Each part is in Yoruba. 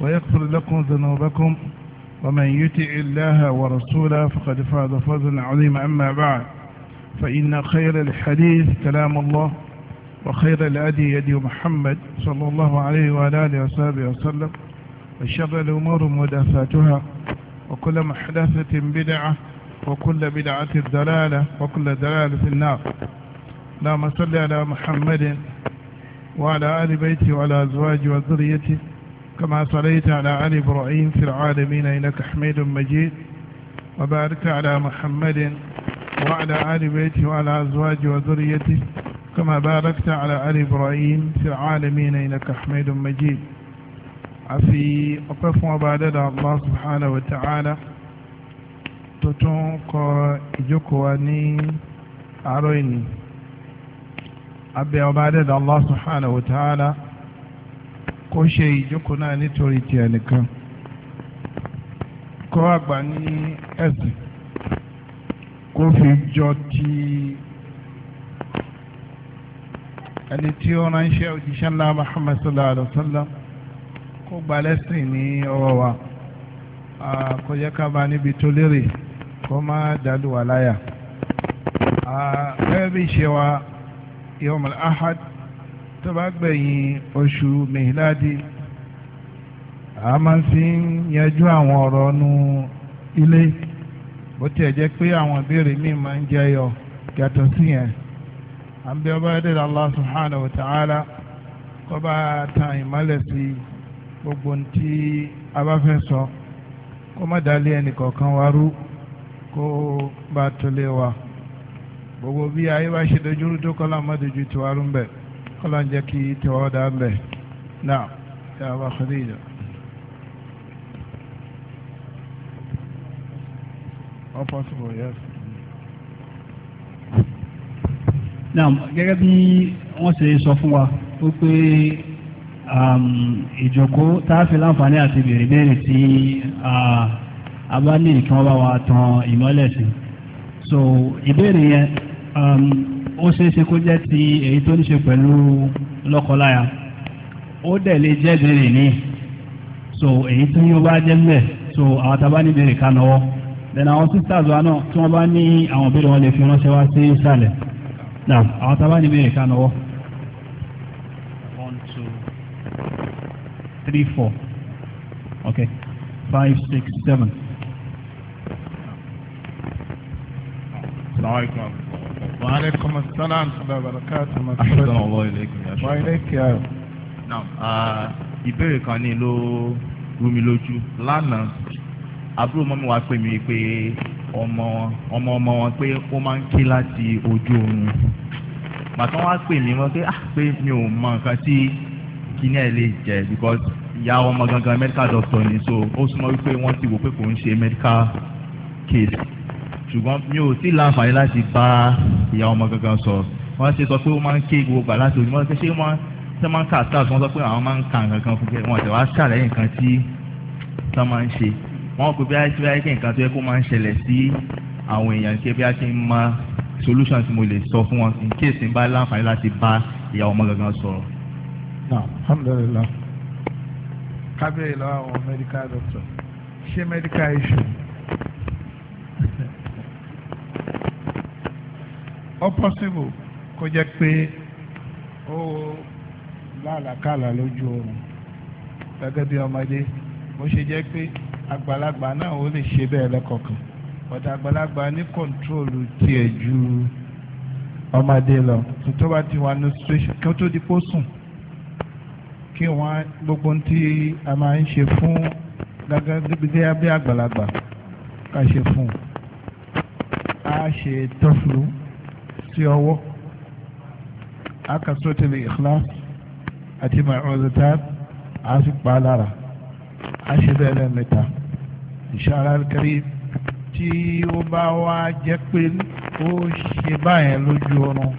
ويغفر لكم ذنوبكم ومن يطع الله ورسوله فقد فاز فوزا عظيما أما بعد فإن خير الحديث كلام الله وخير الهدي يدي محمد صلى الله عليه وعلى آله وصحبه وسلم وشر الأمور مدافاتها وكل محدثة بدعة وكل بدعة ضلالة وكل ضلالة في النار اللهم صل على محمد وعلى آل بيته وعلى أزواجه وذريته كما صليت على آل إبراهيم في العالمين إنك حميد مجيد وبارك على محمد وعلى آل بيته وعلى أزواجه وذريته كما باركت على آل إبراهيم في العالمين إنك حميد مجيد أفي أقف fún الله سبحانه وتعالى تتوقع جكواني ta'ala أبي tún الله سبحانه وتعالى kó ṣe ìjókòó náà nítorí ti ẹnìkan kó àgbà ní ẹ̀sìn kó fi jọ ti ẹni tí ó ránṣẹ́ òjíṣẹ́ ńlá Muhammad sallallahu alaihi wa sallam kó gba lẹ́sìn ní ọwọ́ wa kó yẹ ká bá níbi tó lérè kó má dàlú wa láyà. gẹ́gẹ́ bí ṣe wa yawm al-ahad tó bá gbẹ̀yìn oṣù mihiladi a máa ń fi yanjú àwọn ọ̀rọ̀ nu ilé bó tiẹ̀ jẹ́ pé àwọn ìbéèrè míì máa ń jẹyọ yàtọ̀ sí yẹn à ń bẹ ọba ẹ̀dẹ̀ Allah subhanahu wa ta'ala kó bá tan ìmọ́lẹ̀ sí gbogbo ntí a bá fẹ́ sọ kó má dalẹ̀ ẹnìkọ̀ọ̀kan wá rú kó bá tó lé wa gbogbo bí ayé bá ṣe dojúrú tó kọ́ làmọ́ dojú tiwa rú ń ọlọ́run jẹ́ kí tiwọ́ dá ń bẹ̀ náà yà wá Khadija. all possible yes. naam gẹ́gẹ́ bí wọ́n ṣe sọ fún wa wípé um, ìjókòó tá a fi láǹfààní àti béèrè béèrè tí a bá ní kí wọ́n bá wa tan ìmọ́lẹ̀ sí so ìbéèrè yẹn. Um, ó ṣeéṣe kó jẹ́ ti èyí tó ń ṣe pẹ̀lú lọ́kọláya ó dẹ̀ lè jẹ́ béèrè ní so èyí tí yóò bá jẹ́ mbẹ̀ so àwọn tá a bá ní béèrè ká nọwọ́ then àwọn sisters wa náà tí wọ́n bá ní àwọn béèrè wọn lè fi ránṣẹ́ wá sí ìsàlẹ̀ náà àwọn tá a bá ní béèrè ká nọwọ́. one two three four okay five six seven. Assalamu alaikum. وعليكم السلام ورحمة الله وبركاته. أحسن الله إليكم يا شيخ. وإليك يا رب. نعم ìbéèrè kan ní ló rú mi lójú lánàá àbúrò mọ́mi wá pè ọmọ ọmọ ọmọ wọn pé ó máa ń ké láti ojú oorun màtá wá pè mí wọn pé ah pé mi ò mọ nǹkan tí kíní ẹ̀ lè jẹ́ because ìyá ọmọ gangan medical doctor ni so ó súnmọ́ wípé wọ́n ti wò pé kò ń ṣe medical case ṣùgbọ́n mi ò tí láǹfààní láti bá ìyá ọmọ gangan sọ̀rọ̀ wọ́n ṣe sọ pé ó máa ń ké gbogbo gbà láti ojúmọ́ ṣe ṣé wọ́n ṣe máa ń kà sáà tí wọ́n sọ pé àwọn máa ń kà nǹkan kan fún kẹ́ wọ́n ṣe wá ṣàlàyé nǹkan tí wọ́n máa ń ṣe wọ́n pè bí i bí i nǹkan tó yẹ kó máa ń ṣẹlẹ̀ sí àwọn èèyàn kí bí i kí n mọ solution tí mo lè sọ fún wọn in case n bá láǹfààní láti bá ìyá ọmọ gangan sọ̀rọ̀. náà alhamdulilayi kábíyèlá àwọn medical doctor ṣé medical issue ó pọ́sibù kó jẹ́ pé ó lálàkàlà lójú oorun gẹ́gẹ́ bí ọmọdé bó ṣe jẹ́ pé àgbàlagbà náà ó lè ṣe bẹ́ẹ̀ lẹ́kọ̀ọ̀kan ọ̀dà àgbàlagbà ní kọ̀ǹtrólù tiẹ̀ ju ọmọdé lọ tó bá ti wà ní situation kí ó tó di pó sùn kí wọ́n gbogbo tí a máa ń ṣe fún gẹ́gẹ́ bí àgbàlagbà ká ṣe fún un a ṣe tọ́flu sí ọwọ́ akasọ́ tẹ̀lé ikhlas àti ma'uzata a sì pa lára a ṣe bẹ́ẹ̀ lẹ́mẹ́ta inshallah al-karim tí ó bá wá jẹ́ pé ó ṣe báyẹn lójú ọrùn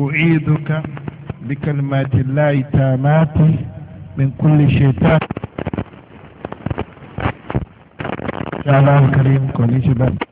u'iduka bi kalimatillahi taamati min kulli shaitan. inshallah karim kò ní ṣe báyìí.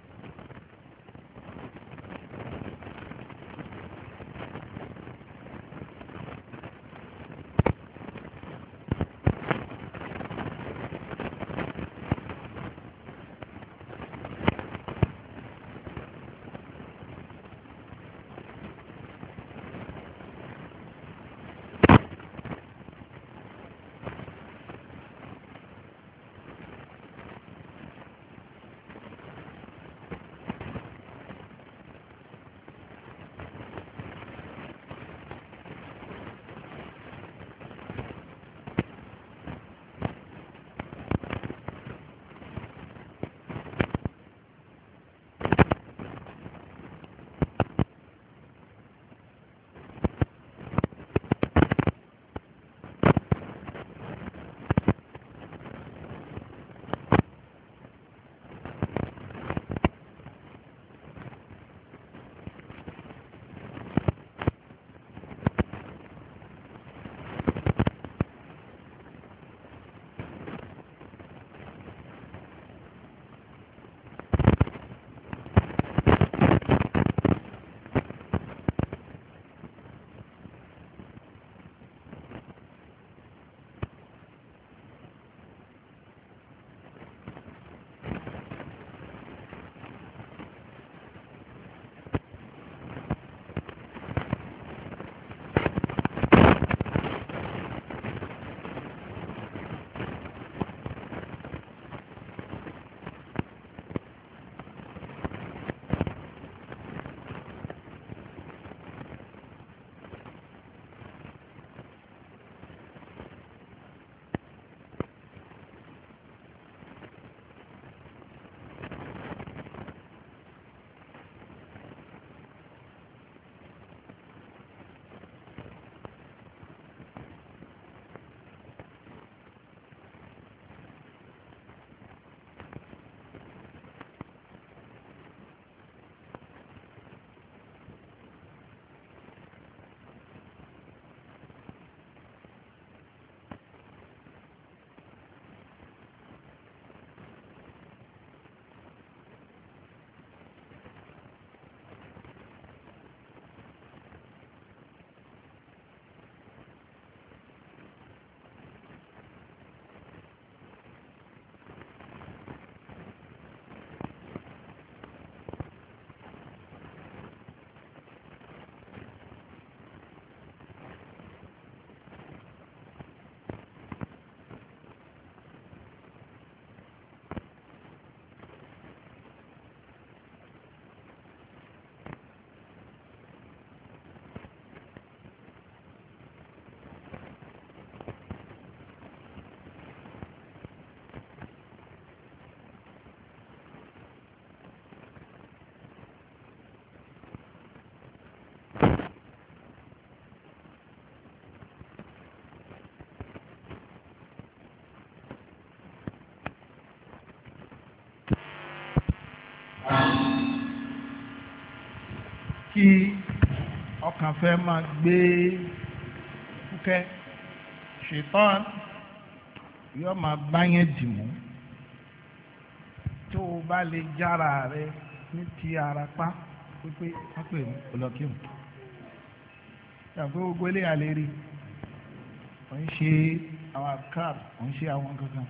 tí ọkàn fẹ́ máa gbé fúkẹ́ ṣètọ́n yóò máa báyẹn dìmú tó o bá lè jára rẹ ní ti arapa pípé wọ́n pè mí ọlọ́kìmù tàbí gbogbo eléyà lè rí wọ́n ṣe àwọn car wọ́n ṣe àwọn kankan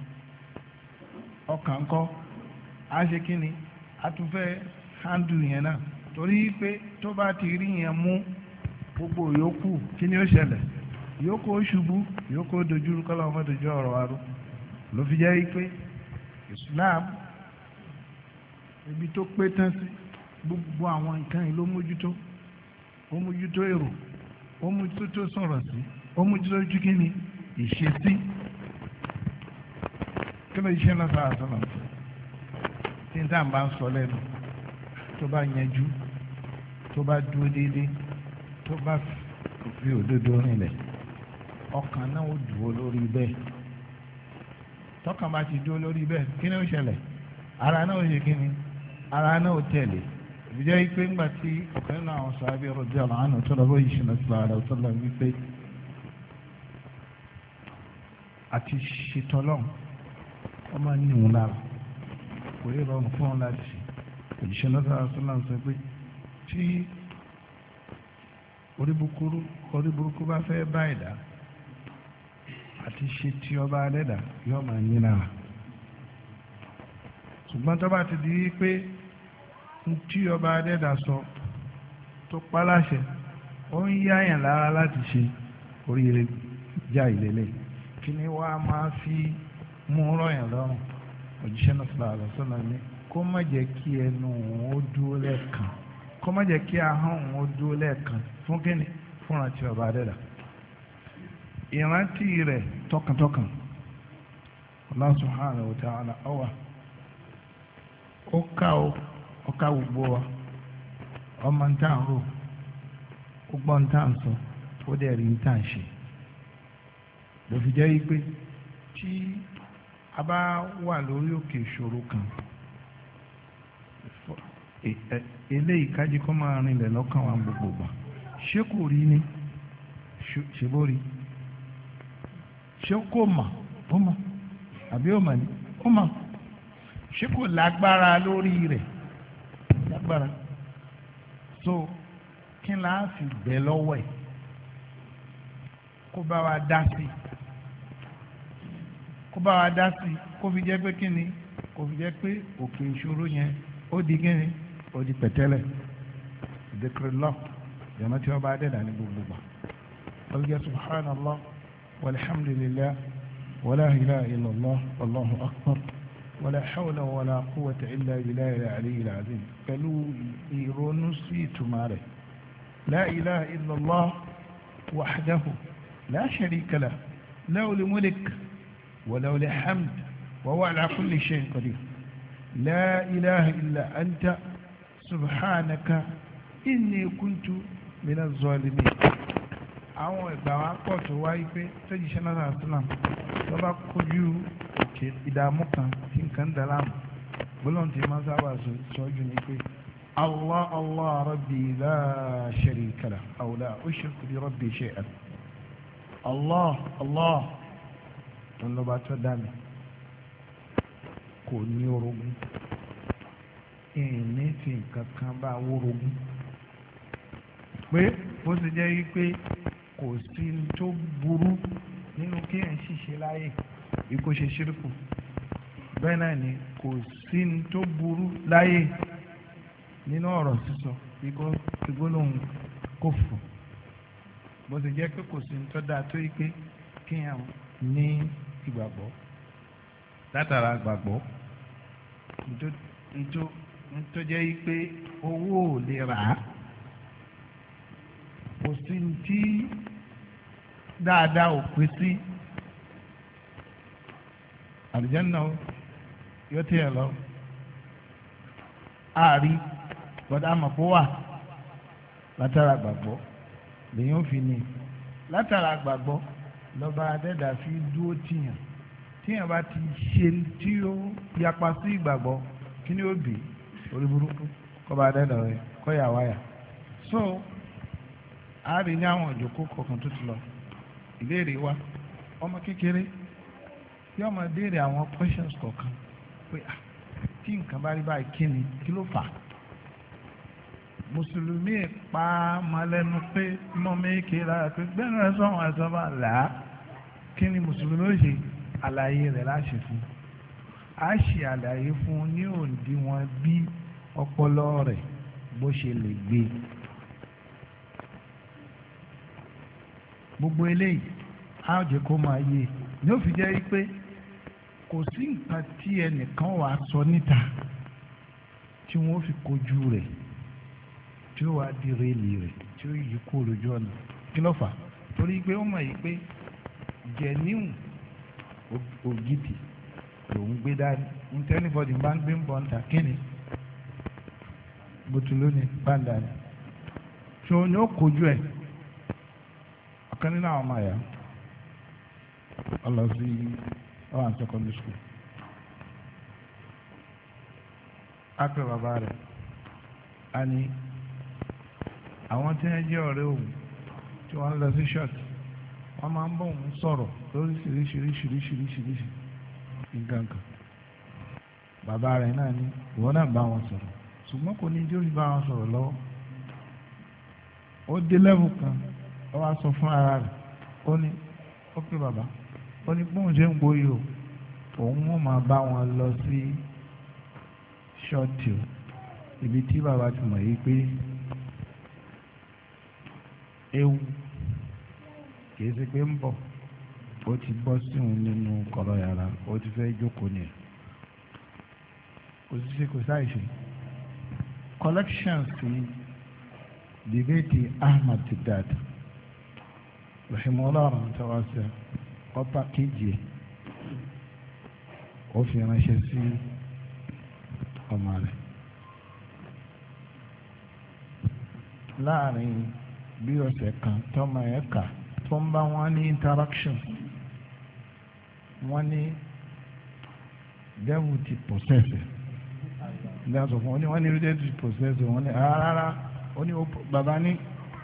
ọkàn ńkọ́ a ṣe kí ni a tún fẹ́ handle yẹn náà torí pé tó bá ti rí yẹn mú gbogbo yòókù kí ni ó ṣẹlẹ̀ yòókù ó ṣubú yòókù ó dojú kọ́lá ọmọ dojú ọ̀rọ̀ wa rú ló fi jẹ́ pé Islam ibi tó pé tán sí gbogbo àwọn nǹkan yìí ló mójútó ó mójútó èrò ó mójútó tó sọ̀rọ̀ sí ó mójútó ojú kí ni ìṣesí kí ló ṣe ń lọ sọ̀rọ̀ tí n tá à ń bá ń sọ lẹ́nu tó bá yanjú. tó bá dúró déédéé tó bá fi òdodo rinlẹ̀ ọkàn náà ó dúró lórí bẹ́ẹ̀ tọkàn bá ti dúró lórí bẹ́ẹ̀ kí ni ó ṣẹlẹ̀ ara náà ó ṣe kí ni ara náà ó tẹ̀lé ńgbà tí ọ̀kan nínú àwọn lọ́wọ́ ṣe lọ́sọ̀rọ̀ wípé àti ọmọ kò yẹ lọ́rùn tí oríburúkú bá fẹ́ bá ẹ̀dá àti ṣe tí ọba alẹ́dà yóò máa nínà ṣùgbọ́n tó bá ti di pé tí ọba alẹ́dà sọ tó paláṣẹ ó ń yáyàn lára láti ṣe oríire já ìlélẹ̀ kí ni wàá máa fi mú rọ̀yàn lọ́rùn òjíṣẹ́ náà sọ̀rọ̀ àlọ́sọ́nà ni kó má jẹ́ kí ẹnu òun ó dúró lẹ́ẹ̀kan. kọ́ má jẹ́ kí ahọ́n òun dúró lẹ́ẹ̀kan fún kíni fúnra ti ọba adẹ́dà ìrántí rẹ̀ tọkàntọkàn Allah subhanahu wa ta'ala ọwà ó ká o ó ká gbogbo wa ọmọ ń tàn rò ó gbọ́ ń tàn sọ ó dẹ̀ rí ń tàn ṣe kan eléyìí kájí kọ́ máa rinlẹ̀ lọ́kàn wa gbogbo gbà ṣé kò rí ni ṣe bó rí ṣé kò mà ó mà àbí ó mà ní ó mà ṣé kò lágbára lórí rẹ̀ lágbára so kí n láà fi bẹ̀ lọ́wọ́ ẹ̀ kó bá wa dá sí kó bá wa dá sí kó fi jẹ́ pé kí ni kó fi jẹ́ pé òkè ìṣòro yẹn ó di kí ni. ó di pẹ̀tẹ́lẹ̀ zikirillah jama tí wọ́n bá dé dání gbogbo gbà ọlọ́jà subhanallah walhamdulillah wala ilaha illallah wallahu akbar wala hawla wala quwwata illa billahi al-aliyyil azim pẹ̀lú ìrònú sí ìtumá rẹ̀ la ilaha illallah wahdahu la sharika lah lahu al-mulk wa lahu al-hamd wa huwa ala kulli shay'in qadir la ilaha illa anta. subhanaka inni kuntu mina zọlimi àwọn ìgbà wa pọ̀ tó wáyé pé tẹ́jú sẹ́nàtà islam tó bá kojú òkè ìdààmú kan tí nǹkan ń dàlá mu bọ́lọ́n ti máa sábà sọ́jú ni pé allah allah rabbi la sharika la aw la ushriku bi rabbi shay'an allah allah tó ń lọ́ba tó dá mi kò ní orogún ẹ̀ẹ́nì fi nǹkan kan bá wórogún pé bó ṣe jẹ́ wípé kò sí tó burú nínú kí ẹ̀ ń ṣiṣẹ́ láyè bí kò ṣe ṣírùkù bẹ́ẹ̀ náà ni kò sí tó burú láyè nínú ọ̀rọ̀ sísọ bí kò fi gbólóhùn kò fò bó ṣe jẹ́ pé kò sí tó dáa tó yí pé kí ẹ̀ ní ìgbàgbọ́ látara gbàgbọ́ nítorí tó jẹ́ pé owó ò lè rà á kò sí tí dáadáa ò pín sí àlùjánnà yóò tiẹ̀ lọ àárí bọ́dá àmọ̀pọ̀ wà látara gbàgbọ́ lèyìn fi ni látara gbàgbọ́ lọ́ba adẹ́dà fi dúró tìyàn tíyàn bá ti ṣe tí ó yapa sí ìgbàgbọ́ kí ni ó bì orí burúkú dẹ́dọ̀ rẹ kọ́ wáyà so a rí ní àwọn ìjòkó kọ̀ọ̀kan tó ti lọ ìbéèrè wa ọmọ kékeré yóò máa béèrè àwọn questions kọ̀ọ̀kan pé ah tí nǹkan bá rí báyìí kí ni kí ló fà á mùsùlùmí pa malẹ́nu pé mọ́ méèké lára pé gbẹ́rẹ́ sọ́wọ́n ẹ̀sọ́ bá là á kí ni mùsùlùmí ó ṣe àlàyé rẹ̀ láṣẹ fún a ṣe àlàyé fún ní òǹdíwọ̀n bíi ọpọlọ rẹ̀ bó ṣe lè gbé gbogbo eléyìí á jẹ́ kó máa yé ni ó fi jẹ́ pé kò sí nǹkan tí ẹnìkan wàá sọ níta tí wọ́n fi kojú rẹ̀ tí ó wàá di rẹ́ẹ̀lì rẹ̀ tí ó yí kó lójú ọ̀nà kí ló torí pé ó mọ̀ yìí pé jẹ̀níwù ògidì lòún gbé dání ní tẹ́lifọ̀dì bá ń gbé ń bọ̀ ń ta kíni butuluni bandani tí o ní ó kojú ẹ ọ̀kan nínú àwọn ọmọ àyà ọlọ sí ọwàn secondary school ápẹ bàbá rẹ a ní àwọn tí wọn jẹ ọ̀rẹ́ òun tí wọn lọ sí short wọn máa ń bọ òun sọ̀rọ̀ lórí ṣiríṣiríṣiríṣiríṣi nǹkan kan bàbá rẹ náà ní ìwọ náà bá wọn sọ̀rọ̀ ṣùgbọ́n kò ní jórí bá wọn sọ̀rọ̀ lọ́wọ́ ó dé lẹ́wù kan ó wá sọ fún ara rẹ̀ ó ní ó pé bàbá ó ní bóun ṣe ń gboyè o òun ó máa bá wọn lọ sí ṣọ́ọ̀tì o ibi tí bàbá ti mọ̀ yìí pé ewu kìí ṣe pé ń bọ̀ ó ti bọ́ síhun nínú kọ̀rọ̀ yàrá ó ti fẹ́ jókòó nìyẹn kò sí ṣe kò sáì ṣe collections sí debate Ahmad Sidat rahimola rahmatawasa ọba kejì ó fi ránṣẹ́ sí ọmọ rẹ̀ láàrin bí ọ̀sẹ̀ kan tọ́mọ ẹ̀ kà tó ń bá wọn ní interaction wọ́n ní devil ti possess ẹ̀ ìdá sọ fún ọ ní wọ́n ní regenerative process wọ́n ní ah, rárá ó ní bàbá ní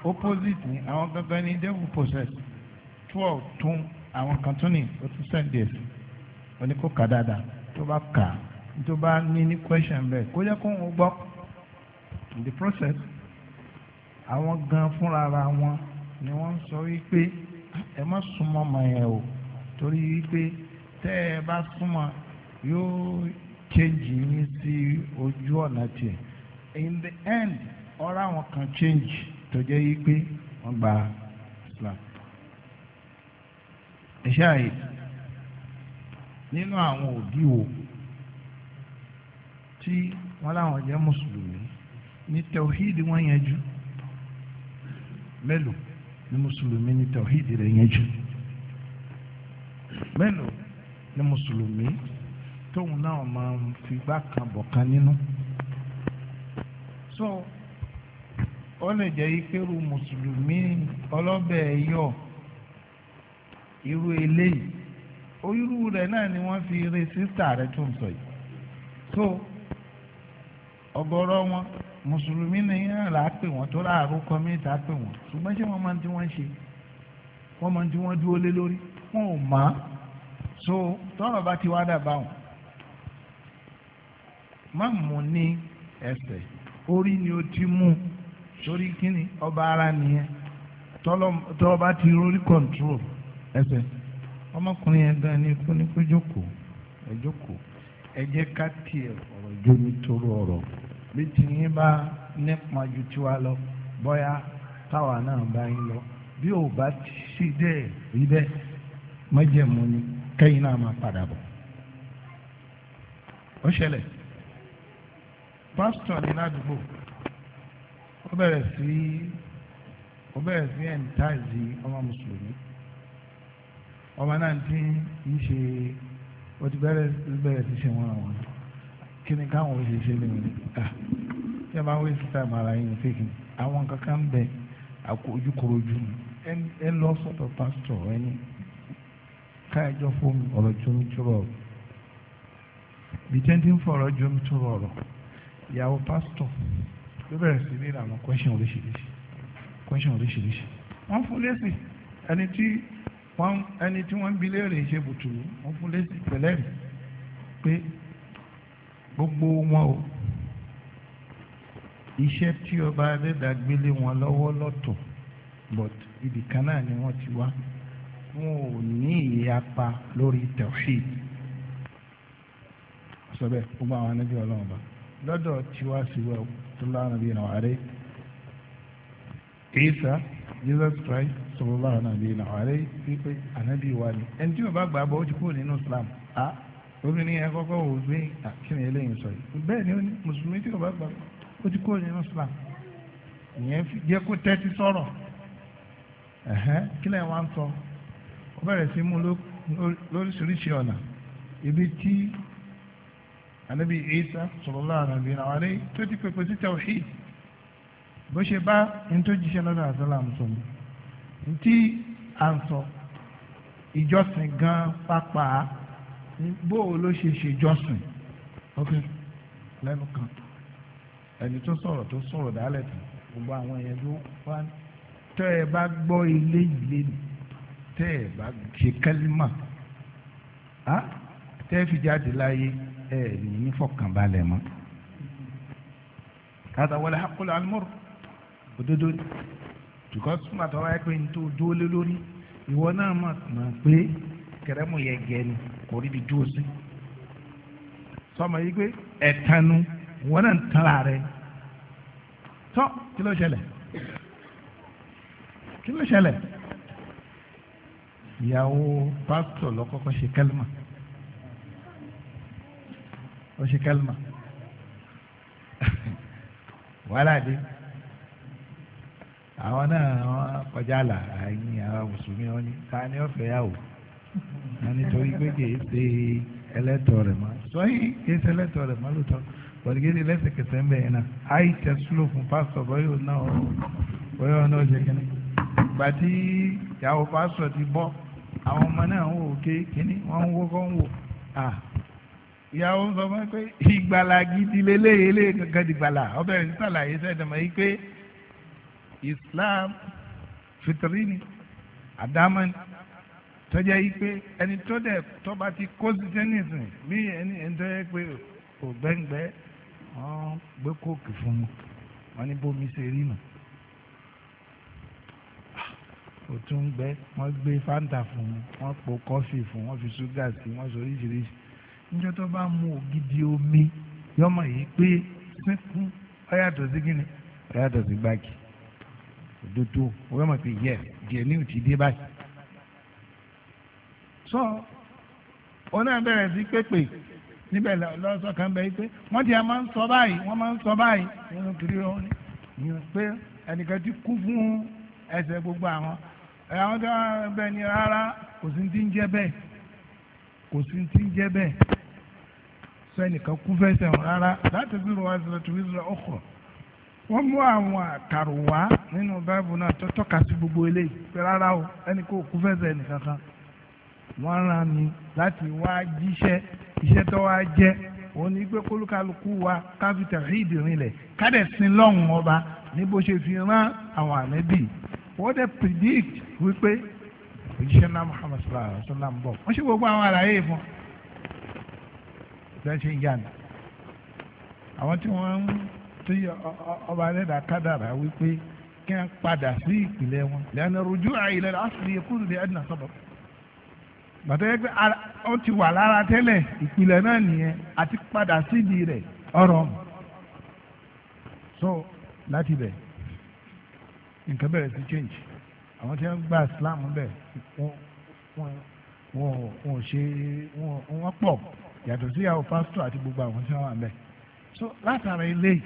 opposite ní àwọn gangan ní devil process twelve tún àwọn kan tún ní o tún send it ó ní kó kà dáadáa tó bá kà tó bá ní ní question bẹ́ẹ̀ kó jẹ́ kó ń gbọ́ the process àwọn gan fúnra ara wọn ni wọ́n sọ wípé ẹ má súnmọ́ ọmọ yẹn o torí wípé tẹ́ ẹ bá súnmọ́ yóò change yín sí ojú ọ̀nà tiẹ̀ in the end ọ̀rọ̀ àwọn kan change tó jẹ́ yí pé wọ́n gba Islam. ẹ̀ṣẹ́ àyè nínú àwọn òbí wo tí wọ́n láwọn jẹ́ mùsùlùmí ní tẹ̀wíìdì wọ́n yẹn jù mélòó ni mùsùlùmí ní tẹ̀wíìdì rẹ̀ yẹn jù mélòó ni mùsùlùmí tóun náà máa ń figbá kan bọ̀ kan nínú. so ó lè jẹ́ ikérù mùsùlùmí ọlọ́bẹ̀ yọ irú eléyìí irú rẹ̀ náà ni wọ́n fi rí sísítà rẹ̀ tó ń sọ yìí. so ọ̀gọ̀rọ̀ wọn mùsùlùmí ni yẹn là á pè wọ́n tó láàárọ̀ kọ́míìtì á pè wọ́n ṣùgbọ́n ṣé wọ́n máa ń tí wọ́n ṣe wọ́n máa ń tí wọ́n dúró lé lórí wọn ò mọ̀ á so tọ́rọ̀ bá ti wá dà báwọn má mú ní ẹsẹ̀ orí ni o ti mú sórí kíni ọba ara nìyẹn tọ́lọ́ba ti rórí control ẹsẹ̀ ọmọkùnrin yẹn gan ni kó ní kó jókòó ẹ jókòó ẹ jẹ́ ká tiẹ̀ ọ̀rọ̀ ọ̀rọ̀ bí tìyín bá nípa ju pásítọ̀ ní ládùúgbò ó bẹ̀rẹ̀ sí ó bẹ̀rẹ̀ sí ẹ̀ǹtáìzì ọmọ mùsùlùmí ọmọ náà ti ń ṣe ó ti bẹ̀rẹ̀ bẹ̀rẹ̀ sí ṣe wọ́n àwọn kí ni káwọn ṣe ṣe lè wọlé ká ṣé máa wé síta màrà yín fèkì àwọn kankan bẹ àkójúkorojú ẹ lọ sọ́dọ̀ pásítọ̀ ẹni káyọjọ fún ọ̀rọ̀ jomitoro bìtẹ́ntì ń fọ̀rọ̀ jomitoro ọ̀rọ̀ ìyàwó pásítọ̀ ló bẹ̀rẹ̀ sí ní ìlànà question oríṣiríṣi question oríṣiríṣi wọ́n fún lẹ́sìn ẹni tí wọ́n ẹni tí wọ́n ń bi léèrè ṣe bùtùrù wọ́n fún lẹ́sìn pẹ̀lẹ́rì pé gbogbo wọn o iṣẹ́ tí ọba adẹ́dà gbélé wọn lọ́wọ́ lọ́tọ̀ but ibì kan náà ni wọ́n ti wá wọn ò ní ìyapa lórí tawhid sọ bẹ́ẹ̀ gbogbo àwọn anábìyàn ọlọ́run bá. lọ́dọ̀ tiwa síwá tó lánàá bí Isa Jesus Christ sọ̀rọ̀ lánàá bí náà àárẹ̀ wípé ànábì wa o bá gbà bọ́ ti kúrò nínú Islam a obìnrin yẹn kọ́kọ́ wò gbé àkínní eléyìí sọ yìí bẹ́ẹ̀ ni mùsùlùmí tí o bá gbà ó ti kúrò nínú Islam ìyẹn jẹ́ kó tẹ́tí sọ̀rọ̀ anabi isa sallallahu alaihi wa sallam tó ti pèpè sí tawhid bó ṣe bá ní tó jíṣẹ́ lọ́dọ̀ àṣálà ń sọ ní tí à ń sọ ìjọsìn gan pápá bó o ló ṣe ṣe jọsìn ok lẹ́nu kan ẹni tó sọ̀rọ̀ tó sọ̀rọ̀ dálẹ̀ tán gbogbo àwọn yẹn ló wá tẹ́ ẹ bá gbọ́ ilé ìlé ni tẹ́ ẹ bá ṣe kẹ́límà tẹ́ ẹ fi jáde láyé ẹ ní ní fọkànbalẹ̀ mọ́. kàtà wọlé hakulu alimọ́rù òdodo because nígbà tó wáyé pé ní tó dúró lé lórí ìwọ náà mọ̀ mọ̀ pé kẹrẹ́mù yẹ gẹ̀ ni kò rí bi dúró sí. sọmọ yìí pé ẹ̀tanu ìwọ náà ń tara rẹ tọ́ kí ló ṣẹlẹ̀ kí ló ṣẹlẹ̀ ìyàwó pásítọ̀ lọ́kọ́kọ́ ṣe kẹ́lìmọ̀ ó ṣe kálmà wàhálà dé àwọn náà wọn kọjá là àyìn àwọn mùsùlùmí wọn ni ta ni ó fẹ́ yà wò wọn nítorí pé kì í ṣe ẹlẹ́tọ̀ rẹ̀ mọ́ sọ́yìn kì í ṣe ẹlẹ́tọ̀ rẹ̀ mọ́ lóòótọ́ bọ̀dìgẹ́dì lẹ́sẹ̀kẹsẹ̀ ń bẹ̀ yẹn náà àyè tẹ̀ sílò fún pásítọ̀ bọ́yọ̀ náà bọ́yọ̀ náà ṣe kínní ìgbà tí ìyàwó pásítọ̀ ti bọ́ àwọn ọmọ náà ń wò ó ké kínní wọ́n ń wó kọ́ ń wò ìyàwó ń sọ fún mi pé ìgbàlà gidi lélẹ́yìn eléyìí kankan di gbàlà ọbẹ̀ rẹ̀ sàlàyé sẹ́dọ̀mọ́ yìí pé Islam fitrini adamani tọ́jà yìí pé ẹni tó dẹ̀ tọ́ba ti kó sítẹ́nìsì bí ẹni ẹni tó yẹ pé kò gbẹ́ngbẹ́ wọ́n gbé kóòkì fún mi wọ́n ní bómi ṣe rí nù kò tún gbẹ́ wọ́n gbé fanta fún mi wọ́n po kọ́fì fún wọ́n fi ṣúgà sí wọ́n sọ oríṣiríṣi níjọ́ tó bá mu ògidì omi yọmọ yìí pé sínkún ọ̀yàtọ̀ sí kíni ọ̀yàtọ̀ sí gbági òdodo wọ́n mọ̀ pé yẹ díẹ̀ ní òtí dé báyìí. sọ ọ̀nà bẹ̀rẹ̀ sí pépè níbẹ̀ lọ́sọ̀ kan bẹ̀ pé wọ́n ti máa ń sọ báyìí wọ́n máa ń sọ báyìí nínú kiri wọn ni pé ẹnìkan ti kú fún ẹsẹ̀ gbogbo àwọn àwọn tó bẹ̀ ni rárá kò sí ti ń jẹ́ bẹ́ẹ̀ kò sí ti ń jẹ́ bẹ́ẹ̀ fẹ́nìkan kú fẹsẹ̀ wọn rárá láti gbé wọn sọ tó wíṣọ ọkọ̀ wọ́n mú àwọn àkàrò wá nínú báàbù náà tó tọ́ka sí gbogbo eléyìí pé rárá o ẹnì kò kú fẹsẹ̀ nìkan kan wọ́n rán mi láti wá jíṣẹ́ iṣẹ́ tó wá jẹ́ òun ní pé kólúkálukú wa káfíńtà ríìdì rinlẹ̀ kádẹ́sìn lọ́hùn ọba ní bó ṣe fi rán àwọn ànábì wọ́n dẹ̀ predict wípé òjíṣẹ́ náà Muhammadu, sallallahu alayhi wa sallam bọ̀ wọ́n ṣe gbogbo àwọn àlàyé fún un ṣe ń yànà àwọn tí wọ́n ń tí ọba rẹ̀dà kádàrà wípé kí wọ́n padà sí ìpìlẹ̀ wọn lẹ́nu rojú àìlẹ̀ láti kúrò ní ẹ̀dínà sọ̀bọ̀ bàtà yẹ pé ó ti wà lára tẹ́lẹ̀ ìpìlẹ̀ náà nìyẹn àti padà sídìí rẹ̀ ọ̀rọ̀ so láti bẹ̀ nǹkan bẹ̀rẹ̀ sí change àwọn tí wọ́n gba Islam bẹ̀ wọ́n wọ́n wọ́n ṣe wọ́n pọ̀. yàtọ̀ sí àwọn pásítọ̀ àti gbogbo àwọn tí wọ́n wà so látara eléyìí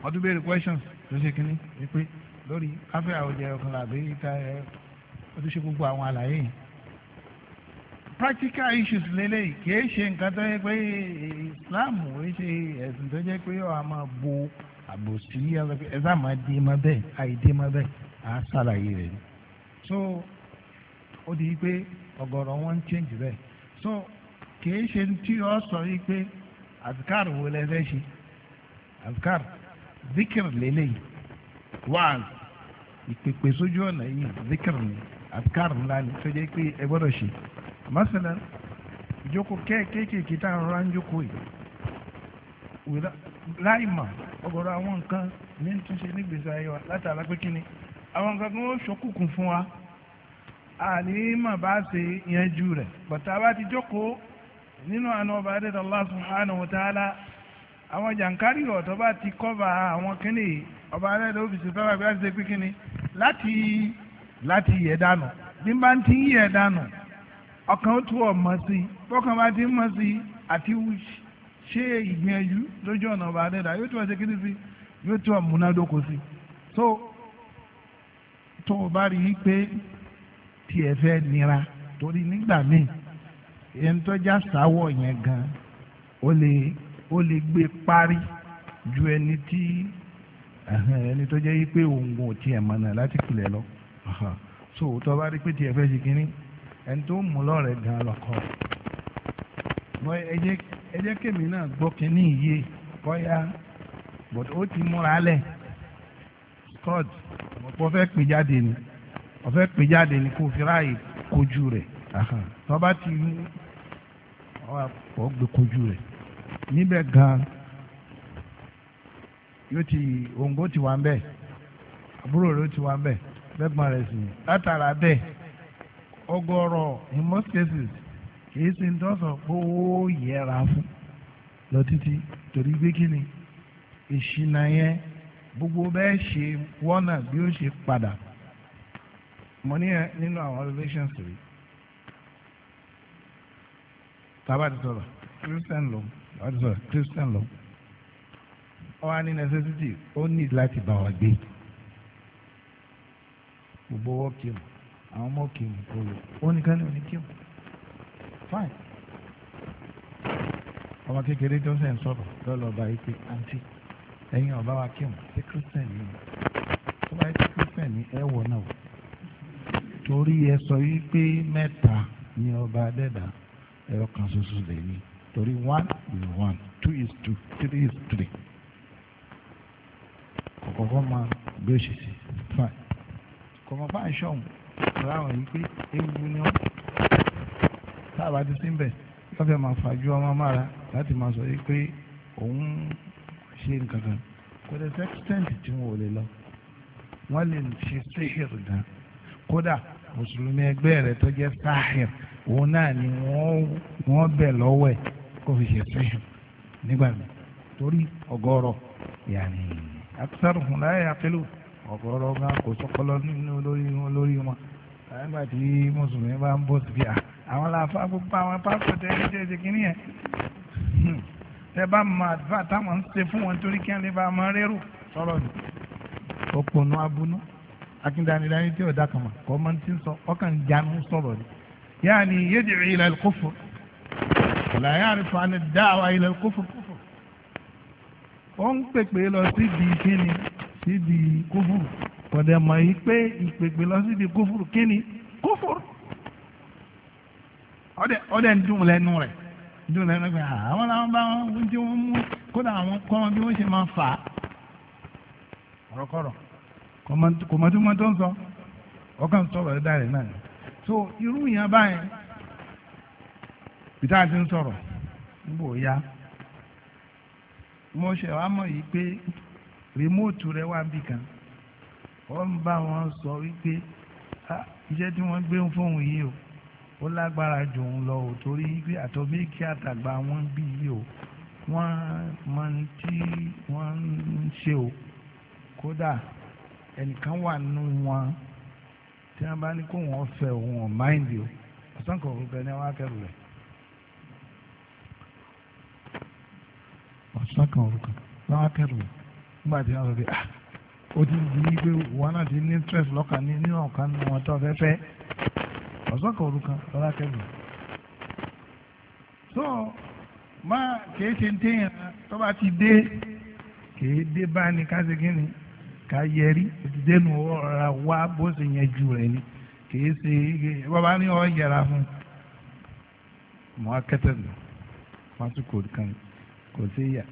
wọ́n tún questions tó ṣe kínní ni pé lórí káfíà òjẹ ọkàn làbí ìta ẹ ó ṣe gbogbo àwọn àlàyé yìí practical issues lélẹ́yìí kìí ṣe nǹkan tó yẹ pé Islam ò ṣe ẹ̀sìn tó jẹ́ pé a máa bo àbòsí ẹ̀sà máa dé mọ́ bẹ́ẹ̀ mọ́ bẹ́ẹ̀ á ṣàlàyé rẹ̀ so ó di pé ọgọrọ wọn ń change so kìí ṣe tí ọ sọ yìí pé wo lẹ zikir ìpèpè sójú ọ̀nà yìí zikir ni azikar ńlá ni jẹ́ pé ẹ gbọ́dọ̀ ṣe masana kéékèèké tá a rọra ń yìí láì àwọn nǹkan ní túnṣe nígbèsè ayé wa àlìmọ̀ bá ṣe yanjú rẹ̀ bàtà bá ti jókòó nínú àna ọba adéta Allah subhanahu wa ta'ala àwọn jàǹkárí ọ̀tọ́ bá ti kọ́ba àwọn kínní ọba adéta òfìsì fẹ́ bá ṣe pé kínní láti láti yẹ̀ dànù bí n bá ti ń yẹ̀ dànù ọkàn ó tú ọmọ sí bọ́kàn bá ti ń mọ̀ sí àti ṣe ìgbìyànjú lójú ọ̀nà ọba adéta yóò tún ọ̀ṣẹ́ kínní sí yóò tún ọ̀múnádókò sí so tó o bá rí i pé tí ẹ fẹ́ nira torí nígbà míì ẹni tó já sáwọ̀ yẹn gan ó lè ó lè gbé parí ju ẹni tí ẹni tó jẹ́ yí pé òun ò tiẹ̀ mọ̀nà láti pilẹ̀ lọ so tó bá rí pé tiẹ̀ fẹ́ ṣe kínní ẹni tó mú lọ́rẹ̀ gan lọ́kọ́ ẹ jẹ́ kémi náà gbọ́ kínní yìí kọ́yá but ó ti múra lẹ̀ scott mo fẹ́ pè jáde ni ọ̀fẹ́ pè jáde ní kò fi ráàyè kojú rẹ̀ tó bá ti mú ọ̀ gbé kojú rẹ̀ níbẹ̀ gan yóò ti òǹgó ti wà ń àbúrò rẹ̀ ti wà ń bẹ̀ bẹ́gbọ́n rẹ̀ sì látara bẹ́ẹ̀ ọ̀gọ̀rọ̀ in most cases kìí ṣe ń tọ́sọ̀ pé ó yẹra fún lọ títí torí gbé kíni ìṣìnà yẹn gbogbo bẹ́ẹ̀ ṣe wọ́nà bí ó ṣe padà mo ní ẹ nínú àwọn revelations rè tábà sọ̀rọ̀ christian lọ tábà ti sọ̀rọ̀ christian lọ ọ wá ní necessity ó need láti bá wa gbé gbogbo owó kí mu àwọn ọmọ kí mu olè ó ní kánú ní kí mu fine ọmọ kékeré tó ń sẹ́yìn sọ̀rọ̀ lọ́lọ́ ọba yìí pé àǹtí ẹ̀yin ọba wa kí mu ṣé christian yìí ni tó bá yẹ christian ní ẹ̀ wọ̀ náà torí ẹ sọ wípé mẹ́ta ni ọba adẹ́dà ẹ̀rọ kan ṣoṣo lè ní torí one is one two is two three is three kọ̀kọ́kọ́ máa gbé òṣìṣẹ́ fine kọ̀mọ̀ fáìn ṣọ̀hún láwọn yìí pé ewu ni wọ́n táàbà ti sí bẹ̀ yóò fẹ́ máa fàájú ọmọ mára láti máa sọ yìí pé òun ṣe nǹkan kan kò dẹ̀ sẹ́kítẹ́ǹtì tí wọ́n ò lè lọ wọ́n lè ṣe séhìrì gan kódà mùsùlùmí ẹgbẹ́ rẹ̀ tó jẹ́ sáhìr òun náà ni wọ́n bẹ̀ lọ́wọ́ ẹ̀ kó fi ṣe sẹ́hìn nígbà mi torí ọgọ́rọ̀ yàní akisar fún láyé akílù ọgọ́rọ̀ gan kò sọpọlọ nínú lórí wọn lórí wọn nígbà tí mùsùlùmí bá ń bọ̀ síbi àwọn làáfà gbogbo àwọn pásítọ̀ ẹ̀ẹ́dẹ́gbẹ̀jẹ̀ kìíní yẹn hmm. tẹ bá mọ àdúrà táwọn ń ṣe fún wọn torí kí wọn lè bá a mọ rẹ́rù akíndanidani tí ọ̀dà kama kọ́ máa ti sọ ọkàn jánu sọ̀rọ̀ ni yaani yédi ila al-kufr la ya'rifu an ad-da'wa ila al-kufr ó ń pèpè lọ síbi kíni síbi kúfùrù kọ̀dẹ̀ mọ̀ yìí pé ìpèpè lọ síbi kúfùrù kíni kúfùrù ọ̀dẹ̀ ń dùn lẹ́nu rẹ̀ dùn lẹ́nu pé ah, àwọn làwọn bá wọn tí wọ́n mú kódà àwọn kọ́ wọn bí wọ́n ṣe máa fà á ọ̀rọ̀kọ̀rọ̀ kò mọ̀ tí mo tó ń sọ ọkàn sọ̀rọ̀ ẹ̀dá rẹ̀ náà so irú yẹn báyẹn peter ti ń sọ̀rọ̀ níbo ya mo ṣe wá mọ̀ yìí pé rìmóòtù rẹ wá bì kan wọ́n ń bá wọn sọ wípé iṣẹ́ tí wọ́n gbé fóun yìí o ó lágbára jù òun lọ ò torí wípé àtọ́bí àtàgbà wọn bí yìí o wọ́n mọ tí wọ́n ń ṣe o kódà ẹnìkan wà nù wọn tí wọn bá ní kó wọn fẹ́ òun ọ máìndì o ọsàn kò gbẹ ní wọn akẹrù rẹ ọsàn kan orúkọ wọn akẹrù rẹ nígbà tí wọn sọ pé ah, ó ti di wípé wọn náà ti ní stress lọ́kàn ní nínú ọ̀kan nínú wọn tó fẹ́fẹ́ ọsàn kan orúkọ wọn akẹrù rẹ so máa kìí ṣe ń téèyàn tó bá ti dé kìí dé bá ká ṣe kí ni ká yẹrí òtítẹ́nu ọ̀rọ̀ wá bó ṣe yẹn jù rẹ̀ ni kìí ṣe bàbá ní ọ yẹra fún mọ́ akẹ́tẹ̀ nù fásitì kan kò sí yà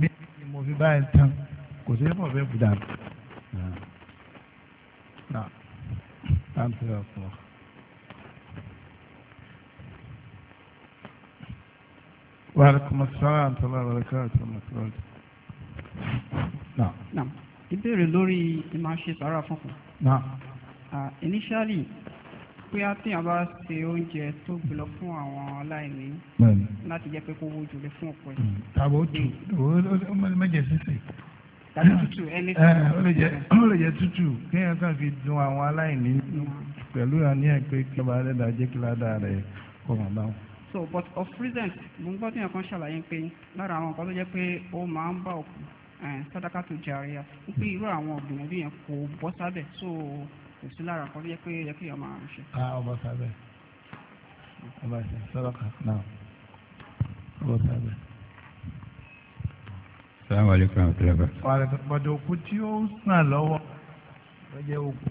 bí mo fi báyìí tán kò sí mọ̀ bẹ́ẹ̀ bù dànù. وعليكم السلام ورحمة الله وبركاته Naam. Ìbéèrè lórí ìmá ṣe sàárà fúnfún. Naam. Initially, bóyá tí a bá ṣe oúnjẹ tó gbìlọ fún àwọn aláìní láti jẹ́ pé kó wo jùlọ fún ọ̀pọ̀ ẹ̀. Mm. Tàbí ó tù ó mẹ́jẹ sísè. Tàbí tútù ẹni eh, tó ń ó lè jẹ tútù kí èèyàn kàn fi dun àwọn aláìní pẹ̀lú àníyàn pé kí ọba ẹlẹ́dàá jẹ́ kí ládàá rẹ̀ kọ̀ wọ́n báwọn so but of present mo ń gbọ́ tí nǹkan ṣàlàyé pé lára àwọn nǹkan tó jẹ́ pé ó máa ń bá òkú sọdaka tó jàre ya wípé irú àwọn ọ̀gbìnrin yẹn kò bọ́ sábẹ̀ so kò sí lára kan yẹ pé yẹ kí ọmọ àrùn ṣe. a ọbọ sábẹ̀ ọbọ sábẹ̀ sọdaka náà ọbọ sábẹ̀. sàmú aleykum àwọn tẹlẹ bá. pàdé òkú tí ó sàn lọ́wọ́ ló jẹ́ òkú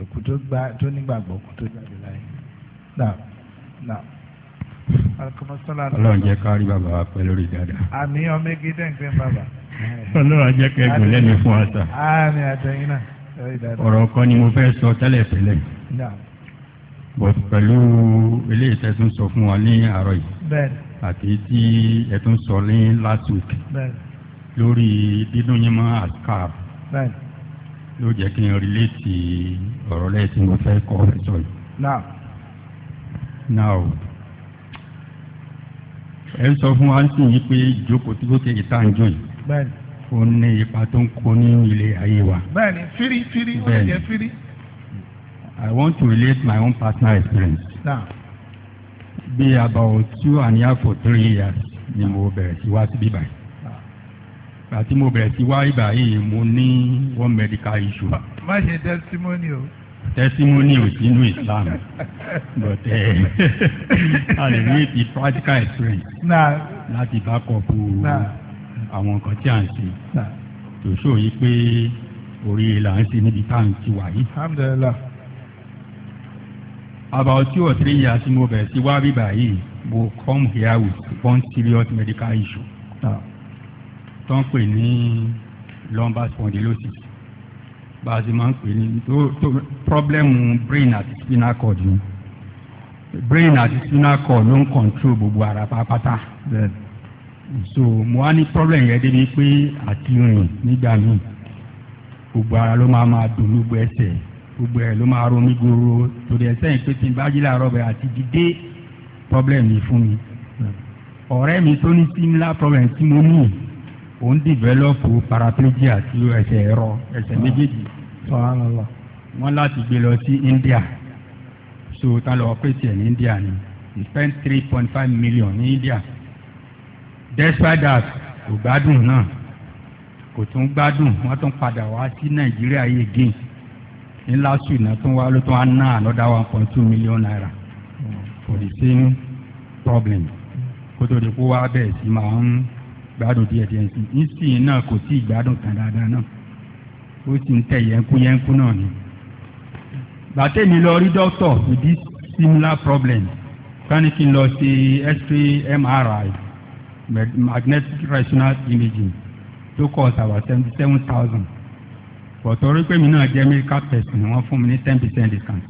òkú tó gba tó nígbàgbọ́ òkú tó jáde láyé náà náà ọlọ́run jẹ́ ká rí bàbá wa pẹ́ lórí dáadáa. àmì ọmọ igi dẹ́gbẹ́ bàbá ọlọ́run ajẹ́ kẹ́gùn lẹ́nu fún ata. ọ̀rọ̀ kan ni mo fẹ́ sọ tẹ́lẹ̀ tẹ́lẹ̀ but pẹ̀lú eléyìí tẹ́ tún sọ fún wa ní àárọ̀ yìí àti tí ẹ tún sọ ní last week lórí dídún yín mọ́ àṣkà yóò jẹ́ kí n rìlẹ́tì ọ̀rọ̀ lẹ́yìn tí mo fẹ́ kọ́ fẹ́ sọ yìí. now ẹ sọ fún wa sí yín pé ìjókòó tí ó kéde tá à ń jọ yìí bẹ́ẹ̀ni. ó ní ipa tó ń kó ní ilé ayé wa. bẹ́ẹ̀ni firi firi ó lè jẹ́ firi. I want to relate my own personal experience. Now. Be about two and a half for three years ni mo bẹ̀rẹ̀ sí wá síbí báyìí. Àti mo bẹ̀rẹ̀ sí wá ibà yìí mo ní one medical issue. Má ṣe testimony o. Testimony ò sínú Islam but I eh, relate the practical experience. Láti bá kọ̀ọ̀pù àwọn nǹkan tí à ń ṣe tó yí pé oríire là ń ṣe níbi tá à ń ti wà yìí. alhamdulilah. about two or three years mo bẹ̀rẹ̀ sí wá bíbà yìí mo come here with one serious medical issue tó ń pè ní lumbar spondylosis bá a ti máa ń pè ní tó problem brain àti spinal cord ni brain àti spinal cord ló ń control gbogbo ara pátápátá. Yeah so mo wá ní problem yẹn débi pé àti rìn nígbà míì gbogbo ara ló máa máa dùn gbogbo ẹsẹ̀ gbogbo ẹ̀ ló máa ronú gbòòrò torí ẹsẹ̀ yìí pé tí n bá jí làárọ̀ bẹ̀ àti dìde problem yìí fún mi ọ̀rẹ́ mi tó ní similar problem tí mo ní òun develop paraplegia àti ẹsẹ̀ ẹ̀rọ ẹsẹ̀ méjèèjì wọ́n láti gbé lọ sí India so tá lọ́ọ́ pèsè ní India ni he spent three point five million ní India despite that kò gbádùn náà kò tún gbádùn wọ́n tún padà wá sí nàìjíríà yìí again ní last week náà tún wá ló tún wá ná another one point two million naira for the same problem kó tó di kó wá bẹ́ẹ̀ sí máa ń gbádùn díẹ̀ díẹ̀ sí nísìnyí náà kò sí ìgbádùn kan dáadáa náà ó sì ń tẹ̀ yẹnkú yẹnkú náà ni. bàtẹ́mi lọ rí dókítà with this similar problem ká ní kí n lọ ṣe x-ray MRI magnetic resonance imaging tó cost about seventy seven thousand pọ̀tọ́rí pé mi náà jẹ́ medical person wọ́n fún mi ní ten percent discount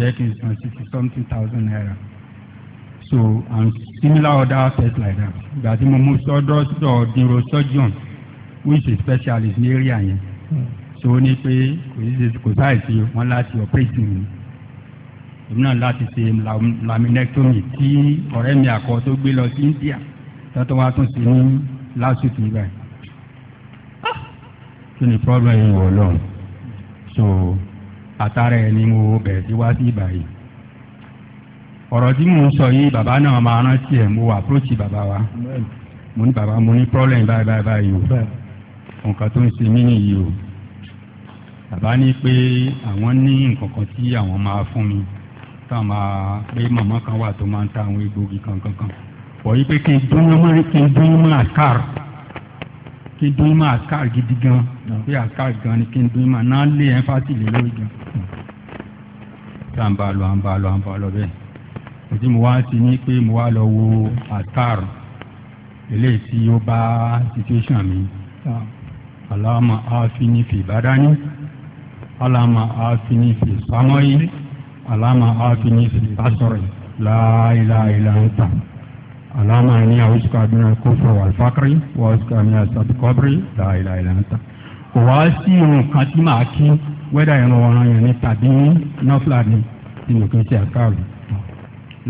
yẹ kí n san sixty something thousand naira so and similar other tests like that ìgbà tí mo mú sọ́dọ̀ sọ́dọ̀ neurosurgeon which is specialist ní area yẹn so ó ní pé kò sáìsì wọn láti operate mi èmi náà láti ṣe laminectomy tí ọ̀rẹ́ mi àkọ́ tó gbé lọ sí India tọ́tọ́ wa tún sí ní lásìkò ibà yìí kí ni problem yìí wọ̀ lọ́n so àtàrà ẹ̀ ni mo bẹ̀rẹ̀ sí wá sí ibà yìí ọ̀rọ̀ tí mò ń sọ yìí bàbá náà máa rántí ẹ̀ mo approach bàbá wa mo ní bàbá mo ní problem báyìí báyìí báyìí o nǹkan tó ń ṣe mí nìyí o bàbá ní pé àwọn ní nǹkan kan tí àwọn máa fún mi táwọn máa pé màmá kan wà tó máa ń ta àwọn egbògi kankan kan fọ̀ yí pé kí n dúró mọ́ kí n dúró mọ́ àkàr kí n dúró mọ́ àkàr gidi gan pé àkàr gan ni kí n dúró mọ́ náà lé ẹ̀ fásitì lé lórí gan. tá à ń bá a lọ à ń bá a lọ à ń bá a lọ bẹ́ẹ̀ òtí mo wá ti ní pé mo wá lọ wo àkàr eléyìí tí ó bá situation mi. Allahumma aafini fi badani alama aafini fi samoyi alama aafini fi basori la ilaha illa اللهم إني أعوذك من الكفر والفقر وأعوذك من القبر لا إله إلا أنت kò wá sí irun kan tí màá kí wẹ́dà irun ọ̀ràn yẹn ni tàbí nọ́fìlà ni tí mo kì í ṣe àkàrò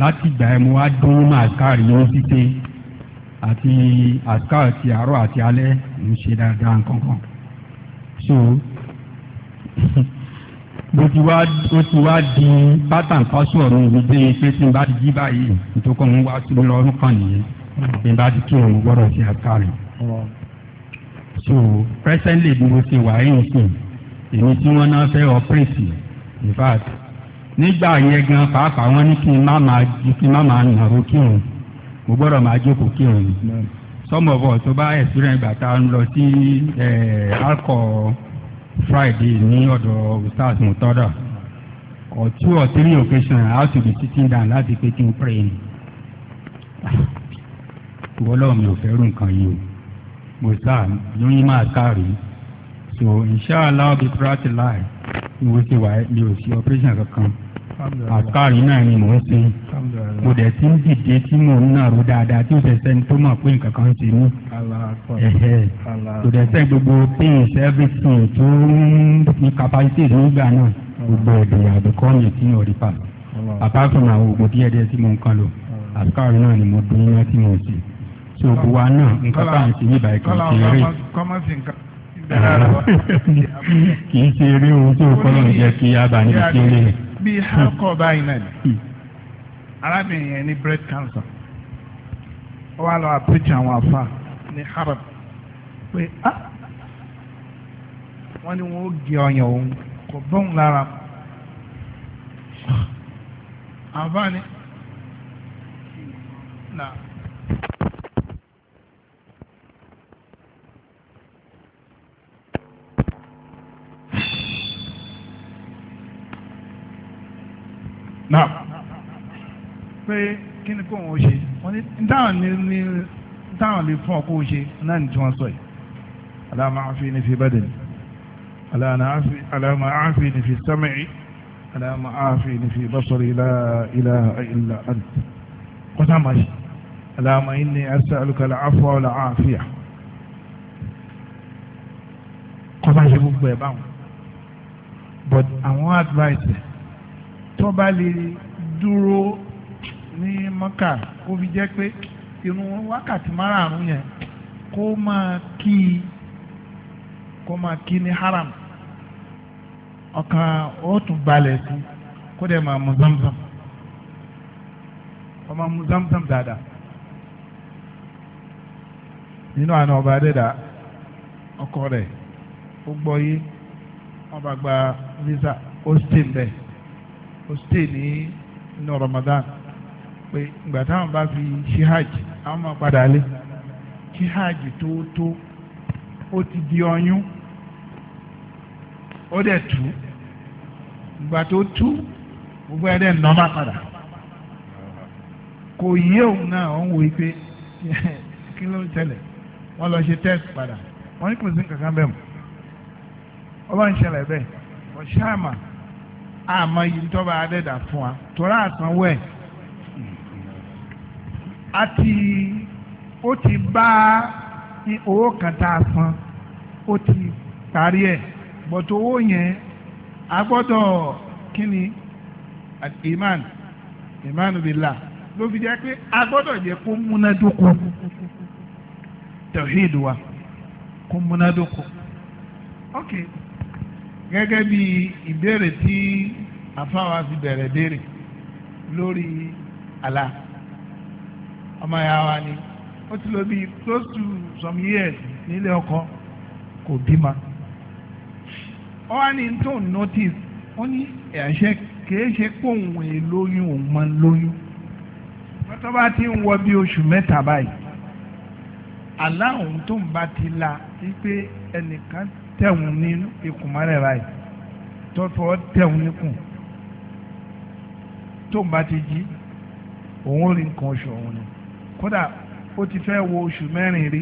láti ìgbà ẹ̀ mo wá dún mọ́ àkàrò yẹn títí àti àkàrò ti àárọ̀ àti alẹ́ mo ṣe dáadáa nǹkan so. bó ti wá ó ti wá di pátán kan sọ̀rọ̀ ibi dé pé tí n bá ti jí báyìí ìtòkọ̀ ń wá sí lọ́rùn kan nìyẹn tí n bá ti kí òun gbọ́dọ̀ ṣe àkàrẹ̀. so presently bí mo ṣe wà yìí nìkan èmi tí wọ́n náà fẹ́ ọ̀pẹ́rẹ́tì in fact nígbà yẹn gan pàápàá wọ́n ní kí n má máa ju kí n má máa nàró kírun mo gbọ́dọ̀ máa jókòó kírun sọmọ bọ̀ tó bá ẹ̀sùn rẹ̀ gbà tá a ń lọ sí eh, alcohol. Friday ní ọ̀dọ̀ Ustaz Mutada or two or three occasions I have to be sitting down láti pé kí n pray ni. ìwọ lọ́wọ́ mi ò fẹ́ rú nǹkan yìí o mo sá lóyún máa kárí so inshallah bí prayer ti láì ni mo ti wà mi ò sí operation kankan. àkàrí náà ni mò ń sin mo dẹ̀ ti ń dìde tí mò ń nàró dáadáa tí ó ṣe sẹ́ni tó mọ̀ pé nǹkan ṣe mí dẹ̀ sẹ́ gbogbo pain everything tó ní capacity nígbà náà gbogbo mi ti ni mo dún iná tí wa náà nǹkan bá ń ṣe yí báyìí kan kì í bíi halkọ báyìí náà ni hmm. arábìnrin yẹn ní breast cancer ó wá lọ àpèjì àwọn afa ní harab pé ah wọ́n ní wọ́n ó gé ọyàn òun kò bóun lára àbá ni. náà. pé kí ni kò wọ́n ṣe wọ́n ní táwọn ní ní táwọn lè fún ọkọ̀ ṣe náà ní tí wọ́n sọ yìí. aláàmà àfi ní fi bẹ́ẹ̀ dẹ̀ aláàmà àfi ní fi sẹ́mẹ̀ẹ́ aláàmà àfi ní fi bọ́sọ̀rọ̀ ilá ilá ilá àdì kọ́tà máa ṣe aláàmà yìí ní ẹsẹ̀ alùkàlà àfọ̀ ọ̀là àfíà kọ́tà ṣe gbogbo ẹ̀ báwọn but àwọn advice tó bá lè dúró ní mọ́kà kó fi jẹ́ pé irun wákàtí márààrún yẹn kó máa kí kó máa kí ní haram ọkàn ó tún balẹ̀ sí kó dẹ̀ máa mu zamzam ó máa mu zamzam dáadáa nínú àná ọba adẹ́dà ọkọ rẹ̀ ó gbọ́ yé wọ́n gba visa ó sì ń bẹ́ẹ̀. ó stay ní inú Ramadan pé ìgbà bá fi hajj àwọn máa padà lé hajj tó tó ó ti di ọyún ó dẹ̀ tú ìgbà tó tú gbogbo ẹ̀ dẹ̀ padà kò yé òun náà òun wò pé kí ló ń ṣẹlẹ̀ wọ́n lọ ṣe padà wọ́n ní kò sí nǹkan kan àmọ́ yìí tọ́ba adẹ́dà fún wa tọ́lá àsanwó ẹ̀ àti ó ti bá owó kan tá a san ó ti parí ẹ̀ bọ̀tọ̀ owó yẹn a gbọ́dọ̀ kí ni iman iman billah ló fi jẹ́ pé a gbọ́dọ̀ jẹ́ kó múnádóko tawhid wa kó múnádóko ok gẹ́gẹ́ bí ìbéèrè tí àfáwà fi bẹ̀rẹ̀ béèrè lórí àlà ọmọ ìyá wa ni ó ti lò bí close to some years nílé ọkọ kò bímọ ó wá ní tó notice ó ní ẹ̀ṣẹ̀ kìí ṣe pòun èlóyún òun máa ń lóyún tó bá ti ń wọ bí oṣù mẹ́ta báyìí àlá òun tó ń bá ti la wípé ẹnìkan tẹ̀hún ní ikùn mọ́lẹ̀ báyìí tọ́fọ́ tẹ̀hún níkùn tó ń bá ti jí òun rí nǹkan oṣù òun ni kódà ó ti fẹ́ wo oṣù mẹ́rin rí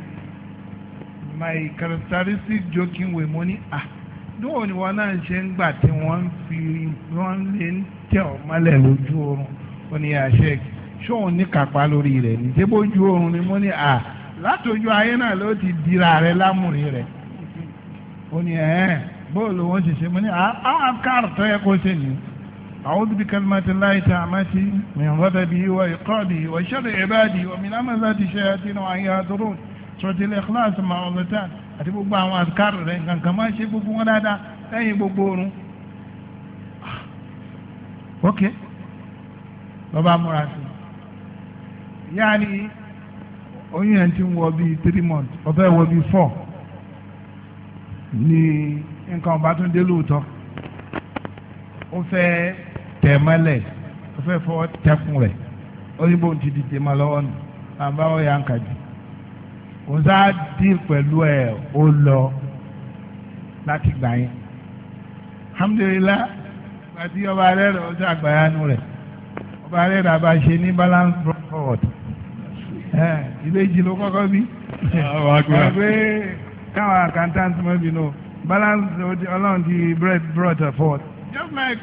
my characteristic joking way mo ní à níwọ̀n ni wọn náà ṣe ń gbà tí wọ́n ń fi wọ́n lè ń tẹ̀ ọ́ mọ́lẹ̀ lójú oorun ó ní àṣẹ ṣóun ní kápá lórí rẹ̀ ní débójú oorun ni mo ní à látòjú ayé náà ló ti dira rẹ̀ lámùrí rẹ̀ ó ní ẹ̀ẹ́n bóòlù wọn ṣe ṣe mo ní àákàr tó yẹ kó ṣe ní a'udhu bi kalimatillahi tammati min ghadabihi wa iqabihi wa sharri ibadihi wa min hamazati shayatin wa an yahdurun suratul ikhlas ma'udatan àti gbogbo àwọn àkàr rẹ̀ nǹkan máa ṣe gbogbo wọn dáadáa lẹ́yìn gbogbo oorun. Ah, ok lọ́ba múra sí i yáà ni oyún ẹ̀ ti ń wọ bíi three months ọ̀fẹ́ wọ bíi four ní nǹkan ọba tó ń dé lóòótọ́ ó fẹ́ tẹ̀ mọ́lẹ̀ ó fẹ́ fọwọ́ tẹkùn rẹ̀ ó ní bóun ti dìde mọ́ lọ́wọ́ nù bàbá ó yà ń kàjú òun sá dín pẹ̀lú ẹ̀ ó lọ láti gbà yín alhamdulilah àti ọba rẹ̀ rẹ̀ ó sá gbàyánu rẹ̀ ọba rẹ̀ rẹ̀ àbá ṣe ní balance forward ilé ló kọ́kọ́ bí. káwọn accountant mọ́ bínú balance ọlọ́run ti bread brought forth. just like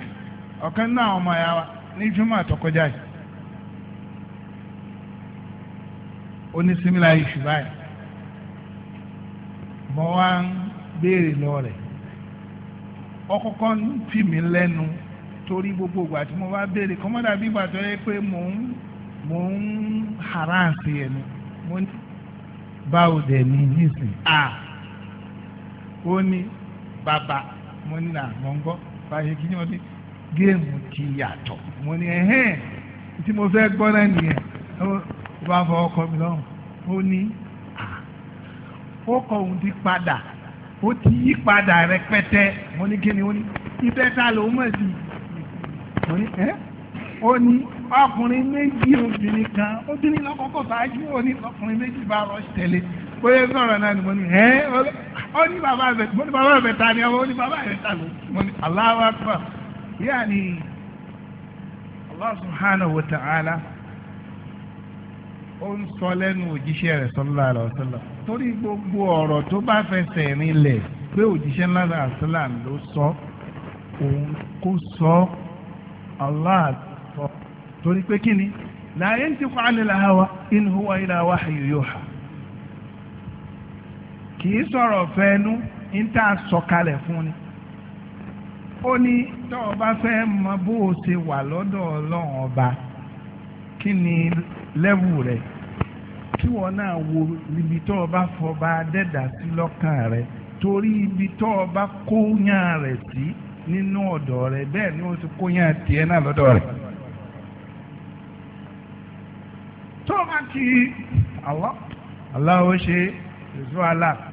ọ̀kan náà ọmọ ẹ̀yà wa ní júmọ̀ àtọkọjá yìí ó similar issue báyìí mo wá ń béèrè lọ rẹ̀ ọkọ̀kọ́ ń tì mí gbogbo ìgbà tí mo bá béèrè kọ́mọ́dà bí ìgbà tó yẹ pé mò ń mò ń harass ẹ̀nu mo ní báwo dẹ̀ ní nísìnyí. ó ní bàbá mo ní nà mọ̀ ń gbọ́ báyìí kí ni mo ní géèmù ti yàtọ̀ mo ní ẹ̀hẹ́n tí mo fẹ́ gbọ́ náà nìyẹn ó bá fọ ọkọ mi lọ́rùn ó ní ó kọ òun ti padà ó ti yí padà rẹpẹtẹ mo ní kí ni ó ní ibẹ̀ ta ló mọ̀ sí mo ní ẹ́ ó ní ọkùnrin méjì obìnrin kan obìnrin lọ́kọ̀ọ́kọ̀ ṣáájú ó ní ọkùnrin méjì bá rọ́ọ̀ṣì tẹ̀lé bóyá sọ̀rọ̀ náà ni mo ní ẹ́ ó ní bàbá rẹ̀ mo ní bàbá rẹ̀ ta ni ọmọ ó ní bàbá rẹ̀ ta ni mo ní Allahu Akbar yíyá ni Allah subhanahu wa ta'ala ó ń sọ lẹ́nu òjíṣẹ́ rẹ̀ sallallahu alaihi wasallam torí gbogbo ọ̀rọ̀ tó bá fẹsẹ̀ rinlẹ̀ pé òjíṣẹ́ lára àṣálà ló sọ òun kò sọ Allah sọ torí pé kí ni la yantiqu anil hawa in huwa illa wahyu yuha kì í sọ̀rọ̀ fẹ́nu ní tá a sọ̀kalẹ̀ fún ni ó ní tó o bá fẹ́ mọ bó o ṣe wà lọ́dọ̀ ọlọ́run ọba kí ni lẹ́wù rẹ̀ kí wọn náà wo ibi tó o bá fọba dẹ́dà sí lọ́kàn rẹ̀ torí ibi tó o bá kóyàn rẹ̀ sí nínú ọ̀dọ̀ rẹ̀ bẹ́ẹ̀ ni o ti kóyàn tiẹ̀ náà lọ́dọ̀ rẹ̀. tó o bá kí Allah ṣe èso Allah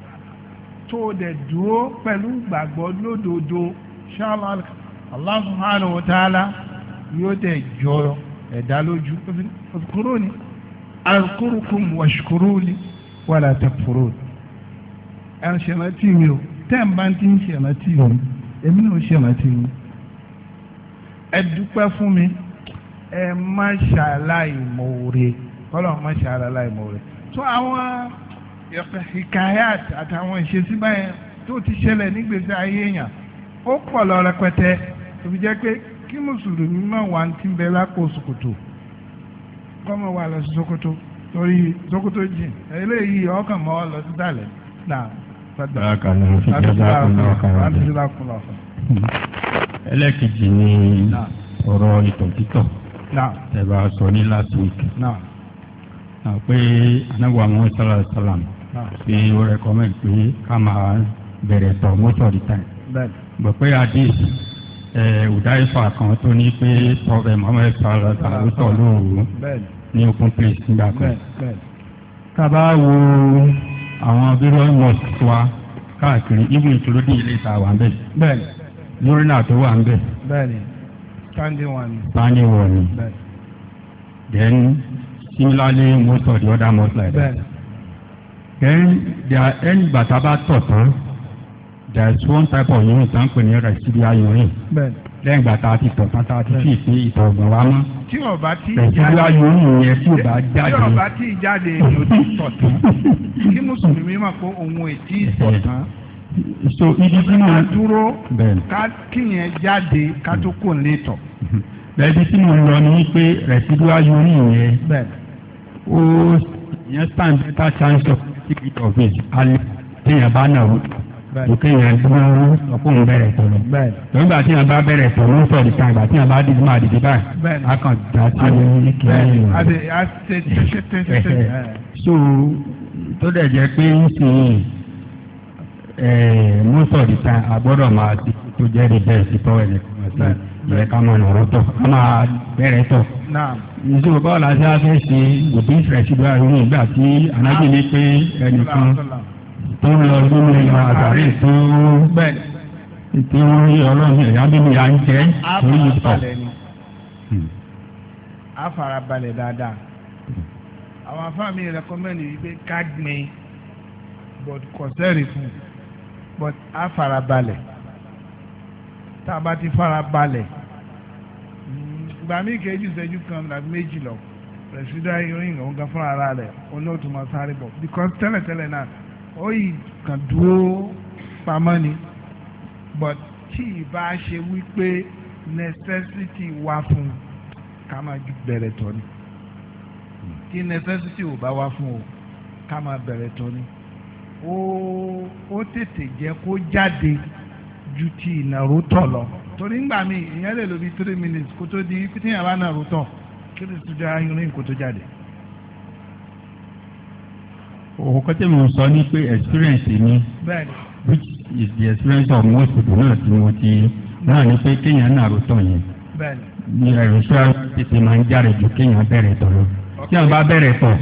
tó dẹ̀ dúró pẹ̀lú gbàgbọ́ lódodo ṣáàlá Allah subhanahu wa ta'ala yóò dẹ̀ jọrọ ẹ̀dá lójú kúrò ní alkurukum wàṣukúrò ní wàlá tẹ̀fúrò ẹ̀ ń ṣèrántí mi o tẹ́ ń bá ti ń ṣèrántí mi èmi náà ṣèrántí mi ẹ dúpẹ́ fún mi ẹ má ṣàlàyé mòore kọ́lọ́ má ṣàlàyé mòore tó àwọn. hikayat àtàwọn ìṣesí báyẹn tó ti ṣẹlẹ̀ nígbèsè ayé èèyàn ó pọ̀ lọ rẹpẹtẹ tó fi jẹ́ pé kí mùsùlùmí mọ̀ wá ti bẹ lápò kọ́mọ wà lọ sí sokoto torí jìn eléyìí ọkàn mọ́ lọ sí dàlẹ́ náà. ni ọ̀rọ̀ tẹ̀ bá ṣe ó rẹkọmẹ́ǹd pé ká máa bẹ̀rẹ̀ tọ̀ most of the time. gbọ́ pé hadith ọ̀dáìfà kan tó ní pé tọ́fẹ̀ mohammed salata ló tọ̀ lóòrùn ní open place nígbà kan. ká bá wo àwọn bílíọ̀nù mosque wa káàkiri even including ilé ìta wà ń bẹ̀ lórínà tó wà ń bẹ̀ standing then similarly most of the other mosques like that then there ẹni bàtà bá tọ̀ tán there is one type of urine tá n pè ní residual urine lẹ́yìn bàtà ti tọ̀ tán tá a ti fi ìpín ìtọ̀ ọ̀gbọ̀n wa mọ́ o bá tí residual urine yẹn tí o bá jáde tí o bá tí ì jáde ni o ti tọ̀ tán kí mùsùlùmí máa kó ohun ètí ìtọ̀ tán so ibi tí mo dúró ká kíyẹn jáde ká tó kò ní tọ̀. Mm-hmm. bẹ́ẹ̀ tí mo lọ ni pé residual urine yẹn ó yẹn stand better chance of secret of it alẹ́ téèyàn bá nà ó kéèyàn dúró ọkùnrin bẹ̀rẹ̀ tọ̀nù nígbà tí yàn bá bẹ̀rẹ̀ tọ̀nù sọ̀rọ̀ ìta ìgbà tí bá dìbò máa dìbò báyìí a kàn dá sí ní kíláyìn so tó dẹ̀ jẹ́ pé ń sìn eh, mú sọ̀rọ̀ ìta àgbọ́dọ̀ máa tó jẹ́ the best for ẹnìkan ọ̀sán bẹ̀rẹ̀ ká máa nọ̀rọ̀ tọ̀ ká máa bẹ̀rẹ̀ tọ̀. ǹjẹ́ bàbá ọ̀la ṣe á fẹ́ ṣe òbí ìfẹ̀sí bá irú ìgbà tí anájì ní pé ẹnìkan tó ń lọ nínú ìlà àtàrí tó tí wọ́n rí ọlọ́run ẹ̀yà nínú ìyá ń jẹ́ torí ìtọ̀. a fara balẹ̀ hmm. dáadáa àwọn afáàmì rẹ̀kọ́mẹ́ndì yìí pé ká gbin but kọ̀sẹ́rì fún but a fara balẹ̀ tá a bá ti fara balẹ̀ ìgbà míì kejì ìṣẹ́jú kan tàbí méjì lọ pẹ̀sídà ìròyìn òun gan fúnra ara rẹ̀ olóòtú máa sáré bọ̀ because tẹ́lẹ̀tẹ́lẹ̀ náà ó yìí kàn dúró pamọ́ ni but tí ìbá ṣe wípé necessity wá fún ká máa bẹ̀rẹ̀ tọ́ ni tí necessity ò bá wá fún o ká máa bẹ̀rẹ̀ tọ́ ni ó tètè jẹ́ kó jáde ju ti ìnàró tọ̀ lọ torí ńgbà mi ìyẹn lè lo bí three minutes kó tó di pétéyàn bá nàró tọ̀ kí ló ti jọ ayọ̀rìn kó tó jáde. òun kọ́ tí sọ ni pé experience mi which is the experience of most people náà tí mo ti náà ni pé kéèyàn nàró tọ̀ yẹn ni ẹ̀rọ sọ́ọ́ tètè máa ń jáde ju kéèyàn bẹ̀rẹ̀ tọ̀ lọ tí wọn bá bẹ̀rẹ̀ tọ̀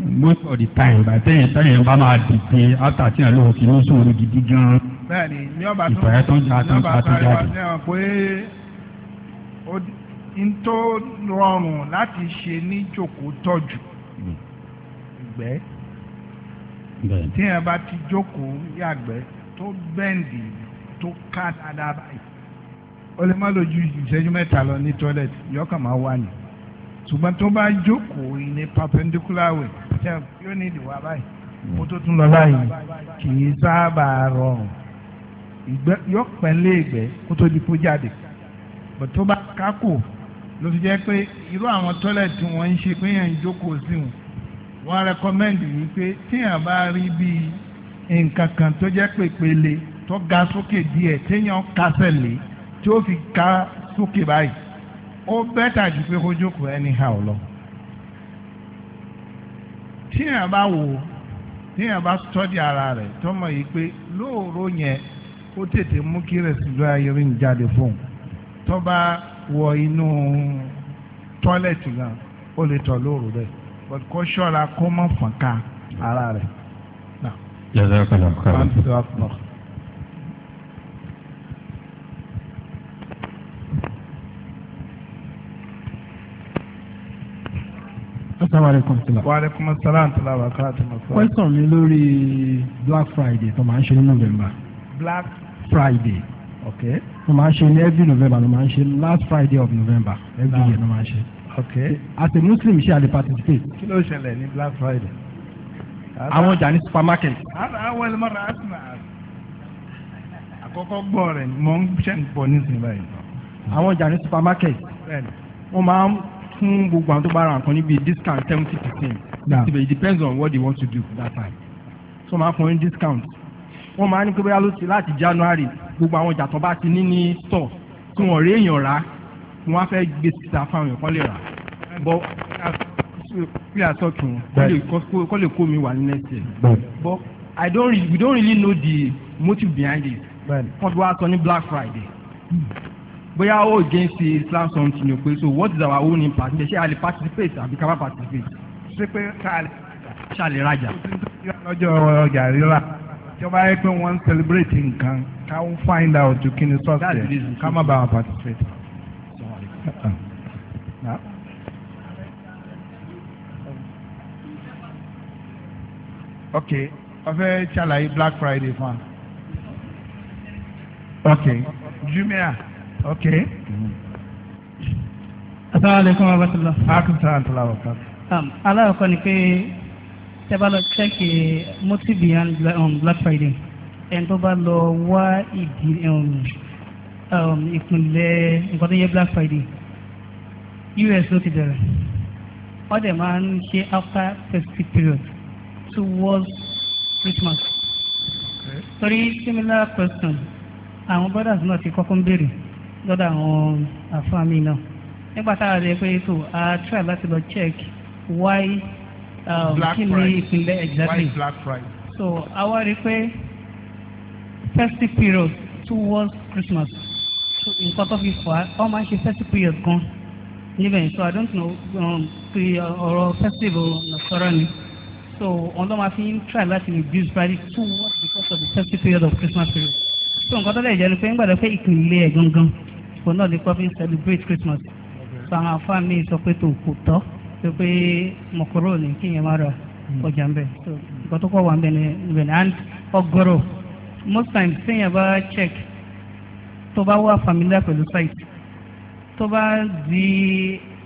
most of the time bàtẹ́yìn tẹ́yìn bá máa dìde after tí wọn lòun ti ní sùúrù gidi gan-an bẹ́ẹ̀ ni ní ọba tó ìfẹ́ tó ní ọba tó jáde ní ọba pé n tó rọrùn láti ṣe ní jòkó tọ́jú hmm. ìgbẹ́ tí yẹn bá ti jókòó yàgbẹ́ tó bẹ́ǹdì tó ká dáadáa báyìí ó lè má lò ju ìṣẹ́jú mẹ́ta lọ ní tọ́lẹ̀tì yọkàn máa wà ní ṣùgbọ́n tó bá jókòó ní perpendicular way yóò ní ìdìwà báyìí kó tó tún lọ báyìí kì í sábà rọrùn ìgbẹ́ yọ pẹ̀lẹ́ ìgbẹ́ kó tó di kó jáde bọ̀ tó bá kákò ló fi jẹ́ pé irú àwọn tọ́lẹ̀tì wọ́n ń ṣe pé yẹn ń jókòó sí wọn wọ́n rẹ́kọ́mẹ́ndì wípé téèyàn bá rí bíi nǹkan kan tó jẹ́ pèpele tó ga sókè díẹ̀ téèyàn kásẹ̀ lé tí ó fi ká sókè báyìí ó bẹ́tà ju pé kó jókòó anyhow lọ. téèyàn bá wò téèyàn bá tọ́jú ara rẹ̀ tọ́mọ yìí pé lóòrò yẹn kó tètè mú kí rẹ̀sìdúrà irin jáde fún un tó bá wọ inú tọ́lẹ̀tì gan ó lè tọ̀ lóru rẹ̀ but kó ṣọ́ra kó má fọ́n ká ara rẹ̀. jazakallah khairan. asalaamualeykum tila. waaleykum asalaam tila wa kaatu. question mi lórí black friday tó máa ń ṣe ní november. black friday okay wọ́n máa ń ṣe ní every november wọ́n máa ń ṣe last friday of november every ah. year wọ́n máa ń ṣe. okay as a muslim ṣe àlè participate. kí ló ṣẹlẹ̀ ní black friday. àwọn ọjà ní supermarket. àwọn ẹlẹ́mọ̀ rẹ̀ á sì máa àkọ́kọ́ gbọ́ rẹ̀ mọ̀ ń ṣe ń pọ̀ nísìnyí báyìí. àwọn ọjà ní supermarket wọ́n máa ń fún gbogbo àwọn tó bá ra nǹkan níbi discount seventy percent. it depends on what you want to do that time. so máa fún yín discount wọ́n máa ní pé bóyá ló ti láti January gbogbo àwọn ìjà tó bá ti ní ní store tí wọ́n rí èèyàn rà wọ́n á fẹ́ gbé síta fáwọn èèyàn kan lè rà bọ́ pílà sọ́tún kó lè kó mi wà ní next year bọ́ I don't really, we don't really know the motive behind it wọ́n fi wá sọ ní Black Friday bóyá ó against Islam something ni o pé so what is our own impact ṣe a lè participate àbí ká má participate ṣe pé ṣe a lè rajà. lọ́jọ́ ọjà rírà tí wọ́n bá yẹ pé wọ́n ń celebrate nǹkan ká ń find out kí ni source yẹ ká má bàa participate. Uh-uh. ok wọ́n fẹ́ ṣàlàyé Black Friday fún wa ok Jumia ok. asalaamualeykum wa rahmatulah. alaykum salaam wa rahmatulah. Um, aláwọ̀ kan ni pé tẹ́ bá lọ chẹ́kì eh, motive behind black friday ẹni tó bá lọ wá ìdí um, um, ìpínlẹ̀ nǹkan tó yẹ black friday us ló ti bẹ̀rẹ̀ wọ́n dẹ̀ máa ń ṣe after festive period towards christmas torí similar question àwọn brothers náà ti kọ́kọ́ ń béèrè lọ́dọ̀ àwọn àfáàmì náà nígbà tá a rẹ̀ pé tó a try láti lọ check why. Um, black kí exactly why black friday. so our rí i pé festive period towards christmas nǹkan tó fi fà á wọ́n máa ń ṣe festive period kan níbẹ̀ so i don't know pé um, ọ̀rọ̀ festive nasọ́rọ́ ni so ọ̀n tó máa fi ń try láti reduce price towards because of the festive period of christmas period so nǹkan tó lè jẹ́ ni pé nígbà tó pé ìpínlẹ̀ ẹ̀ gangan kò náà lè kọ́ celebrate christmas so àwọn afáàmì sọ pé tó kò tọ́ tó pé mọ̀kúrò ní kí yẹn má rọ hmm. ọjà ń bẹ̀ nǹkan tó kọ́ wà ń bẹ̀ níbẹ̀ ní and ọgọ́rọ̀ most times téèyàn bá check tó bá wà familiar pẹ̀lú site tó bá di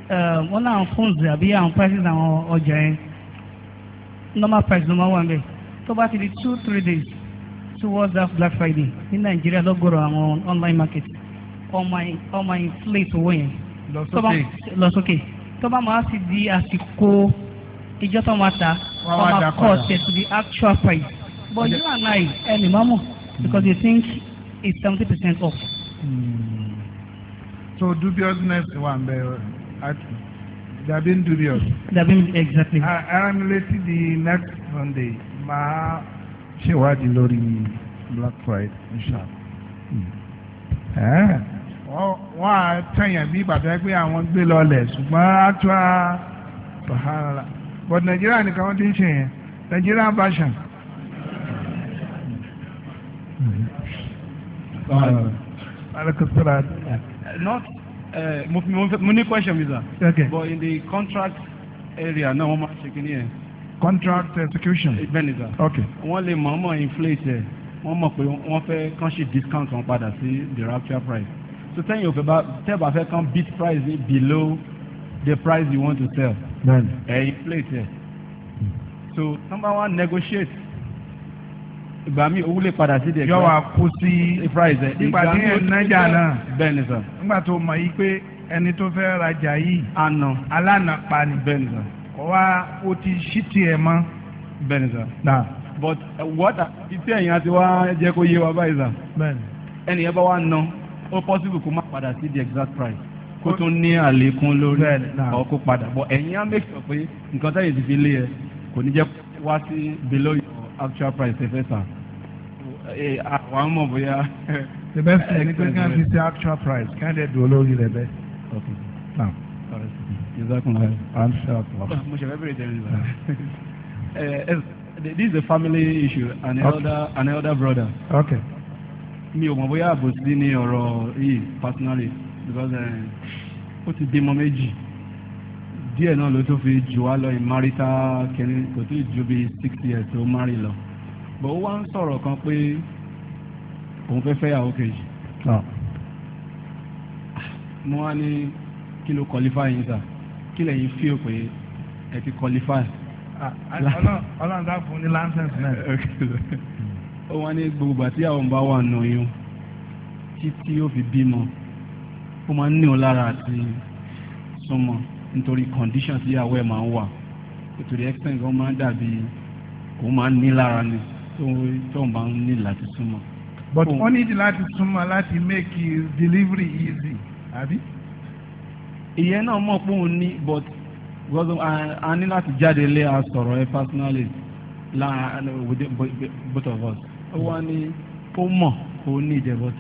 eh, wọ́n náà phones àbí àwọn prices àwọn ọjà yẹn normal price ló máa wà ń bẹ̀ tó bá ti di two three days towards that black friday ní nàìjíríà lọ́gọ́rọ̀ àwọn online market ọmọ inflate owó yẹn lọ sókè tó bá máa sì di àsìkò ìjọ tó máa ta wọ́n máa cut to the actual price but you and I ẹnì máa because you hmm. think it's seventy percent off. Hmm. so dubiousness wà ń bẹ àti dàbí ń dubious. dàbí ń exactly. ara mi létí di next Sunday máa ṣèwádìí lórí Black Friday inshallah. Ah wọ́n á tẹ̀yàn bí bàtà pé àwọn gbé lọlẹ̀ ṣùgbọ́n á tó a sàhárà but Nigeria, nìkan wọ́n ti ń ṣe yẹn nàìjíríà version. not eh, mo ní question visa okay. but in the contract area náà wọ́n máa ṣe kí ni yẹn. contract execution. Eh, bẹ́ẹ̀ni sir. okay. wọ́n lè mọ̀ọ́mọ̀ inflate ẹ̀ wọ́n mọ̀ pé wọ́n fẹ́ kàn ṣe discount wọn padà sí the rapture price so sẹ́yìn òfẹ́ bá tẹ́ẹ̀bà fẹ́ kàn beat price ní below the price you want to sell ẹ̀yin plate ẹ̀ so number one negotiate ìgbà mi owó lè padà sí de. yọ wa kú sí price ẹ. nígbà tí ẹ nájà náà. bẹ́ẹ̀ ni sir. nígbà tó mọ̀ yí pé ẹni tó fẹ́ rajà yìí. àná. alánà pa ni. bẹ́ẹ̀ ni sir. kọ́ wa o ti ṣí tiẹ̀ mọ́. bẹ́ẹ̀ ni sir. na but uh, what iṣẹ́ yẹn àti wá jẹ́ kó yé wa báyìí sir. bẹ́ẹ̀ ni. ẹnìyẹn bá wa nà ó possible kó má padà sí the exact price kó tún ní àlékún lórí ọkọ̀ padà bọ̀ ẹ̀yin á make sure pé nǹkan tẹ́yìn ti fi lé ẹ kò ní jẹ́ wá sí below your actual price ẹ fẹ́ tà àwọn mọ̀ bóyá. the best thing ni pé kí wọ́n fi ṣe actual price kí wọ́n lè dùn olórí rẹ̀ bẹ́ẹ̀. ok now this is a family issue an elder okay. an elder brother. okay mi ò mọ̀ bóyá àbòsí ní ọ̀rọ̀ yìí personally because eh, ó ti bímọ méjì díẹ̀ náà ló tó fi jù wá lọ in marital kẹrin kò tí ì ju bíi six years tó marry lọ but ó wá ń sọ̀rọ̀ kan pé òun fẹ́ fẹ́ yàwó kejì ah. mo wá ní kí ló qualify yín sà kí lẹ́yìn fíò pé ẹ ti qualify. Ah, ọlọ́run dá fún ní license náà. ó wá ní gbogbo àti àwọn bá wà nù yín títí ó fi bímọ ó máa ń ní òun lára àti súnmọ́ nítorí condition tí ìyàwó ẹ̀ máa ń wà nítorí extent kan máa ń dàbí òun máa ń ní lára ni tóun bá ń ní láti súnmọ́. but ó ní láti súnmọ́ láti make delivery easy àbí. ìyẹn náà mọ̀ pé òun ní but gbọ́dọ̀ a ní láti jáde lé a sọ̀rọ̀ ẹ personally la both of us ó wá ó mọ̀ òun ní ìjẹ̀bọ̀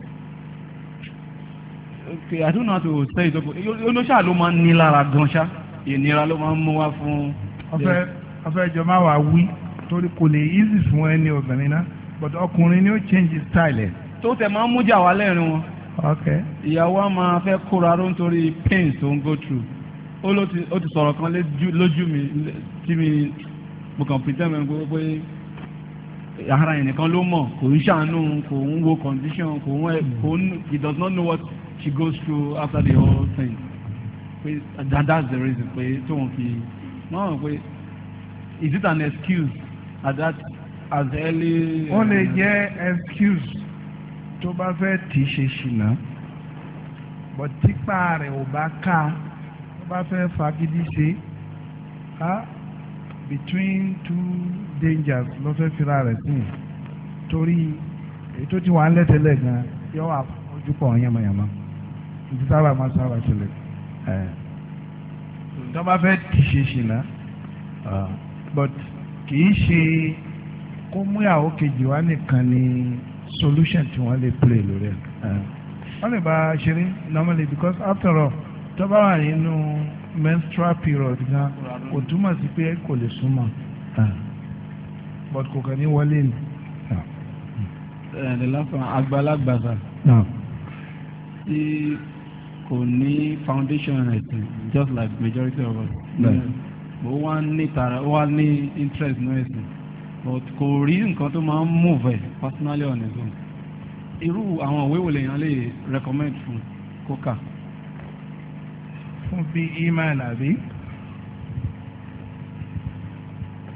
okay I don't know how to say it olóṣà ló máa ń ní lára gan ṣá ìnira ló máa ń mú wá fún. ọfẹ ọfẹ jọ máa wà wí torí kò lè easy fún ẹni obìnrin náà but ọkùnrin ni ó change style ẹ. tó tẹ máa ń mú jà wá lẹ́rìn wọn. okay. ìyàwó a máa fẹ́ kóra ló ń torí pain tó ń go through ó ló ti sọ̀rọ̀ kan lójú mi tí mi mo kàn pretend mi pé ara yẹn nìkan ló mọ̀ kò ń ṣàánú kò ń wo condition kò ń he does not know what she goes through after the whole thing pé that that's the reason pé tóun fi wọ́n mọ̀ pé is it an excuse at that as early. ó lè uh, jẹ́ excuse tó bá fẹ́ tì í ṣe ṣìnà bọ̀ tipa rẹ̀ ò bá ká tó bá fẹ́ fagídí ṣe ah, between two dangers ló fẹ́ fira rẹ̀ sí torí èyí tó ti wà á lẹ́tẹ̀lẹ̀ gan yọ wà ojú pọ̀ yamayama ìdí sábà máa sábà ṣẹlẹ̀ tó bá fẹ́ ti ṣe ṣìnà but kì í ṣe kó mú ìyàwó kejì wá nìkan ni solution tí wọ́n lè play lórí ẹ̀ wọ́n lè bá ṣeré normally because after all tó bá wà nínú menstrual period gan kò túmọ̀ sí pé kò lè súnmọ́ ah. but kò kàn ní wọlé ni. ẹ̀ẹ́dẹ̀ ah. eh, lásán àgbàlagbà sà ah. tí kò ní foundation rẹ̀ tẹ̀ just like majority of us. ó wá ní tara ó wá ní interest náà ẹ̀sìn but kò rí nǹkan tó máa ń move ẹ̀ personally on his own irú àwọn òwe wo lèèyàn lè recommend fún kókà fún bí iman àbí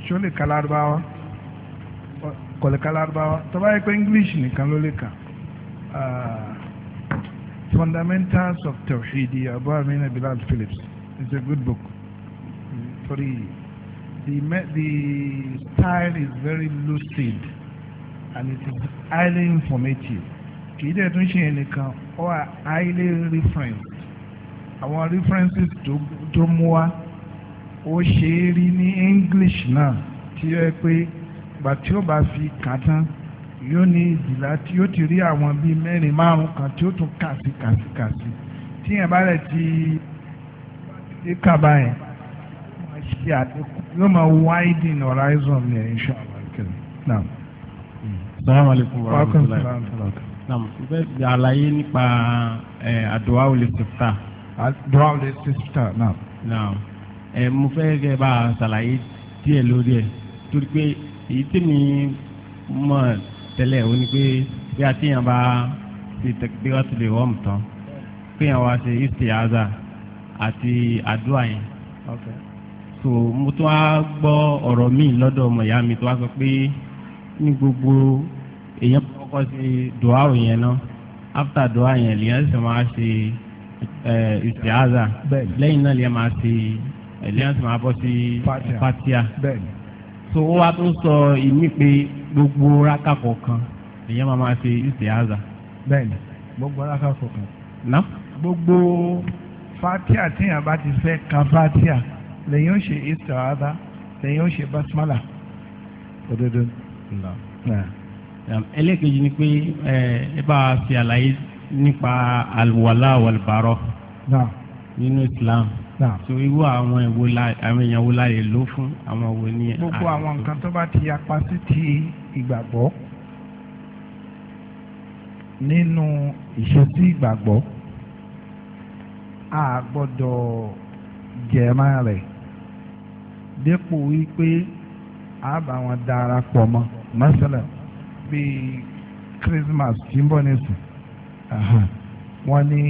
ṣó lè ka lárúbáwá kò lè ka lárúbáwá tó bá yẹ pé english nìkan ló lè kà ah, fundamentals of Tawhid abu amina bilal phillips it's a good book torí the the style is very lucid and it is highly informative kì í dẹ̀ tún ṣe nìkan or highly referenced àwọn references tó mú wá ó ṣe é rí ní English náà tí ó yẹ pé ìgbà tí ó bá fi kà tán yóò ní ìdìlá tí ó ti rí àwọn bíi mẹ́rin márùn-ún kan tí ó tún kà sí kà sí kà sí tí yẹn bá rẹ̀ ti dé kaba yẹn yóò máa widen horizon yẹn insha Allah kiri naam. salaam aleykum wa rahmatulahi naam àlàyé nípa eh, àdúà olùsèpta dua the sister, náà. naam ẹ mo fẹ́ kẹ́ bá a ṣàlàyé díẹ̀ lórí ẹ̀ torí pé èyí tí mi mọ̀ tẹ́lẹ̀ o ní pé bí a ti yàn bá ti tẹ́kítíwá ti lè wọ́ mu tán pé yàn wá ṣe istiaza àti àdúrà yẹn. so mo tún wá gbọ́ ọ̀rọ̀ míì lọ́dọ̀ ọmọ ìyá mi tó wá sọ pé ní gbogbo èèyàn kọ́kọ́ ṣe dùá òyìn náà after dùá yẹn lèèyàn sì máa ṣe ìsìáza lẹ́yìn náà lè máa ṣe lẹ́yìn tí máa bọ́ sí fatia so ó wá tó sọ ìmí pé gbogbo raka kọ̀ọ̀kan èèyàn máa máa ṣe ìsìáza. bẹ́ẹ̀ni gbogbo raka kọ̀ọ̀kan. na. gbogbo fatia tíyàn bá ti fẹ́ ka fatia lẹ́yìn ó ṣe ìsìáza lẹ́yìn ó ṣe basmala òdodo. ẹlẹ́kejì ni pé ẹ bá ṣe àlàyé nípa àlùwàlá àwàlùbárọ nínú Islam so irú àwọn èwo la àwọn èèyàn wo la lè lò fún àwọn wo ni. gbogbo àwọn nǹkan tó bá ti apá sí ti ìgbàgbọ́ nínú ìṣesí ìgbàgbọ́ a gbọ́dọ̀ jẹ̀ẹ́má rẹ̀ dépò wípé a bá wọn darapọ̀ mọ́ mọ́sálà bíi Christmas tí ń bọ̀ nísìnyí wọ́n ní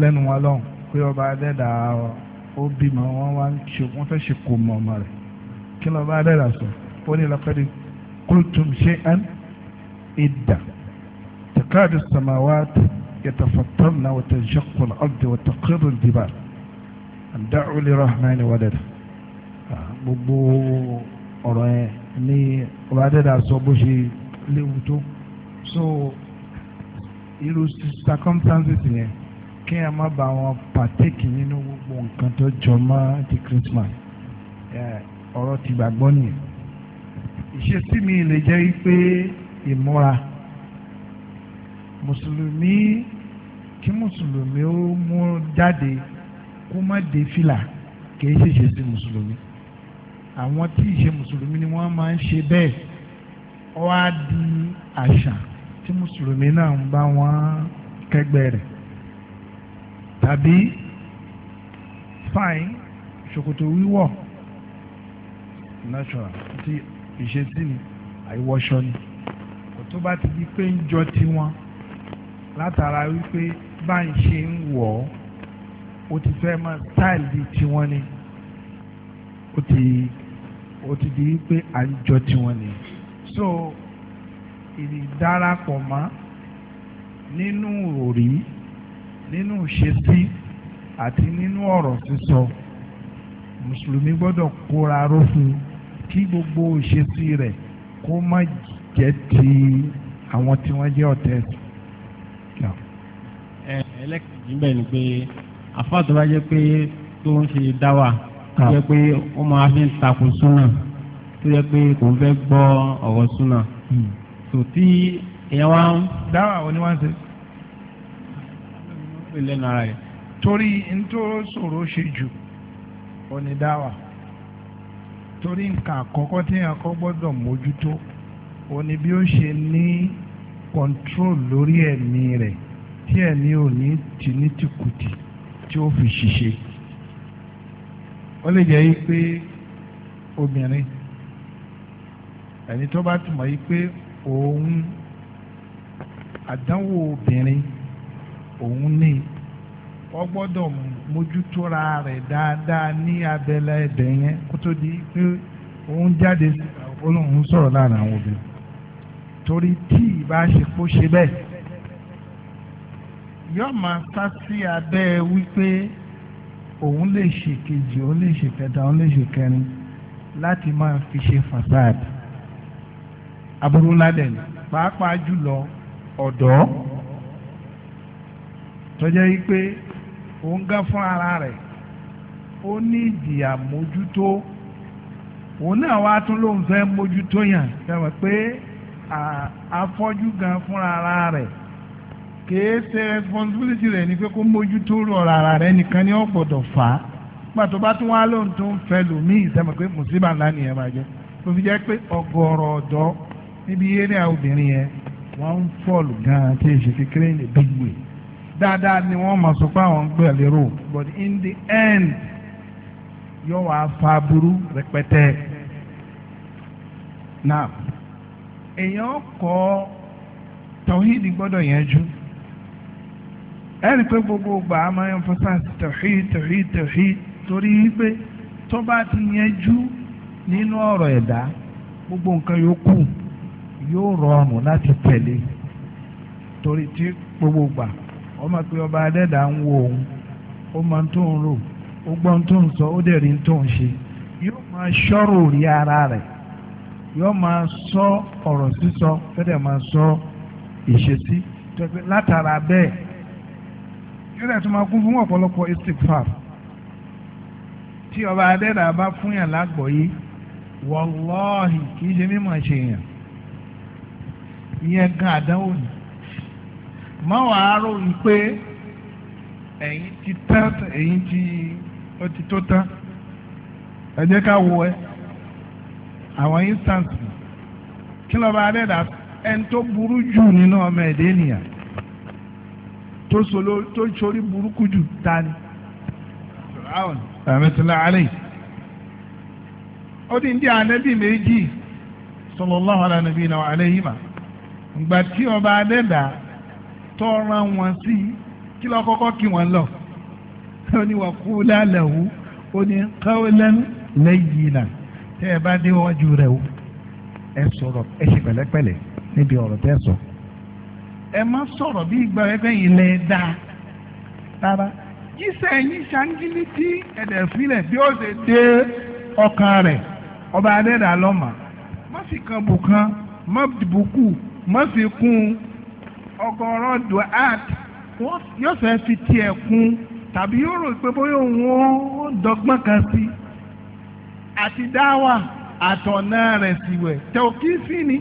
lẹ́nu wọn lọ́hùn pé ọba adẹ́dà ó bímọ wọn wá ń ṣe wọ́n fẹ́ ṣe kò mọ̀ ọmọ rẹ̀ kí lọ́ba adẹ́dà sọ ó ní laqad qultum shay'an idda takadu samawati yatafattarna wa tanshaqqu al-ardu wa takhirru al-jibal an da'u lirrahmani walada ah, gbogbo ọ̀rọ̀ yẹn ní ọba adẹ́dà sọ bó ṣe léwu tó so irú circumstances yẹn kí ẹ má bá wọn pàtẹ́kì nínú gbogbo nǹkan tó jọ mọ́ ti Christmas ọ̀rọ̀ ti gbàgbọ́ nìyẹn ìṣesí mi lè jẹ́ pé ìmúra mùsùlùmí kí mùsùlùmí ó mú jáde kó má dé fìlà kì í ṣèṣe sí mùsùlùmí àwọn tí ìṣe mùsùlùmí ni wọ́n máa ń ṣe bẹ́ẹ̀ ó wá di àṣà tí mùsùlùmí náà ń bá wọn kẹgbẹ́ rẹ̀ tàbí fine ṣòkòtò wíwọ̀ natural ti ìṣesí ni àìwọṣọ ni kò tó bá ti di pé ń jọ tiwọn látara wípé bá ń ṣe ń wọ̀ ó ti fẹ́ máa style di tiwọn ni ó ti ó ti di wípé à ń jọ tiwọn ni so ìdárapọ̀ mọ́ nínú òrí nínú ìṣesí àti nínú ọ̀rọ̀ sísọ mùsùlùmí gbọ́dọ̀ kóra ró fún kí gbogbo ìṣesí rẹ̀ kó má jẹ́ ti àwọn tí wọ́n jẹ́ ọ̀tẹ̀ ẹ̀sìn. ẹlẹ́kìtì ń bẹ̀ ni pé àfáàtò bá jẹ́ pé tó ń ṣe dáwà tó jẹ́ pé ó máa fi ń takò súnà tó jẹ́ pé kò ń fẹ́ gbọ́ ọ̀rọ̀ súnà. Hmm. so tí èèyàn wá ń. dáwà wo ni wọ́n torí n ṣe jù ọ ni dáwà torí nǹkan àkọ́kọ́ tí èèyàn kọ́ gbọ́dọ̀ mójútó ọ ní bí ó ṣe ní control lórí ẹ̀mí rẹ̀ tí ẹ̀mí ò ní tì tí ó fi ṣiṣẹ́ ó jẹ́ pé obìnrin ẹni tó bá pé òun àdánwò obìnrin òun ní ọ gbọ́dọ̀ mójútóra rẹ̀ dáadáa ní abẹ́lẹ̀ ẹ̀dẹ̀ yẹn kó tó di pé òun jáde olóhùn sọ̀rọ̀ láàrin àwọn obìnrin torí tí ìbá ṣe kó ṣe bẹ́ẹ̀ yóò máa sá sí abẹ́ wípé òun lè ṣe kejì òun lè ṣe kẹta òun lè ṣe kẹrin láti máa fi ṣe fasad aburú ńlá dẹ̀ ni pàápàá jùlọ ọ̀dọ́ tọ́jà yìí pé òun gán fún ara rẹ̀ ó ní ìdí àmójútó òun náà wá tún lóun fẹ́ mójútó yàn fẹ́ràn pé afọ́jú gan fúnra ara rẹ̀ kìí ṣe responsibility rẹ̀ ni pé kó mójútó rọra ara rẹ̀ nìkan ni ó gbọ́dọ̀ fà á nígbà tó bá tún wá lóun tó ń fẹ́ lòmíì sẹ́mi pé mùsíbà ńlá nìyẹn máa tó fi jẹ́ pé ọ̀gọ̀rọ̀ ọ̀dọ́ níbi eré obìnrin yẹn wọ́n ń fọ́ọ̀lù gan-an tí èsì kékeré ní big way dáadáa ni wọ́n mọ̀ sọ pé àwọn ń gbé ẹ̀lẹ́rò but in the end yóò wá fa burú rẹpẹtẹ náà èèyàn kọ́ tọ́hídì gbọ́dọ̀ yẹn jú ẹni pé gbogbo ọgbà a máa ń emphasize tawhid tawhid tawhid torí wípé tó bá ti yẹn jú nínú ọ̀rọ̀ ẹ̀dá gbogbo nǹkan yòókù yóò rọrùn láti tẹ̀lé torí tí gbogbo gbà ọmọ pé ọba adẹ́dà ń wo òun ó mọ tó ń rò ó gbọ́ tó ń sọ ó dẹ̀ rí tó ń ṣe yóò máa ṣọ́rò rí ara rẹ̀ yóò máa sọ ọ̀rọ̀ sísọ fẹ́rẹ̀ máa sọ ìṣesí tẹ́gbẹ́ látara bẹ́ẹ̀ yóò tún máa kún fún ọ̀pọ̀lọpọ̀ istikfar tí ọba adẹ́dà bá fún yàn kì í ṣe mímọ̀ ṣe yàn ìyẹn gan àdánwò ni má wàá ròyìn pé ẹ̀yin ti tán ẹ̀yin ti ó ti tó tán ẹ jẹ́ ká wo ẹ àwọn instance kí lọ́ba adẹ́dà ẹni tó burú jù nínú ọmọ ẹ̀dẹ́ ènìyàn tó solo tó sori burúkú jù ta ni firaun rahmatulah ó di anabi méjì ìgbà tí ọba adẹ́dà tọ́ra wọn sí kí lọ́ kọ́kọ́ kí wọ́n lọ ó ní wọ́n kú lálẹ́wù ó ní qawlan layyina tẹ́ ẹ bá déwájú rẹ̀ o ẹ sọ̀rọ̀ ẹ ṣe pẹ̀lẹ́pẹ̀lẹ́ níbi ọ̀rọ̀ tẹ́ sọ ẹ má sọ̀rọ̀ bí ìgbà ẹgbẹ́ yìí lẹ́ dáa rárá jísẹ̀ yín ṣangilítí ẹ̀dẹ̀ fílẹ̀ bí ó ṣe dé ọkàn rẹ̀ ọba adẹ́dà lọ́mà má fi kún ọgọ́rọ̀ duat yóò fẹ́ fi tiẹ̀ kún tàbí yóò rò pé bóyá òun ó dọ́gbọ́n kan sí àti dáwà àtọ̀nà rẹ̀ síwẹ̀ tẹ̀wọ́kìsì ni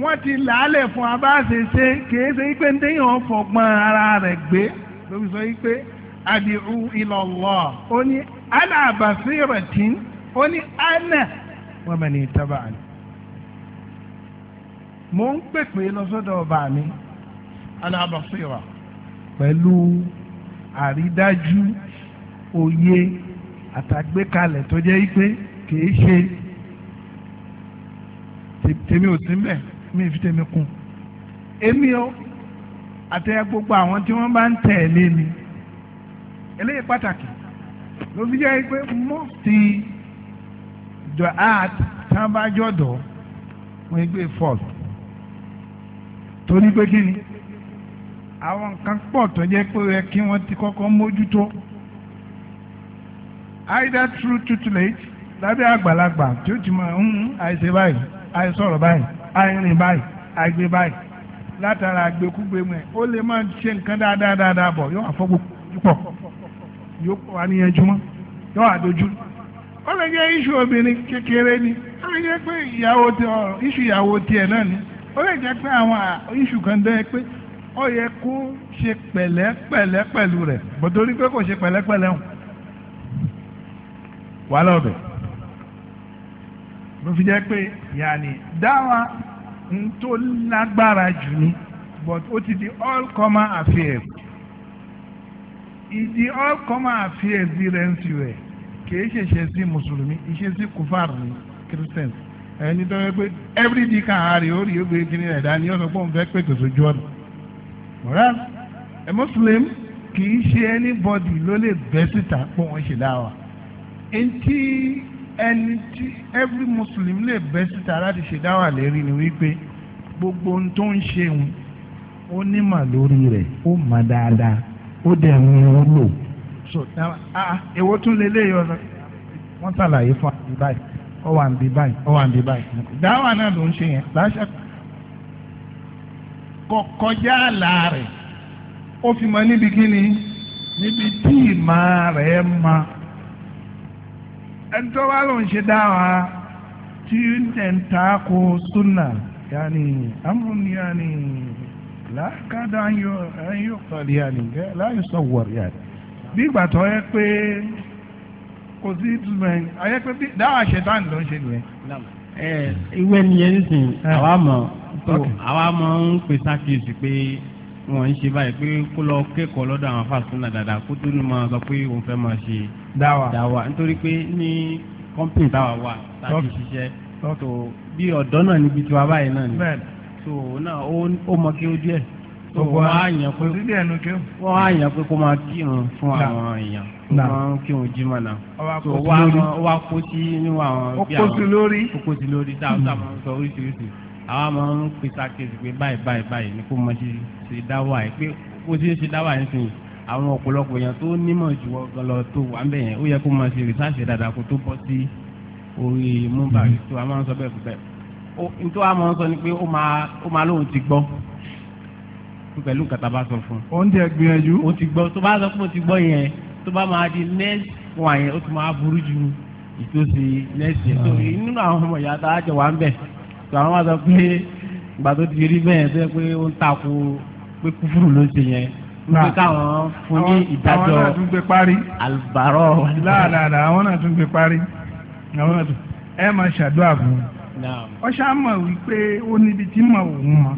wọ́n ti làálẹ̀ fún abáṣeṣe kìí ṣe pé ń déyàn fọgbọ́n ara rẹ̀ gbé lórí sọ pé àdìrú ilallah ó ní ana basiratin ó ní ana wa mani taba'ani mo ń pèpè lọ sọ́dọ̀ ọba mi alábàṣírà pẹ̀lú àrídájú òye àtàgbékalẹ̀ tó jẹ́ pé kìí ṣe tèmi ò sí mbẹ̀ mi fi tèmi kún èmi o àti gbogbo àwọn tí wọ́n bá ń tẹ̀lé mi eléyìí pàtàkì ló fi jẹ́ pé mọ́ọ̀tì the art tí wọ́n bá jọ̀dọ̀ wọ́n gbé fọ́ọ̀lù torí pé kí ni àwọn nǹkan pọ̀ tó jẹ́ pé ẹ kí wọ́n ti kọ́kọ́ mójútó either through tutelage lábẹ́ àgbàlagbà tí ó ti mọ̀ ń hmm, àìṣe báyìí àìsọ̀rọ̀ báyìí àìrìn báyìí àìgbé báyìí látara àgbékúgbé mọ̀ ẹ̀ ó lè máa ṣe nǹkan dáadáa dáadáa bọ̀ yóò àfọ́gbó púpọ̀ yóò pọ̀ wá níyanjú mọ́ yóò àdójú ó lè jẹ́ iṣu obìnrin kékeré ni ó lè jẹ́ pé iṣu ìyàwó tiẹ̀ náà ni ó lè pé àwọn iṣu kan dẹ́ pé ó kó ṣe pẹ̀lẹ́pẹ̀lẹ́ pẹ̀lú rẹ̀ bọ̀dọ́rí pé kò ṣe wàhálà fi pé but ó di all common affairs ìdí all common affairs ń ti kì í ṣe ṣe sí mùsùlùmí ìṣe sí ẹni tó yẹ pé day kan àárẹ̀ ó rí ogbe kiri rẹ̀ dání ó sọ pé òun fẹ́ pètè sójú ọ̀nà moral a muslim kì í ṣe anybody ló lè bẹ́ síta pé wọ́n ṣe dáwà ntí ẹni tí every muslim lè bẹ́ síta láti ṣe dáwà lérí ni wípé gbogbo ohun tó ń ṣe òun ó nímọ̀ lórí rẹ̀ ó mọ̀ dáadáa ó dẹ̀ ń lò so ah, ah èwo tún lè léyọ̀ ọ̀nà wọ́n ṣàlàyé fún àti báyìí. ọ wà ń báyìí ọ wà ń báyìí dáwà náà ló ń ṣe yẹn láṣà kọjá àlà re. ó fi níbi kíni níbi tí ìmọ̀ rẹ̀ ma ẹni tó ló ń ṣe dáwà tí ń tẹ̀ ń ta ko súnà yanni amúrún yanni lákàdá ayọ̀ ayọ̀ kọ̀ọ̀lì yanni láyọ̀ kò sí túmọ̀ ẹ̀ ayé pé bí dáhà ṣẹ̀tàn ló ń ṣe nìyẹn. ìwé nìyẹn nísìnyí ah. àwa mọ̀ àwa mọ̀ ń pè sákìsì pé wọ́n ń ṣe báyìí pé kó lọ kẹ́kọ̀ọ́ lọ́dọ̀ àwọn fásitì dáadáa kó tó ní máa sọ pé òun fẹ́ máa ṣe dáwà nítorí pé ní kọ́ńpìn táwa wà láti ṣiṣẹ́ tó bí ọ̀dọ́ náà níbi tí wàá báyìí náà ni so náà ó mọ kí ó díẹ̀ wọ́n á yàn pé wọ́n á yàn pé kó máa kírun fún àwọn èèyàn wọ́n kírun jimá náà tó wá kó sí níwọ̀n àwọn bí àwọn ó kó sí lórí ó kó sí lórí tá máa ń sọ oríṣiríṣi àwa máa ń pèsè àkejì pé báyìí báyìí báyìí ni kó máa ṣe ṣe dáwà ẹ pé kó ṣe ṣe dáwà ẹ sìn àwọn ọ̀pọ̀lọpọ̀ èèyàn tó nímọ̀ jù ọ lọ tó wà ń bẹ̀ yẹn ó yẹ kó mm-hmm. ni pé ó máa lóun ti pẹ̀lú nǹkan tá a bá sọ fún. ó ń tẹ gbìyànjú. o ti gbọ́ tó bá sọ pé o ti gbọ́ yẹn tó bá máa di nẹ́ẹ̀sì fún wa yẹn ó ti máa burú ju ìtòsí nẹ́ẹ̀sì yẹn. torí ah. nínú àwọn ọmọ ìyá tá a jọ wá ń bẹ̀ tó àwọn máa sọ pé ìgbà tó ti rí bẹ́ẹ̀ tó yẹ pé ó ń takò pé kúfúrú ló ń ṣe yẹn wípé ah. káwọn fún ní ìdájọ́ alùbárọ̀ wà ní. láàlàlà àwọn náà tún gbé parí àwọn náà tún ẹ máa ṣàdúrà fún un. ọ̀ṣà mọ̀ wípé ó níbi tí mọ̀ òun mọ̀.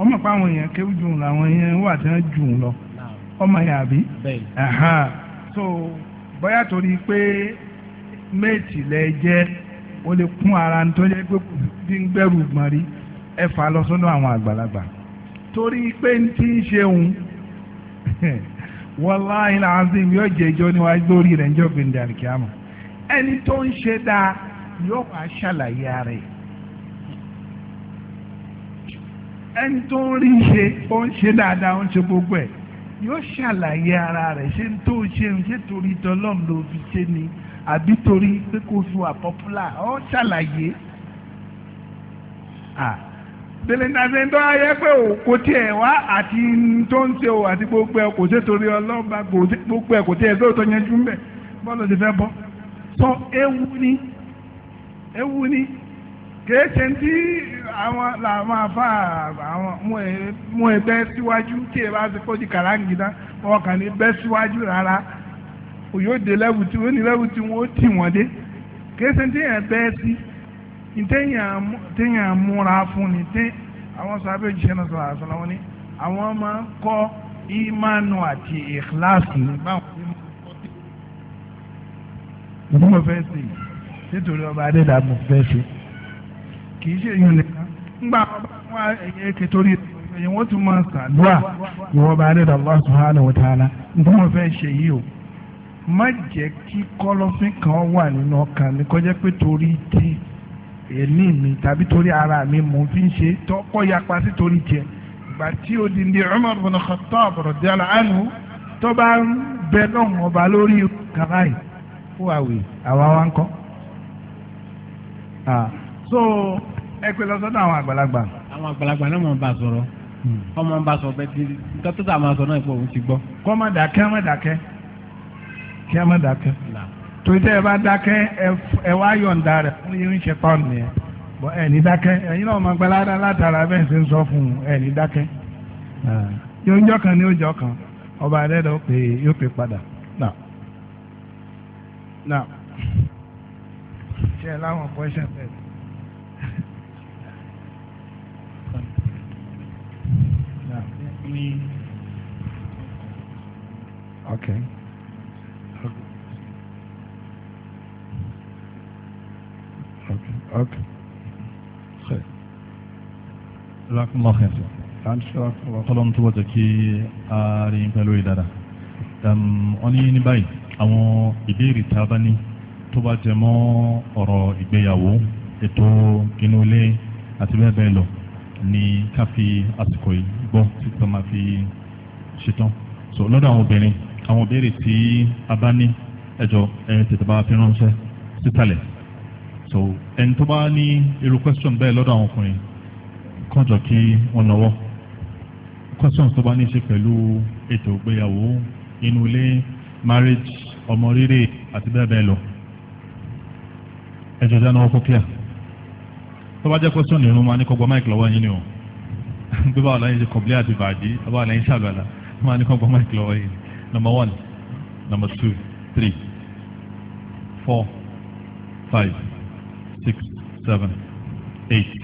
ọmọ pa àwọn èèyàn kéwù jù làwọn èèyàn wà tí wọ́n jù lọ ọmọ yà bí so bóyá torí pé méètì jẹ́ o lè kún ara tó jẹ́ pé bí ń rí ẹ fà àwọn àgbàlagbà torí pé ń ṣe òun yóò jẹ ìjọ lórí ń jọ ẹni tó ń ṣe dáa yóò wá ẹni tó ń rí ṣe ó ń ṣe dáadáa ó ń ṣe gbogbo ẹ̀ yóò ṣàlàyé ara rẹ̀ ṣé tó ṣe ń ṣe torí tọlọ́m ló fi ṣe ni àbí torí pé kò fi wà pọ́pùlà ó ṣàlàyé tẹlẹtàṣẹ tó ayẹ pé kò tiẹ̀ wá àti tó ń ṣe o àti gbogbo ẹ̀ kò ṣe torí ọlọ́ba gbogbo ẹ̀ kò tiẹ̀ tó tó yẹn jú bọ́ọ̀lù ti fẹ́ bọ́ sọ ewu ni ewu ni kèé ṣe ń tí àwọn làwọn afá àwọn mú ẹ bẹ́ síwájú tí ẹ bá ti kó di kàláǹgídá wọn kàn ní bẹ́ síwájú rárá òyòdè lẹ́wù tí wọ́n ní lẹ́wù tí wọ́n tì wọ́n dé kéésì téèyàn bẹ́ sí téèyàn múra fún ni té àwọn sábẹ́ òjíṣẹ́ náà sọ̀rọ̀ àṣọ làwọn ni àwọn máa ń kọ́ ìmánu àti ìkíláàsì ní báwọn ọmọ fẹ́ sí nítorí ọba adédàmú fẹ́ sí kì í ṣe yún nìkan ńgbà wọn ẹ̀yẹ kẹtọ́rí ẹ̀yẹ wọn tún máa sàdúà ìwọba adéda Allah subhanahu wa ta'ala nítorí wọn fẹ́ ṣe yìí o má jẹ́ kí kọ́lọ́fín kan wà nínú ọkàn mi kọjá pé torí ti ẹ̀mí mi tàbí torí ara mi mò ń fi ń ṣe tọ́kọ́ yapa sí torí tiẹ̀ ìgbà tí ó di ní Umar bin Khattab radiyallahu anhu tó bá ń bẹ lọ́hùn ọba lórí kàrá yìí fún àwẹ̀ àwa wa ń kọ́. Ah, so ẹ pé awọn agbalagba. àwọn àgbàlagbà. àwọn àgbàlagbà náà mọ̀ ń bá sọ̀rọ̀ hmm. ọmọ ń bá sọ bẹ́ẹ̀ tí nǹkan tó sọ náà òun ti gbọ́. kọ́ má dákẹ́ má dákẹ́ kí á má dákẹ́. torí tẹ́ ẹ bá dákẹ́ ẹ wá yọ̀ǹda rẹ̀ fún yín ṣe pọ́ùn nìyẹn ẹ ní dákẹ́ ẹ̀yin ní. ok, ok. Okay. Lákùnmọ́ ọ̀hẹ́ sọ. Tọ́lọ́mù tó wọ́jọ kí a rí ń pẹ̀lú ìdára. Wọ́n ní ní báyìí àwọn ìbéèrè tá a bá ní tó bá jẹ mọ́ ọ̀rọ̀ ìgbéyàwó, ètò inú ilé àti ni kafi fi àsìkò gbọ́ títí wọ́n máa fi ṣetán so lọ́dọ̀ àwọn obìnrin àwọn ìbéèrè tí a bá ní ẹjọ́ ẹ tètè bá fi ránṣẹ́ sísàlẹ̀ so ẹni tó bá ní irú question bẹ́ẹ̀ lọ́dọ̀ àwọn ọkùnrin kàn jọ kí wọ́n lọ́wọ́ questions tó bá ní ṣe pẹ̀lú ètò ìgbéyàwó inú ilé marriage ọmọ rírè àti bẹ́ẹ̀ bẹ́ẹ̀ lọ ẹjọ́ dáná ọkọ̀ kíá tó bá jẹ́ question ìrún máa ní kó gba máìkì lọ́wọ́ yín ni o bí báwo la yẹn ṣe kọ̀bílẹ̀ àti bàdí báwo la yẹn ṣàlùwàlà wọ́n á ní kàn gbọ́ máìkì lọ́wọ́ yìí number one number two three four five six seven eight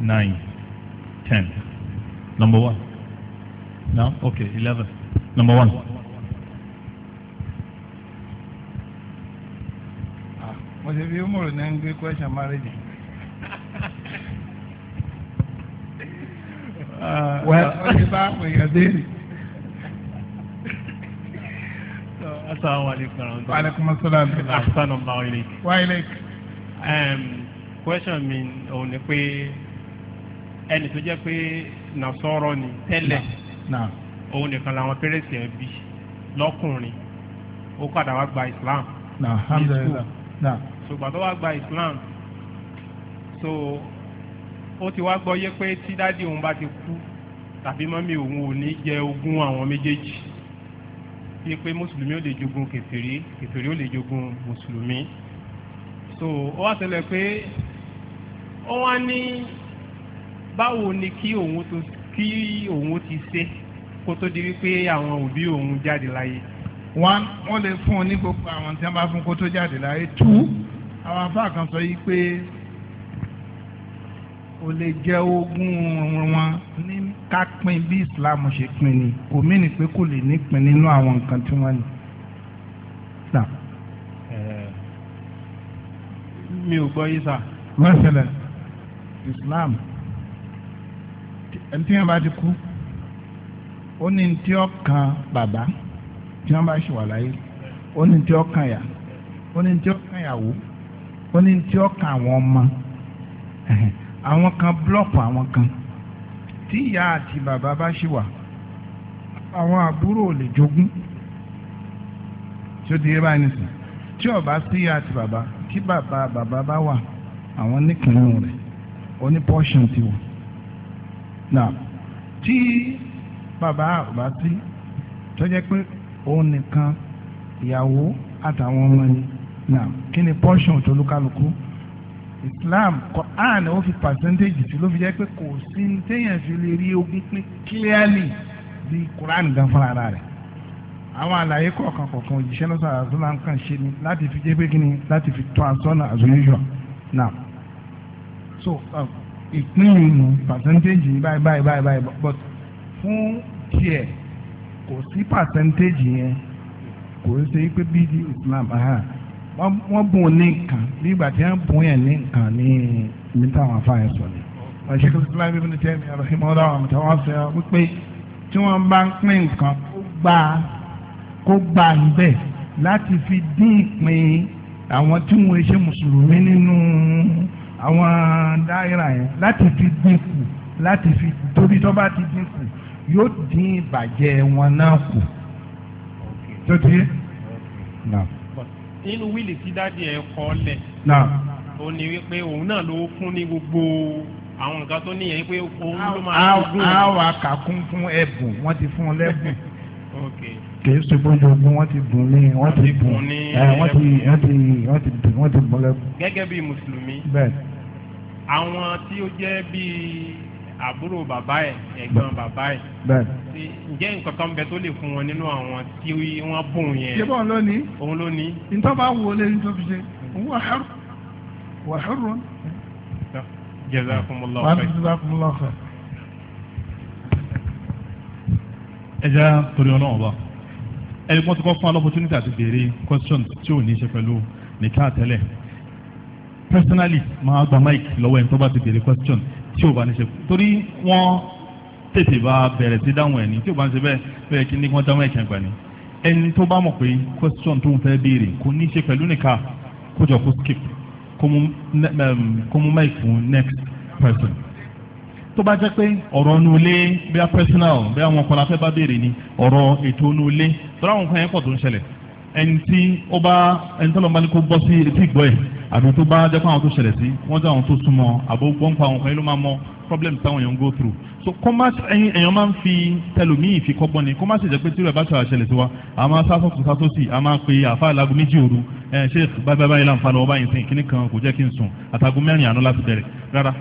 nine ten number one no okay eleven number one. Ah, mo ṣe fi ó mọ̀rọ̀ náà ń gbé question marriage. wọ́n ti bá àwọn èèyàn déèrè. asalaamualeykum warahmatulah. aleykum asalaam. asanu bawo ile. wa ile. Um, question mi òun ni pé ẹni tó jẹ́ pé nasọ́rọ́ ni tẹ́lẹ̀ òun nìkan làwọn pérésì ẹ̀ bí lọ́kùnrin ó padà wá gba Islam. alhamdulilayi. so gbàtọ́ wá gba Islam so ó ti wá gbọ́ yé pé tí dádì òun bá ti kú tàbí mọ́mí òun ò ní jẹ ogún àwọn méjèèjì bíi pé mùsùlùmí ò lè jogun kèfèrí kèfèrí ò lè jogun mùsùlùmí so ó wá ṣẹlẹ̀ pé ó wá ní báwo ni kí òun tó kí òun ti ṣe kó tó di wípé àwọn òbí òun jáde láyé. one wọ́n lè fún un ní gbogbo àwọn tí wọ́n bá fún kó tó jáde láyé two àwọn afáàkàn sọ yìí pé ó lè jẹ́ ogún wọn ní kápín bí islam ṣe pín ni kò mí ni pé kò lè nípín nínú àwọn nǹkan tí wọ́n ní. Eh, mi ò gbọ́ yìí sà. wọ́n ṣẹlẹ̀ islam ẹni tí wọ́n bá ti kú ó ní tí ó kan bàbá tí wọ́n bá ṣì wà láyé ó ní tí ó yà ó ní tí ó kan yàwó ó ní tí ó àwọn ọmọ àwọn kan blọ́ọ̀pù àwọn kan tí ìyá àti bàbá bá ṣì wà àwọn àbúrò ò lè jogún tí ó di yébà nìsín tí ó bá sí ìyá àti bàbá kí bàbá bàbá bá wà àwọn níkànnì rẹ̀ oní pọ́ṣọ̀n ti wọ̀ náà tí bàbá ò sí tó pé òun nìkan ìyàwó àtàwọn ọmọ ni náà kí ni pọ́ṣọ̀n tó lúkálùkù. Islam Quran ó fi percentage sí ló fi jẹ́ pé kò sí téèyàn fi lè rí ogún pín clearly bí Quran gan fúnra ara rẹ̀ àwọn àlàyé kọ̀ọ̀kan kọ̀ọ̀kan òjíṣẹ́ lọ́sọ̀ àzọ́là ń kàn ṣe ni láti fi jẹ́ pé kí ni láti fi tọ́ àsọ́nà àzọ́yúṣọ́ now so um, ìpín ìnù percentage báyìí báyìí báyìí báyìí but fún tiẹ̀ kò sí percentage yẹn kò ń ṣe pé bíi di Islam. Uh -huh wọ́n bùn ní nǹkan bí ìgbà tí wọ́n bùn yẹn ní nǹkan ní ní táwọn afáyẹ sọ ni. àṣekí islam ibi ní tẹ́mi àròhìn ọ̀dọ́ àwọn àmọ̀tá wọn sọ wípé tí wọ́n bá ń pín nǹkan kó gbà kó gbà ń bẹ̀ láti fi dín ìpín àwọn tí wọ́n ṣe mùsùlùmí nínú àwọn dáírà yẹn láti fi dín kù láti fi torí tó bá ti dín kù yóò dín ìbàjẹ́ wọn náà kù. tó ti yé? nínú wíìlì tí dáàdi ẹ̀ kọ́ lẹ̀. ó ní wípé òun náà ló fún ní gbogbo àwọn nǹkan tó níyẹn pé òun ló máa ń a wà kàkún fún ẹ̀bùn wọ́n ti fún ọ lẹ́bùn kì ṣe bójú ogun ti bùn ní wọ́n ti bùn ẹ wọ́n ti wọ́n ti wọ́n ti bùn wọ́n ti bùn lẹ́bùn. gẹ́gẹ́ bí mùsùlùmí àwọn tí ó jẹ́ bíi àbúrò bàbá ẹ̀ ẹ̀gbọ́n bàbá ẹ̀. ǹjẹ́ nǹkan kan bẹ tó lè fún wọn nínú àwọn tí wọ́n bùn yẹn. ṣé bọ́ọ̀ lónìí. òun lónìí. nítorí bá wò ó lé nítorí fi ṣe òun wà hẹ́rù wà hẹ́rù rọ. jazakumullahu khair. jazakumullahu khair. ẹ jẹ́ torí ọlọ́run ọba ẹni wọ́n ti kọ́ fún wa lọ́pọ̀tunítì àti béèrè questions tí ò ní í ṣe pẹ̀lú nìkan àtẹ́lẹ̀ personally máa gba mic lọ́wọ́ ẹni tó bá ti béèrè question tí ò bá ní ṣe torí wọ́n tètè bá bẹ̀rẹ̀ sí dáhùn ẹ̀ ní tí ò bá ń ṣe bẹ́ẹ̀ bẹ́ẹ̀ kí ní kí wọ́n dáhùn ẹ̀kẹ́ gbà ní. ẹni tó bá mọ̀ pé question tó ń fẹ́ béèrè kò ní ṣe pẹ̀lú nìka kó kó skip kó mú mic fún next person. tó bá jẹ́ pé ọ̀rọ̀ inú ilé bíi personal bíi àwọn ọkọ̀ la fẹ́ bá béèrè ni ọ̀rọ̀ ètò inú ilé tọ́lá àwọn nǹkan yẹn pọ̀ tó ń ṣẹlẹ̀ ẹni tí ó bá ẹni tó lọ́ọ́ máa ní kó bọ́ sí etí ìgbọ́ ẹ̀ àbí tó bá jẹ́ fún àwọn tó ṣẹlẹ̀ sí wọ́n jẹ́ àwọn tó súnmọ́ àbó wọ́n pa àwọn kan ló máa mọ problem táwọn èèyàn ń go through so kó má èèyàn máa ń fi tẹlòmíì fi kọ́gbọ́n ni kó má sì jẹ́ pé tí ìrẹ̀ bá ṣọ̀rọ̀ ṣẹlẹ̀ sí wa a máa sásọ̀tún sásọ̀sì a máa pe àfa àlago méjì òru ẹ̀ ṣe báyìí báyìí là ń fa lọ́wọ́ báyìí sìn kíní kan kò jẹ́ kí n sùn àtàgùn mẹ́rin àná láti bẹ̀rẹ̀ rárá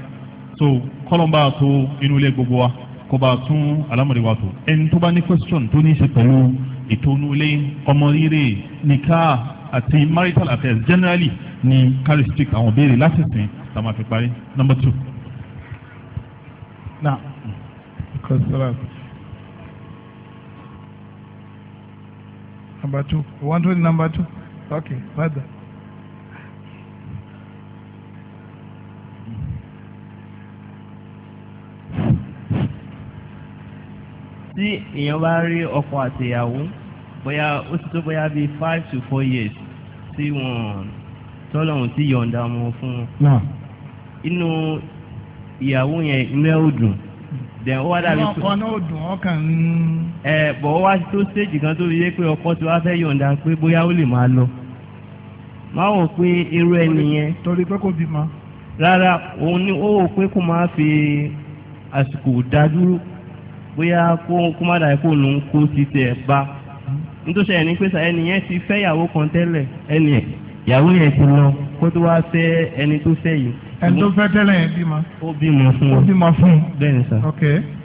so kọ́lọ́mbà tó inú ilé gbogbo wa kó bá tún alámọ̀dé wa tó ẹni tó bá ní question tó ní í ṣe pẹ̀lú ìtònúlé ọmọ rírè nìka àti marital affairs generally ní characteristics àwọn béèrè lásìsìn tá a máa fi parí number two. na kọsílá number two one twenty number two okay further. tí èèyàn bá rí ọkọ àtìyàwó bóyá ó ti tó bóyá bíi five to four years tí ti yọ̀ǹda ọmọ fún inu inú ìyàwó yẹn inú ẹ̀ ò ó wá dàbí tó. ọkọ náà ò dùn ọkàn ń. ẹ bọ̀ ó wá tó stage kan tó fi yé pé ọkọ tí wàá fẹ́ yọ̀ǹda pé bóyá ó lè máa lọ. máa wọ̀ pé irú ẹni yẹn. torí pé kò ni ó wò pé máa fi àsìkò dá dúró bóyá kó kó má dàí kó lòun kó ti tẹ̀ bá nítòsí ẹni pé sa ẹni yẹn ti fẹ́ ìyàwó kan tẹ́lẹ̀ ẹni yẹn ìyàwó yẹn ti lọ kó tó wá fẹ́ ẹni tó fẹ́ yìí. ẹni tó fẹ́ tẹ́lẹ̀ yẹn bímọ. ó bímọ fún un ó bímọ fún un. bẹ́ẹ̀ni sà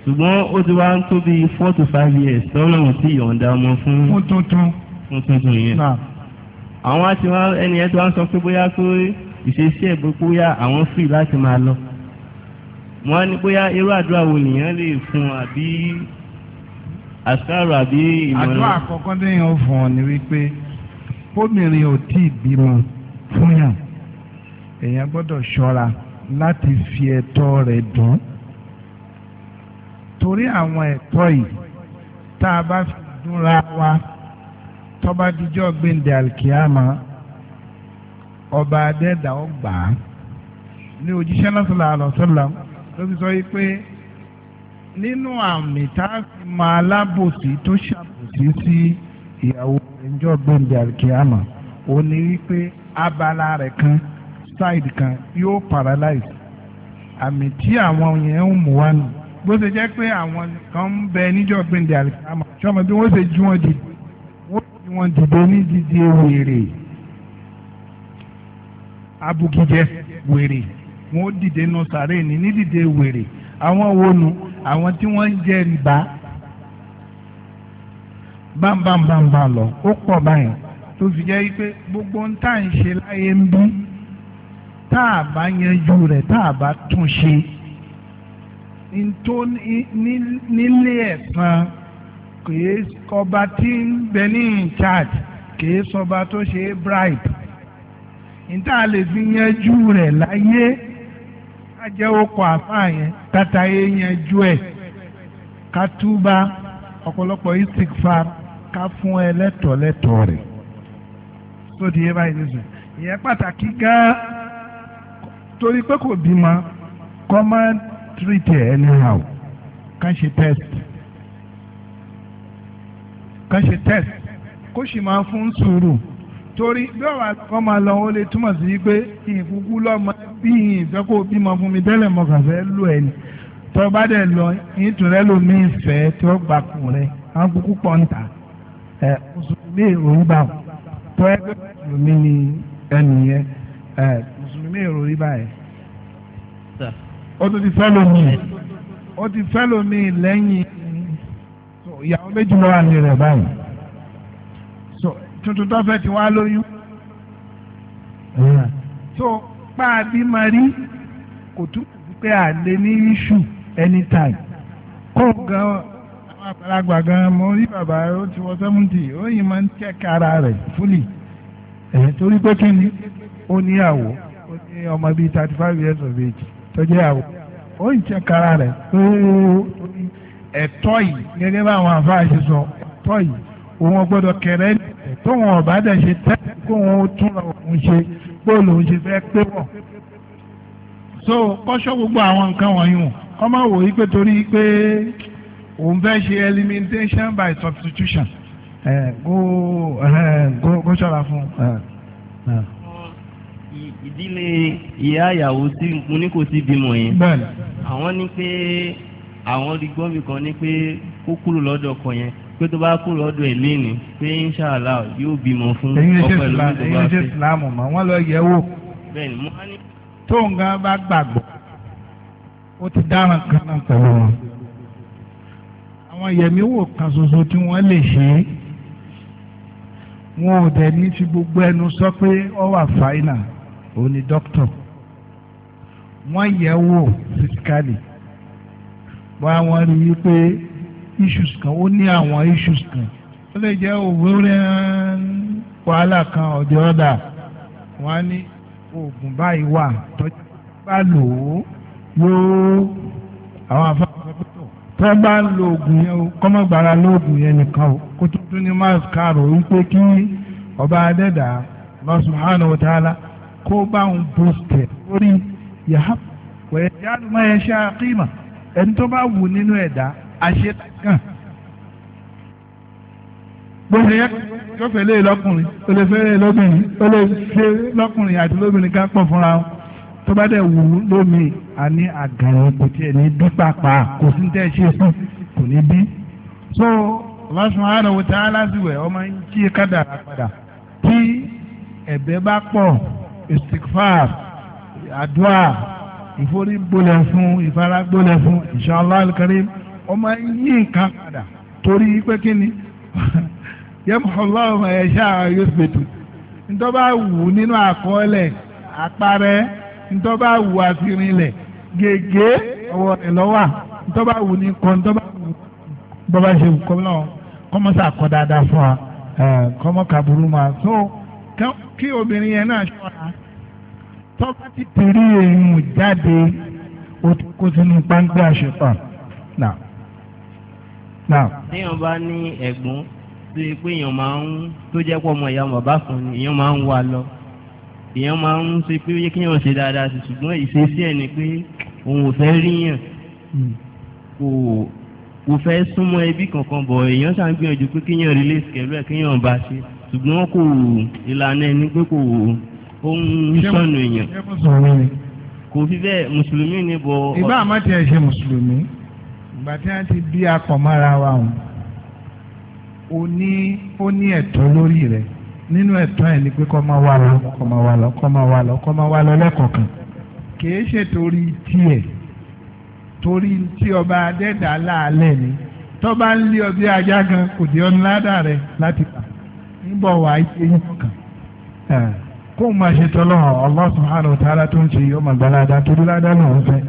ṣùgbọ́n ó ti wá ń tó bíi four to five years tọ́lá wọn ti yọ̀ǹda ọmọ fún. fún tuntun. fún tuntun yẹn. àwọn àti wọn ẹni yẹn tó wá ń sọ pé bóyá pé ìṣesí ẹ̀ bóyá àwọn free láti máa lọ wọ́n á ní bóyá irú àdúrà wo nìyẹn lè fún àbí àṣàrò àbí ìmọ̀ràn. àdúrà àkọ́kọ́ lẹ́yìn ọ̀fọ̀ ni wípé obìnrin ò tí ì bímọ fún yàn èèyàn gbọ́dọ̀ ṣọ́ra láti fi ẹ̀tọ́ rẹ̀ dùn torí àwọn ẹ̀tọ́ yìí tá a bá fi dúnra wa tọ́ba dijọ́ gbẹ̀ǹdẹ̀ alkiyama ọba adẹ́dàá ọgbà ní òjíṣẹ́ náà sallallahu alaihi wasallam tó fi sọ yìí pé nínú àmì tá a fi mọ alábòsí tó ṣàbòsí sí ìyàwó ẹjọ́ gbòǹdì àríkíámà ó ní wípé abala rẹ̀ kan side kan yóò paralyze àmì tí àwọn yẹn ń mú wá nù bó ṣe jẹ́ pé àwọn kan ń bẹ níjọ́ gbòǹdì àríkíámà ṣọmọ bí wọ́n ṣe jí wọn dìde wọ́n jí wọn dìde ní dídí wèrè abugijẹ wèrè wọn ó dìde nù sàárè ní ní dìde wèrè àwọn wo nu àwọn tí wọ́n ń jẹ rìbá bámbámbámbá lọ ó pọ̀ báyìí tó fi jẹ́ pé gbogbo ń tà ń ṣe láyé ń bí tá a bá yanjú rẹ̀ tá a bá tún ṣe nílé ẹ̀sán kìí ọba tí ń bẹ ní charge kìí sọba tó ṣe bribe níta lè fi yanjú rẹ̀ láyé ká jẹ́ okọ̀ àfáà yẹn tata yẹn yanjú ẹ̀ ká túbà ọ̀pọ̀lọpọ̀ istikfar ká fún ẹ lẹ́tọ̀ọ́ lẹ́tọ̀ọ́ rẹ̀ tó di báyìí nísìnyí ìyẹn pàtàkì gan-an torí pé kò bímọ kọ́ máa anyhow ká ṣe test ká ṣe test kó sì máa fún sùúrù torí bí ọ̀rọ̀ àkọ́kọ́ máa lọ ó lè túmọ̀ sí pé ìkúkú lọ́mọ bí ìfẹ́ kó bímọ fún mi tẹ́lẹ̀ mọ kàfẹ́ lù ẹ̀ ni tọ́ bá dẹ̀ lọ ìtúrẹ́ lomi ìfẹ́ tí ó gbà kù rẹ̀ àwọn kúkú pọ̀ ń ta ẹ̀ mùsùlùmí ìròyìn bá tọ́ ẹgbẹ́ mùsùlùmí ni ẹnìyẹn ẹ̀ mùsùlùmí ìròyìn bá yẹn. ó tún ti fẹ́ lomi ó ti fẹ́ lomi lẹ́yìn ìyàwó méjì lọ́wọ́ àlè rẹ̀ báyìí tuntun tó fẹ́ ti wá lóyún. so páàbí máa rí kò tún pé à lè ní iṣu anytime kó gan àwọn àgbàlagbà gan mo rí bàbá ó ti wọ sẹ́mùtì ó yìí máa ń check ara rẹ̀ fúlì ẹ̀yìn torí pé kí ni ó níyàwó ó ní ọmọ bíi thirty five years of age tó jẹ́ àwọ̀ ó ń check ara rẹ̀ ẹ̀tọ́ yìí gẹ́gẹ́ bá àwọn àfáà ṣe sọ ẹ̀tọ́ yìí òun ọgbọ́dọ̀ kẹrẹ́ tó wọn ọba dẹ̀ ṣe tẹ́ kó wọn tún lọ òun ṣe pé òun ṣe fẹ́ pé wọ̀ so kọ́ṣọ́ gbogbo àwọn nǹkan wọ̀nyí wọn kọ́ máa wò yí pé torí pé òun fẹ́ ṣe elimination by substitution kó ṣọ́ra fún un. ìdílé ìyá ìyàwó tí mo ní kò sí bímọ yẹn àwọn ní pé àwọn rí gbọ́mì kan ní pé kó kúrò lọ́dọ̀ ọkọ yẹn pé tó bá kú lọ́dọ̀ ẹ̀ léni pé inṣàlá yóò bímọ fún ọpẹ lórí tó bá fẹ́. ẹ̀yin ṣe ìsìlámù mọ́ wọ́n lọ yẹ̀ wò. bẹ́ẹ̀ni mo ní. tó nǹkan bá gbàgbọ́ ó ti dáràn kan náà pẹ̀lú wọn. àwọn yẹ̀mí wò kan ṣoṣo tí wọ́n lè ṣe é wọn ò dẹ̀ ní fi gbogbo ẹnu sọ pé ọ wà fáínà òun ni dókítà wọ́n yẹ̀ wò fisikálì bọ́ àwọn rí i pé. issues kan ó ní àwọn issues kan ó lè jẹ́ òwúrẹ́ wàhálà kan ọ̀dẹ̀ ọ̀dà wọ́n á ní oògùn báyìí wà tọ́jú bá lò ó yóò àwọn afẹ́fẹ́ tó bá ń lo oògùn yẹn o kọ́mọ́ gbára lóògùn yẹn nìkan o kó tó tún ní mars kí ọba adẹ́dà kó bá ń bóstẹ̀ lórí wẹ̀yẹ́ yálùmọ́ yẹn ṣe àkímà ẹni tó bá wù nínú ẹ̀dá àṣetàn gbogbo yẹn yóò fẹ́ lé lọ́kùnrin ó lè fẹ́ lọ́bìnrin ó lè fẹ́ lọ́kùnrin àti lóbìnrin ká pọ̀ fúnra wọn tó bá dẹ̀ wù ú lómi àní àgàrà kò tiẹ̀ ní bí pàápàá kò sí tẹ́ ẹ ṣe fún kò ní bí. so Allah subhanahu wa ta'ala lásìwẹ̀ ọmọ ń jí kádàrà padà tí ẹ̀bẹ̀ bá pọ̀ istikfar àdúrà ìforígbolẹ̀ fún ìfaragbólẹ̀ fún inshallah al-karim ọmọ yí nǹkan padà torí pé kí ni yamhullahu ma yasha'u wa yuthbitu ntọ́ba wù nínú àkọọ́lẹ̀ àparẹ́ ntọ́ba wù àfirinlẹ̀ gègé ọwọ́ rẹ̀ lọ́wọ́ ntọ́ba wù ní kọ́ ntọ́ba wù bọ́ba ṣe wù kọ́ náà kọ́mọ́sà kọ́ dáadáa fún wa kọ́mọ́ kàbúrú ma so kí obìnrin yẹn náà ṣọ́ra tọ́ba ti tẹ̀lé èèyàn jáde kó sínú páńpẹ́ àṣepọ̀ náà téèyàn bá ní ẹ̀gbọ́n tó yẹ pé èèyàn máa ń tó jẹ́ pọ̀ ọmọ ìyá bàbá kan ni èèyàn máa ń wà lọ èèyàn máa ń ṣe pé ó yẹ kéèyàn ṣe dáadáa sí ṣùgbọ́n ìṣesí ẹ̀ ni pé òun ò fẹ́ ríyàn hmm. kò kò fẹ́ súnmọ́ ẹbí kankan bọ̀ èèyàn ṣáà ń gbìyànjú pé kéèyàn relate pẹ̀lú ẹ̀ kéèyàn bá ṣe ṣùgbọ́n kò ìlànà ẹni pé kò òun sọnù èèyàn kò fi bẹ́ẹ̀ mùsùlùmí ni bọ̀. ìbá àmọ́ tiẹ̀ ṣe mùsùlùmí. ìgbà tí wọ́n ti bí akọ̀ mọ́ra wa o ó ní ó ní ẹ̀tọ́ lórí rẹ nínú ẹ̀tọ́ ẹ̀ ni pé máa wá lọ kọ́ máa wá lọ máa wá lọ máa wá lọ kìí ṣe torí tiẹ̀ torí tí ọba adẹ́dà láàlẹ́ ni tọ́ba ń lé ọbẹ̀ ajá gan kò dé ọ́n ládàá láti kà níbọ̀ wà á yé yín tó ń ṣe torí ládàá náà ń fẹ́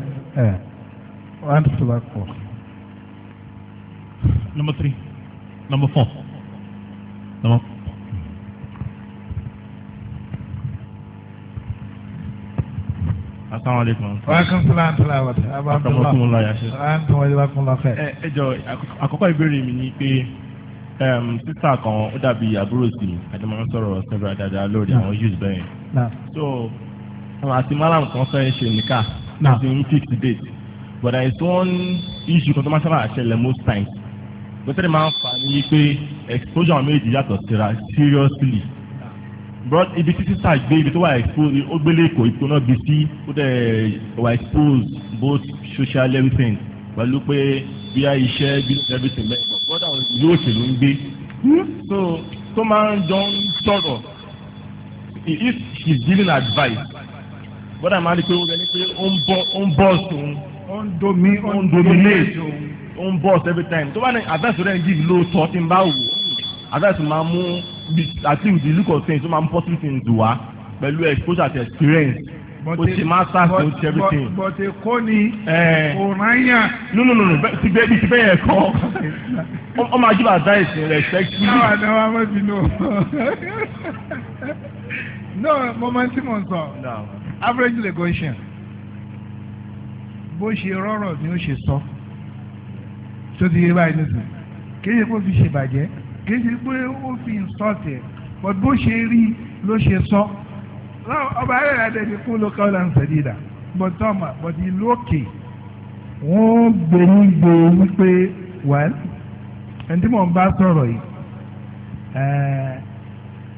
wọ́n á tún number three number four number. asalaamualeykum. waaleykum salaam salaam wa rahmatulah. abakumula yaasi. abakumula fẹ. ẹ ẹ jọ àkọ́kọ́ ìbéèrè mi ni pé sísá kan ó dàbí àbúrò sí àdèmọ́ sọ̀rọ̀ sẹ́fẹ̀rẹ̀ dáadáa lórí àwọn yóò bẹ́ẹ̀. so àwọn àti malam kan fẹ́ ṣe nìka. àti n fix but there is one issue kan most times gbẹ́sẹ̀ máa ń fà ní wípé exposure àwọn méjì yàtọ̀ síra seriously but ibi tí sísá gbé ibi tó wà expose ó gbélé èkó ìpò náà gbé sí ó dẹ̀ wà expose both socially everything pẹ̀lú pé bíyà iṣẹ́ business everything mẹ́kọ̀ọ́ bọ́dà ìlú òṣèlú ń gbé so tó máa ń jọ ń sọ̀rọ̀ if she is giving advice bọ́dà máa ń rí pé ó rẹ ní pé ó ń bọ́ ó ń bọ́ sùn ń bọ́ọ̀sì every time tó bá ní advice rẹ̀ ń give lóòótọ́ tí ń bá wò advice máa mú àti ìdí look of things máa mú positive things dùn pẹ̀lú exposure àti experience ó ti masters ó ti everything. but èkó ni òrànyà. no no no no ti bẹ́ẹ̀ bí ti bẹ́ẹ̀ yẹn kọ́ ọ máa give advice in respect to ah, you. náà náà wàá mọ̀ bí nù. no mo máa ń tí mo ń sọ average negotiation bó ṣe rọrọ ni ó ṣe sọ. So tó ti yé báyìí nísìnyí kì í ṣe kó fi ṣèbàjẹ́ kì í ṣe pé ó fi ìsọ̀tì ẹ̀ but bó ṣe rí ló ṣe sọ ọba ayé rẹ̀ dẹ̀bi kún ló kọ́ lan sẹ̀dídà but tọ́mà but ìlú òkè wọ́n gbòmù gbò wípé wẹ́l ẹni tí mò ń bá sọ̀rọ̀ yìí eh,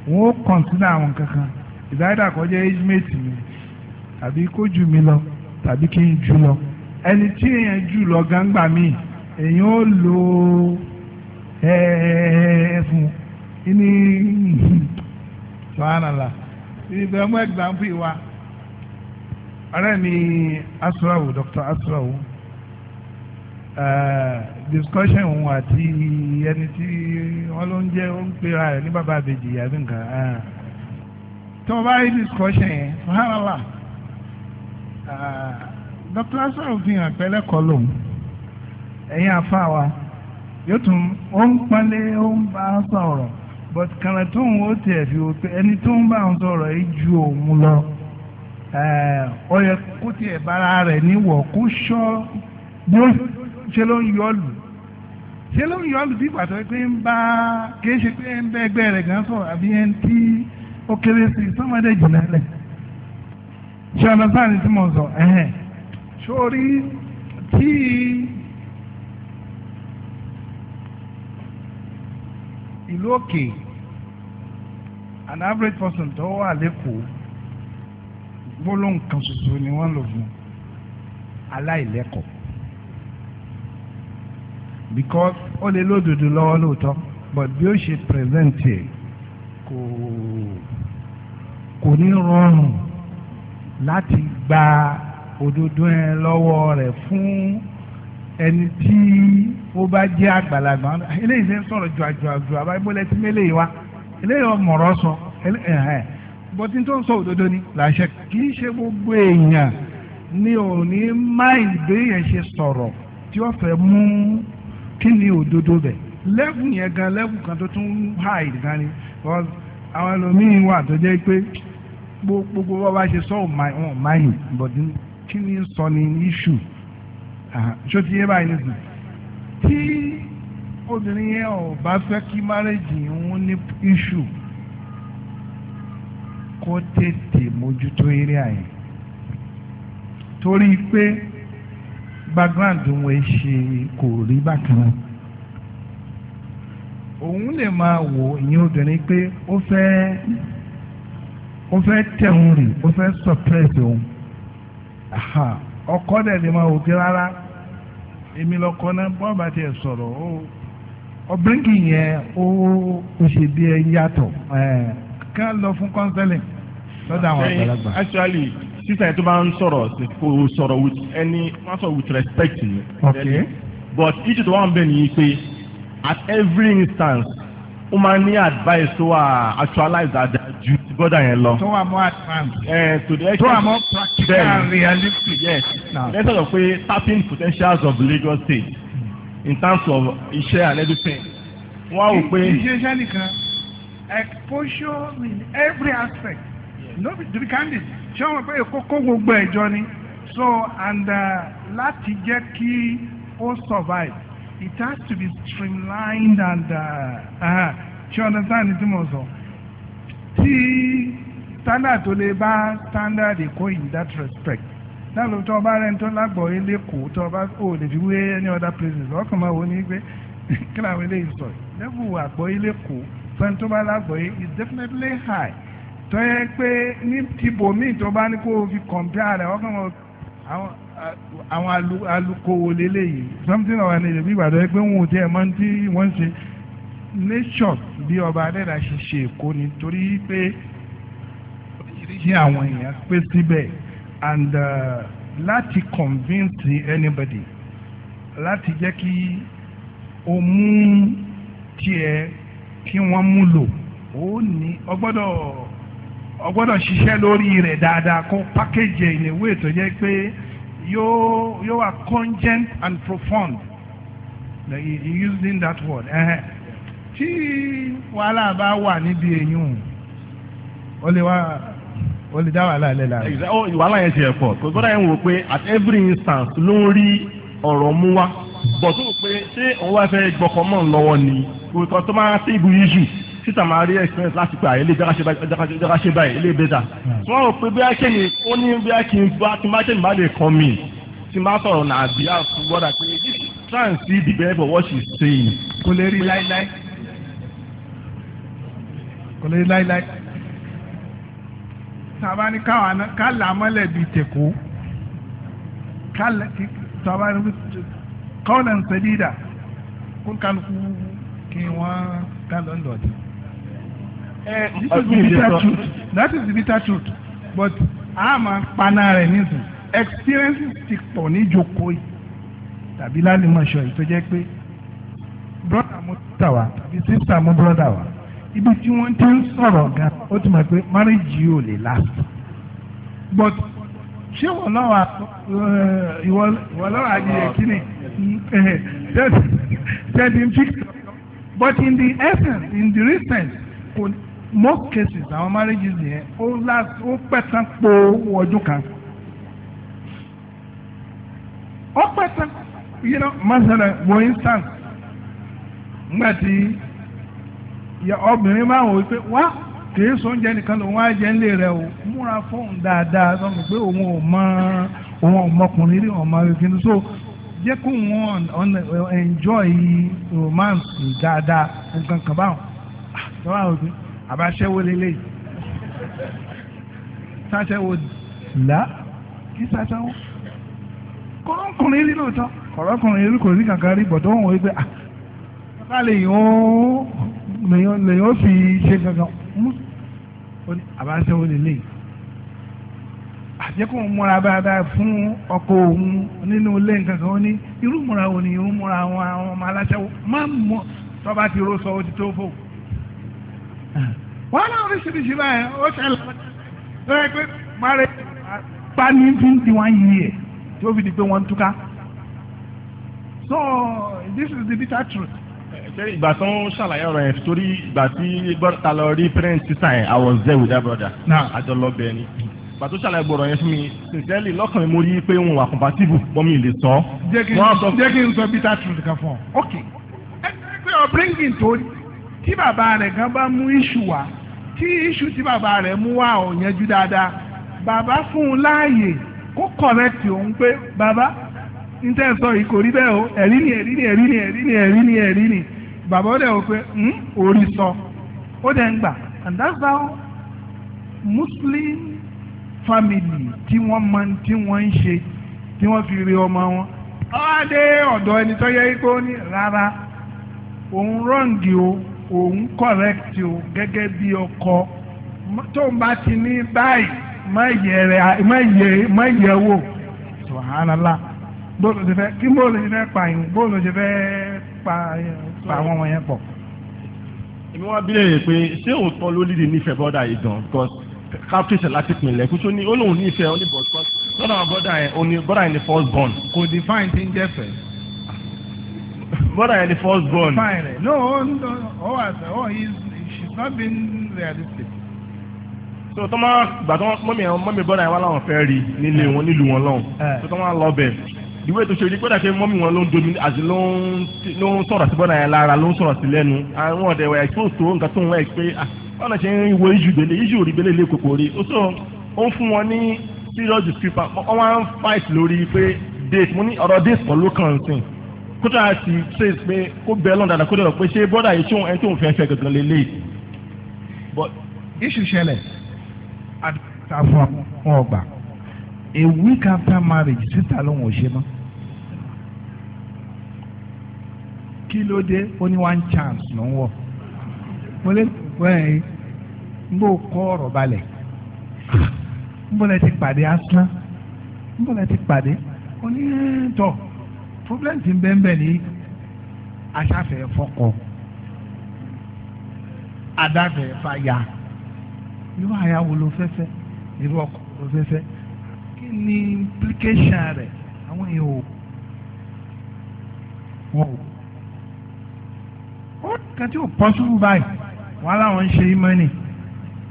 wọ́n kọ̀ǹtínà àwọn kankan ìdáyàdà kọjá ẹ́jìmẹ́tì mi tàbí kó jù mí lọ tàbí kí n jù lọ ẹni tí èèyàn jù lọ gangba míì. èyàn ó lo ẹ̀ẹ́fún ní sọ́hánàlá ìgbà mú ẹgbàmpù wa ọ̀rẹ́ mi asrawu dr asrawu eh, discussion òun àti ẹni tí wọ́n ló ń jẹ́ ó ń pera rẹ̀ ní bàbá àbèjì àbí nǹkan eh, tí wọ́n bá rí discussion yẹn sọ́hánàlá eh, dr asrawu fi hàn pẹ́lẹ́kọ̀ọ́ ẹ̀yin afa yóò tún ó ń a sọ̀rọ̀ but kàrà tó ń wò tiẹ̀ fi wò pé ẹni tó ń bá a sọ̀rọ̀ yìí ju òun lọ ọ yẹ kó tiẹ̀ bára rẹ̀ níwọ̀ kó sọ bó ṣe ló ń ṣe ló ń bí pàtó pé ń bá ṣe pé ń i sọ́mọdé ìlú òkè an average person tó wà lẹ́kọ̀ọ́ gbólóhùn kan ṣoṣo ni wọ́n lò fún aláìlẹ́kọ̀ọ́ because ó lè lódodo lọ́wọ́ lóòótọ́ but bí ó ṣe present ẹ̀ kò kò ní rọrùn láti gba òdodo yẹn lọ́wọ́ rẹ̀ fún. ẹni tí ó bá jẹ́ àgbàlagbà eléyìí ṣe ń sọ̀rọ̀ ju àjọ àjọ àbá ibólẹ̀ tí mélé wa eléyìí ọmọọ̀rọ̀ sọ bọ́tí tó ń sọ òdodo ni làṣẹ kì ṣe gbogbo èèyàn ni ò ní má ìbéèyàn ṣe sọ̀rọ̀ tí ó fẹ́ mú kí ni òdodo bẹ̀ yẹn gan kan tó tún ni àwọn ẹlòmíín wà tó jẹ́ pé gbogbo bá ṣe sọ ọ̀ kí ni sọ ni ṣó ti yé báyìí nìsín tí obìnrin yẹn ò bá fẹ́ kí márẹ́jì ń ní iṣu kó tètè mójútó eré àyè torí pé background wọn ṣe kò rí bákan náà òun lè máa wò ìyẹn obìnrin pé ó fẹ́ ó fẹ́ tẹ̀hún rì ó fẹ́ surprise òun ọkọ dẹ̀ lè máa wò pé rárá èmi lọ́kọ́ náà bọ́ọ̀ bá tiẹ̀ sọ̀rọ̀ ó ọ̀bíríkì yẹn ó ó ṣe bí ẹ yàtọ̀ ká lọ fún counseling lọ́dọ̀ àwọn àgbàlagbà. actually sísè tó bá ń sọ̀rọ̀ kò sọ̀rọ̀ with any wọ́n sọ with respect ni. okay but issue tó one ń bẹ̀ nìyí at every instance ó máa ní advice tó wà actualize àdájú brother yẹn lọ. tó wà mọ́ advanced. ẹ to the extent. tó wà mọ́ practical and realistic. yes now. let's talk pé tapping potentials of Lagos State in terms of iṣẹ́ and everything. wọ́n á wò pé. iṣẹ́ nìkan exposure in every aspect. Yes. no be to be candid ṣé wọ́n pé kókó gbogbo ẹ̀jọ́ ni so and uh, láti jẹ́ kí ó survive it has to be streamlined and uh, uh, she understand the thing also tí standard tó lè bá standard èkó in that respect dáàbò tó o bá rẹ̀ ń tó lágbọ̀ọ́yé lẹ́kọ̀ọ́ tó o bá o lè fi wé any other places ọkàn máa wò ní pé kí làwọn eléyìí sọ lẹ́bù àgbọ̀ọ́yé lẹ́kọ̀ọ́ fẹ́ni tó bá lágbọ̀ọ́yé is definitely high tó yẹ pé ní tìbò míì tó bá ní kó o fi compare rẹ̀ ọkàn máa àwọn alukowó lélẹ́yìí something ọ̀hún ẹ̀ lè bí ìgbà tó yẹ pé wọn ò tiẹ̀ mọ́ ní tí wọ́n ń ṣe nature bí ọba adẹ́dà ṣe ṣe èkó ni torí pé oríṣiríṣi àwọn èèyàn pé síbẹ̀ and uh, láti convince anybody láti jẹ́ kí o mú tiẹ̀ kí wọ́n mú lò ó ní ọgbọ́dọ̀ ọgbọ́dọ̀ ṣiṣẹ́ lórí rẹ̀ dáadáa kó package ẹ̀ way. ètò jẹ́ pé yóò yóò are congent and profound like, using that word. Uh -huh tí wàhálà bá wà níbi èyún ó lè wá ó lè dá wàhálà lẹ̀ lára. Oh, wàhálà yẹn ti ẹ̀ pọ̀ tó gbọ́dọ̀ yẹn wò pé at every instance ló ń rí ọ̀rọ̀ mú wá bọ̀ tó pé ṣé òun wá fẹ́ gbọ́kọ̀ mọ́ lọ́wọ́ ni kò tó máa ṣe ibù yíjú síta máa rí experience láti pé àìlè jákàṣe báyìí ilé bẹ́tà. tí wọ́n rò pé bí akẹ́ ni ó ní bí akẹ́ ni bá ti máa tẹ̀lé má lè kàn mí tí máa sọ̀rọ̀ nàbí àfúgbọ́dà pé trans see the best of what she is saying. kò lè rí láíláí kò lè láíláí tàbá ní ká là mọ́lẹ̀ bíi tẹ̀kọ́ tàbá ní kọ́ọ̀nà ń sẹ́ dídà kó kálukú kí wọ́n ká lọ́ndọ̀ dì. that is the bitter truth but a máa paná rẹ̀ nísìn experience ti pọ̀ ní jókòó yìí tàbí lálẹ́ mọ̀ṣọ́ yìí tó jẹ́ pé brother mo tà wá tàbí sister mo brother wá ibi tí wọ́n ti ń sọ̀rọ̀ gan ó ti mọ̀ pé márìjì ò lè last but ṣé wọ́n lọ́wọ́ eh, ìwọ lọ́wọ́ àjẹyẹ kíni fix but in the essence in the recent most cases àwọn marriages yẹn ó last ó pẹ́ tán po ọdún kan ó pẹ́ tán you know masala for instance ngbàtí obìnrin máa wọ̀ wípé wá kìí sóúnjẹ nìkan lòun á jẹ nílé rẹ o múra fóun dáadáa sọmi pé òun ò mọ òun ọmọkùnrin rí ọmọ ìfinu so jẹ́ kó wọn enjoy romance dáadáa nǹkan kan báwọn tọ́wọ́ àwọn òbí àbáṣẹ́wó lélẹ̀ sáṣẹ́wó là kí sáṣẹ́wó kọ́rọ́kùnrin rí lóòótọ́ kọ́rọ́kùnrin rí kò rí kankan rí bọ̀dọ̀ wọn wípé ah bàbá lè yàn ó lèyìn ó fi ṣe gangan hmm? àbáṣe wo lè léyìí àjẹkùn múra báadáa fún ọkọ òun nínú ilé nǹkan kan ó ní irú múra wo ni irú múra àwọn àwọn ọmọ aláṣẹwó má mọ tọ́ba ti ro sọ ó tó fò wọn náà oríṣiríṣi báyẹn ó ṣẹlẹ̀ lọ́wọ́ pé mari pani fi ń di wọn yìí ẹ̀ tí ó fi di pé wọ́n ń túká so this is the bitter truth ìgbà tó ń ṣàlàyé ọ̀rọ̀ yẹn torí ìgbà tí gbọ́dọ̀ta lọ rí parent sísá yẹn I was there with that brother. àjọ lọ bẹ ni. ìgbà tó ṣàlàyé gbọ́dọ̀ yẹn fún mi sincerely lọ́kàn mi mo rí i pé òun wà compatible bọ́ mi lè sọ. jẹ́ kí n sọ bitter truth kan fún ọ. ok ẹ pé ọ bringing tó tí bàbá rẹ̀ gan bá mú iṣu wá tí iṣu tí bàbá rẹ̀ mú wá ò yanjú dáadáa bàbá fún un láàyè kó correct òun pé bàbá n tẹ́ sọ yìí bẹ́ẹ̀ o ẹ̀rí ni ẹ̀rí ni ẹ̀rí ni ẹ̀rí ni ẹ̀rí ni ẹ̀rí ni bàbá ó dẹ̀ wò pé hmm, orí sọ ó dẹ̀ ń gbà and that's how Muslim family tí wọ́n mọ tí wọ́n ń ṣe tí wọ́n fi rí ọmọ wọn ọ́dẹ ọ̀dọ̀ ẹni tó yẹ kó ní rárá òun rọ́ǹgì o òun kọ̀rẹ́kìtì o gẹ́gẹ́ bí ọkọ tó ń bá ti ní báyìí má yẹ wò subhanallah bóòlù ti fẹ́ kí bóòlù ti fẹ́ pààyàn bóòlù ti fẹ́ pààyàn pa àwọn ọmọ yẹn pọ̀. èmi wá bílẹ̀ rẹ̀ pé ṣé òótọ́ ló lídìí nífẹ̀ẹ́ bọ́dà yìí gan because captain láti pinlẹ̀ kú tó ní ó lóun nífẹ̀ẹ́ oníbọ̀ lọ́dọ̀ àwọn bọ́dà yẹn òní bọ́dà yẹn ni first born. kò define ti ń jẹ́ fẹ́. bọ́dà yẹn ni first born. fine no ó wà sẹ́ ọ́ he is not being realistic so tọ́ ma mọ́mí bọ́dà yẹn wá láwọn fẹ́ rí nílé wọn nílùú wọn lọ́hùn eh. tó tọ́ ìwé tó ṣe ní kódà pé mọ́mí wọn ló ń domi àti ló ń sọ̀rọ̀ sí bọ́dà yẹn lára ló ń sọ̀rọ̀ sí lẹ́nu àwọn ah, ọ̀dẹ̀ wẹ̀ tó tó nǹkan tó ń wẹ̀ pé ọ̀nà ah, ṣe ń wo iṣu délé iṣu rí délé kòkò rí ó sọ ó ń fún wọn ní serious dispute wọ́n wá ń fight lórí pé date mo ní ọ̀rọ̀ date kan ló kàn sí kódà sí trace pé kó bẹ́ẹ̀ lọ́n dàda kó dẹ̀ pé ṣé bọ́dà but iṣu ṣẹlẹ̀ àti àfọ̀ ọgbà a week after marriage síta ló ń ṣe mọ́. kí ló dé ó ní one chance ló ń wọ̀ mo lè wẹ́ẹ̀ n bò kọ́ ọ̀rọ̀ balẹ̀ n bò lẹ ti pàdé asán n bò lẹ ti pàdé ó ní tọ̀ problem ti bẹ́ẹ̀ bẹ́ẹ̀ ní aṣáfẹ́ fọkọ adáfẹ́ fàyà irú àyàwó ló fẹ́fẹ́ irú ọkọ ló fẹ́fẹ́ kí ni implication rẹ̀ àwọn èèyàn ò wọ́n ò kan tí ò pọ́sibú báyìí wọn làwọn ń ṣe ìmánì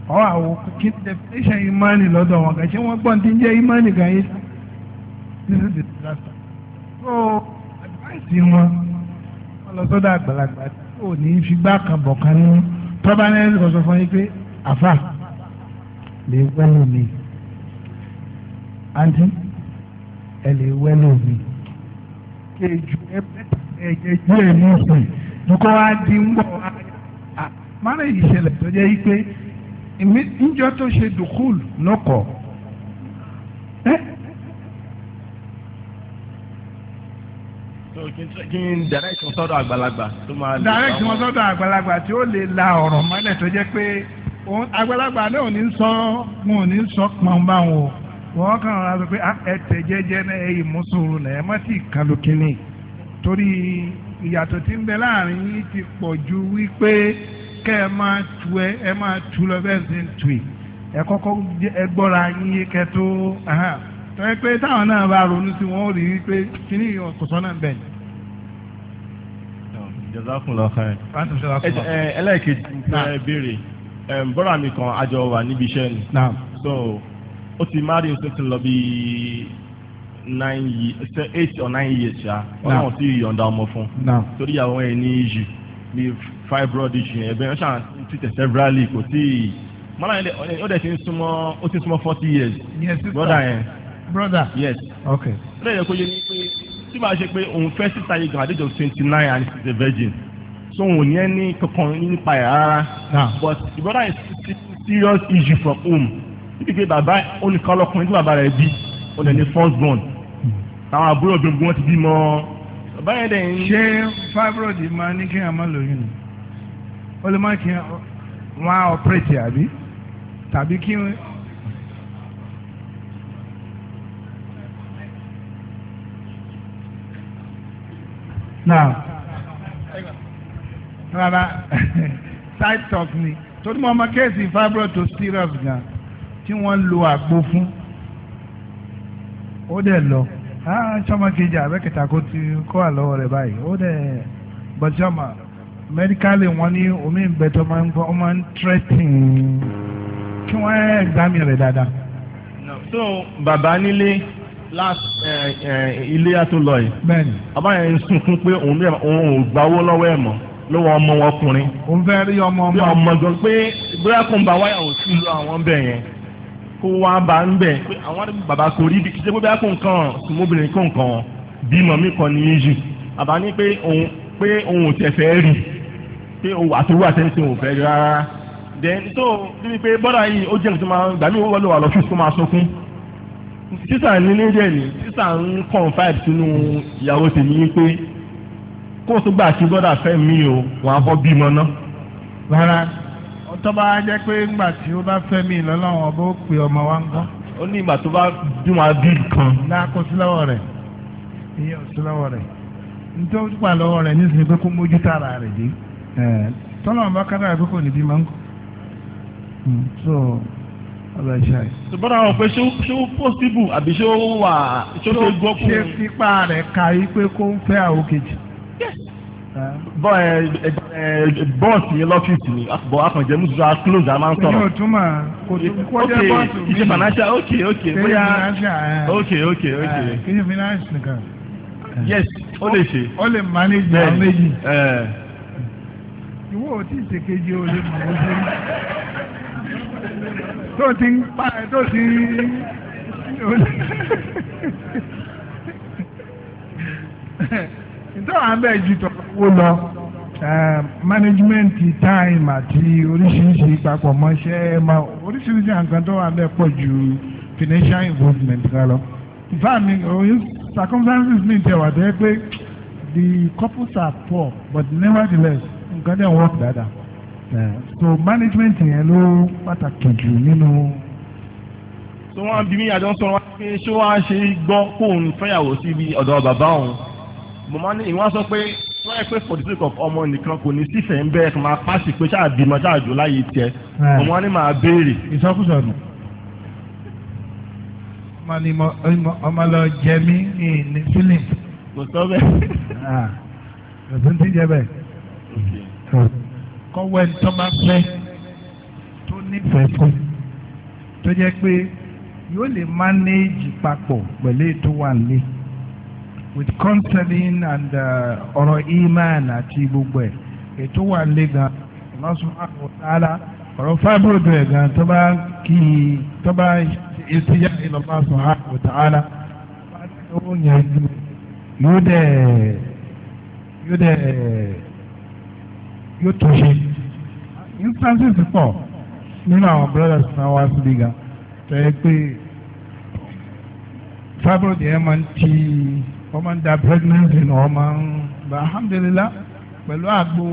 ọ àwọn kí definition ìmánì lọ́dọ̀ wọn kàn ṣé wọ́n gbọ́n ti ń jẹ́ ìmánì gan yé this is the disaster so advice wọn wọn lọ sọ́dọ̀ àgbàlagbà tí ò ní fi gbá kan bọ̀ kan ní tọ́ba náà ẹ̀ sọ fún yín pé àfà lè wẹ́lò mi àǹtí ẹ lè wẹ́lò mi kejì ẹ bẹ́ẹ̀ ẹ jẹ́ ju ẹ̀ mú ọ̀sẹ̀ dùkọ́ wa di ń bọ̀ mara yìí ṣẹlẹ̀ tó jẹ́ yìí pé níjọ́ tó ṣe dùkúlù lọ́kọ̀ kí n direct wọn sọ́dọ̀ àgbàlagbà tó máa lè. direct wọn sọ́dọ̀ àgbàlagbà tí ó lè la ọ̀rọ̀ mọ́lẹ̀ tó jẹ́ pé àgbàlagbà náà ò ní sọ wọn ò ní sọ pọn báwọn o wọ́n kàn rà sọ pé ah, ẹ tẹ̀ jẹ́jẹ́ náà ẹ yìí mú náà ẹ má sì kálukínì torí ìyàtọ̀ tí ń bẹ láàrin yín ti pọ̀ ju wípé kẹ́ ẹ máa tu ẹ ẹ máa tu lọ bẹ́ẹ̀ sì ń tu ì ẹ kọ́kọ́ ẹ gbọ́ra yín yé kẹ́ tó tọ́yẹ pé táwọn náà bá ronú sí wọn ó rí i kíní ọ̀kọ̀tọ́ náà bẹ̀ ni. jazakumullahu khairan. béèrè bọ́dà mi kan àjọ wà níbi iṣẹ́ ni. so ó ti máa rí nǹkan tó lọ bíi nine years eight or nine years ṣá ọlọ́run sì yọ̀ǹda ọmọ fún torí àwọn ẹ̀ ní issue bí fibroid issue yẹn ẹ̀bẹ̀ wọ́n ṣàn títẹ̀ severally kò tí ì mọ́lá yẹn ó dẹ̀ ti ń súnmọ́ ó ti súnmọ́ forty years Yes, brother yẹn brother yes okay ó dẹ̀ yẹ kó yé pé tí màá ṣe pé òun fẹ́ síta yìí gan àdéjọ twenty nine and she's a virgin so òun yẹn ní kankan nípa ẹ̀ rárá but the brother is serious issue from home níbi pé bàbá oníkàlọ́kùnrin tí bàbá rẹ̀ bí ó lè ní first born àwọn àbúrò gbogbo wọn ti bímọ báyẹn dẹ̀ ń. ṣé fibroid máa ní kí n máa lóyún ni ó lè má kí wọn á ọ̀pẹ̀rẹ̀tì àbí tàbí kí wọn. now rárá side talk ni torí mo ọmọ kéèsì fibroid to serious gan tí wọ́n lo àgbo fún ó dẹ̀ lọ sọmọ kejì abẹ́kẹta kó ti kó wà lọ́wọ́ rẹ̀ báyìí ó dẹ̀ bọ́sọ́mà mẹ́díkálì wọn ní omi ìbẹ̀tọ́ máa ń gbọ́ ọ máa ń tírẹ́tìn kí wọ́n ẹ̀gbámi rẹ̀ dáadáa. so bàbá nílé ilé àtò lọ yìí bàbá yẹn sunkún pé òun ò gbàwó lọ́wọ́ ẹ̀ mọ́ lọ́wọ́ ọmọ wọn ọkùnrin. òun fẹ́ rí ọmọ ọmọ. bí ọmọ jọ pé bóyá kò ń bá wáyà òtún lọ àwọn bẹ́ẹ̀ yẹn kó wá bá ń bẹ̀ pé àwọn bàbá sórí ibi kíjẹ́ gbogbo àkó nǹkan ọmọbìnrin kó nǹkan bímọ mi kàn ní yíyù bàbá ní pé òun pé òun ò tẹ̀ fẹ́ rí pé òun àtúwò àtẹ̀sí òun fẹ́ rí rárá then tó bíbi pé bọ́dà yìí ó jẹ́ nǹkan tó máa gbà mí wọ́n wà sísà nílé dẹ̀ ní sísà ń confide sínú ìyàwó tèmi pé kó o tó gbà kí bọ́dà fẹ́ mi o wọn á bọ́ bímọ náà rárá tọba bá pé ńgbà tí ó bá fẹ́ mi lọ́lọ́run ọba ó pè ọmọ wa ń ó ní ìgbà tó bá dùn wá bí kan. láàkó sílọ́wọ́ rẹ̀ ìyẹn sílọ́wọ́ rẹ̀ nítorí pà lọ́wọ́ rẹ̀ nísìnyí pé kó mójú tààrà rẹ̀ dé tọ́lọ́run bá kádàrà pé kò ní máa ń kọ́. Hmm, so ìṣá yìí. ṣùgbọ́n àwọn ṣé ó àbí ṣé ó wà ṣe ṣé fipá rẹ̀ ka yí pé kó ń fẹ́ bọ́ọ̀sì yẹn lọ́fíìsì ni bọ́ akànjẹ́ mùsùlùmí a close a máa ń sọ̀rọ̀. èmi ò túmọ̀ kò kó jẹ́ bọ́ọ̀sì mi. ìṣe financial ok ok bóyá ok ok ok. kì ṣe finance nìkan. yes ó lè ṣe. ó lè manage àwọn méjì. ìwọ ò tí ì ṣe kejì ó lè mọ̀ ó ṣe. tó ti ń pa ẹ̀ tó ti ń ìtọ́wà ń bẹ̀ ju tọ́wọ́ lọ management time àti oríṣiríṣi papọ̀ mọ́ṣẹ́ ma oríṣiríṣi nǹkan tó wà bẹ́ẹ̀ pọ̀ ju financial involvement rẹ lọ. ìfá mi circumstances mi tẹ̀ wà tẹ́ pé the couples are poor but nevertheless nǹkan dẹ̀ work dáadáa. so management yẹn ló pàtàkì jù nínú. tó wọ́n bí mi àjọ sọ̀rọ̀ wá pé ṣé wọ́n á ṣe gbọ́ kóun fẹ́yàwó síbi ọ̀dọ̀ bàbá òun mo máa ní ìwọ́n sọ pé wọ́n yẹ pé for the sake of ọmọ nìkan kò ní sífẹ̀ẹ́ ń bẹ́ẹ̀ kó máa pàṣẹ pé ṣáà bímọ ṣáà jò láyé tiẹ̀ ọmọ ni máa béèrè. ìsọkúsọ nù. ọmọ lọ jẹ mí ní fílìm. kò sọ bẹ́ẹ̀. ọ̀sẹ̀ ah, ń tíjẹ bẹ́ẹ̀. kọ́wé tó bá fẹ́ tó nífẹ̀ẹ́ fún tó jẹ́ pé yóò lè mánéèjì papọ̀ pẹ̀lú ètò wà nílé with counseling and uh, ọ̀rọ̀ iman àti gbogbo ẹ̀ ètò wà lé gan Allah subhanahu wa ta'ala ọ̀rọ̀ fábùrùdù ẹ̀ gan tó bá kí tó bá ìsìyá ila Allah subhanahu wa ta'ala bá ti ó yẹn ju yóò dẹ̀ yóò dẹ̀ yóò tó ṣe instances pọ̀ nínú àwọn brothers náà wá síbi gan tẹ́ pé fábùrùdù ẹ̀ máa ń ti ó ń da pregnancy nù ó máa ń bá alhamdulilah pẹ̀lú àgbo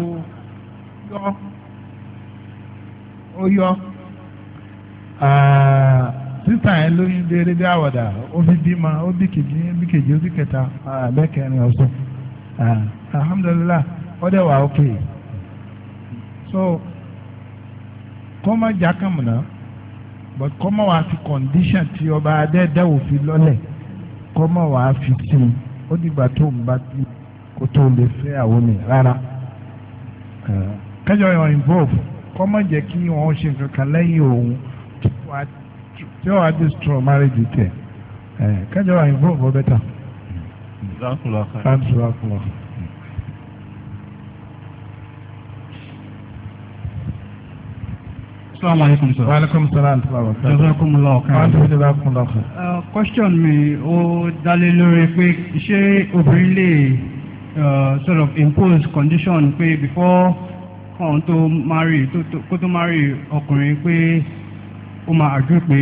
yọ ó yọ sísà yẹn lóyún déédéé bí àwàdà ó fi bímọ ó bí kejì ó bí kejì ó bí kẹta bẹ́ẹ̀ kẹrin ọ̀sán alhamdulilah ó dẹ̀ wà ókè so kọ́mọ jákàmùnà but kọ́mọ wàá fi condition tí ọba adẹ́dẹ́wò fi lọ́lẹ̀ kọ́mọ wàá fi sí ó dìgbà tó ń bá bí kó tó lè fẹ́ àwọn mi rárá kẹjọ yọ involve kọ́ mọ̀ jẹ́ kí wọ́n ṣe kankan lẹ́yìn òun tí wọ́n á strong marriage tẹ̀ kẹjọ yọ involve ọ bẹ́tà. Assalamu alaikum sir. Wa alaikum salaam tó bá wà. Jazakumullahu khairan. Wọ́n ti jazakumullahu khairan. Question mi ó dálé lórí pé ṣé obìnrin lè uh, sort of impose condition pé before kan tó marry kó tó marry ọkùnrin pé ó máa agree pé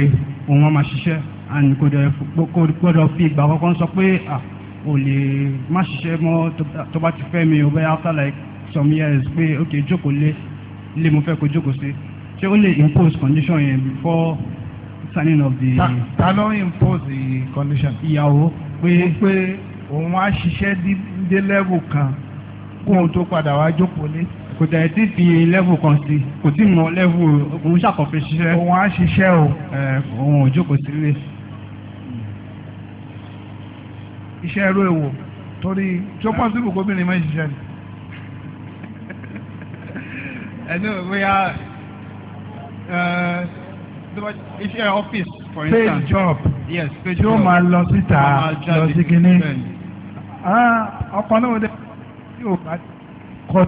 òun á máa ṣiṣẹ́ and kò dẹ̀ gbọ́dọ̀ fi ìgbà kankan sọ pé ah o lè má ṣiṣẹ́ mọ́ tó bá ti fẹ́ mi o bẹ́ẹ̀ after like some years pé ok jókòó lé lé mo fẹ́ kó jókòó sí ṣé ó lè impose condition yẹn before signing of the. ta ló impose the condition. ìyàwó pé pé òun á ṣiṣẹ́ dé level kan kó òun tó padà wá jókòó lé. kò tẹ̀ tí fi level kan sí kò tí mọ level òun ṣàkọ́fẹ́ ṣiṣẹ́. òun á ṣiṣẹ́ o. òun ò jókòó sílé. iṣẹ́ ẹrú èwo torí tí ó pọ́sibù gómìnà máa ń ni. ẹnu bóyá. Uh, iṣẹ́ ọ́fíìsì for instance. paid job. yes paid job. yóò máa lọ síta lọ sí kinní. Ah, ọkọ náà dé tí o bá kọ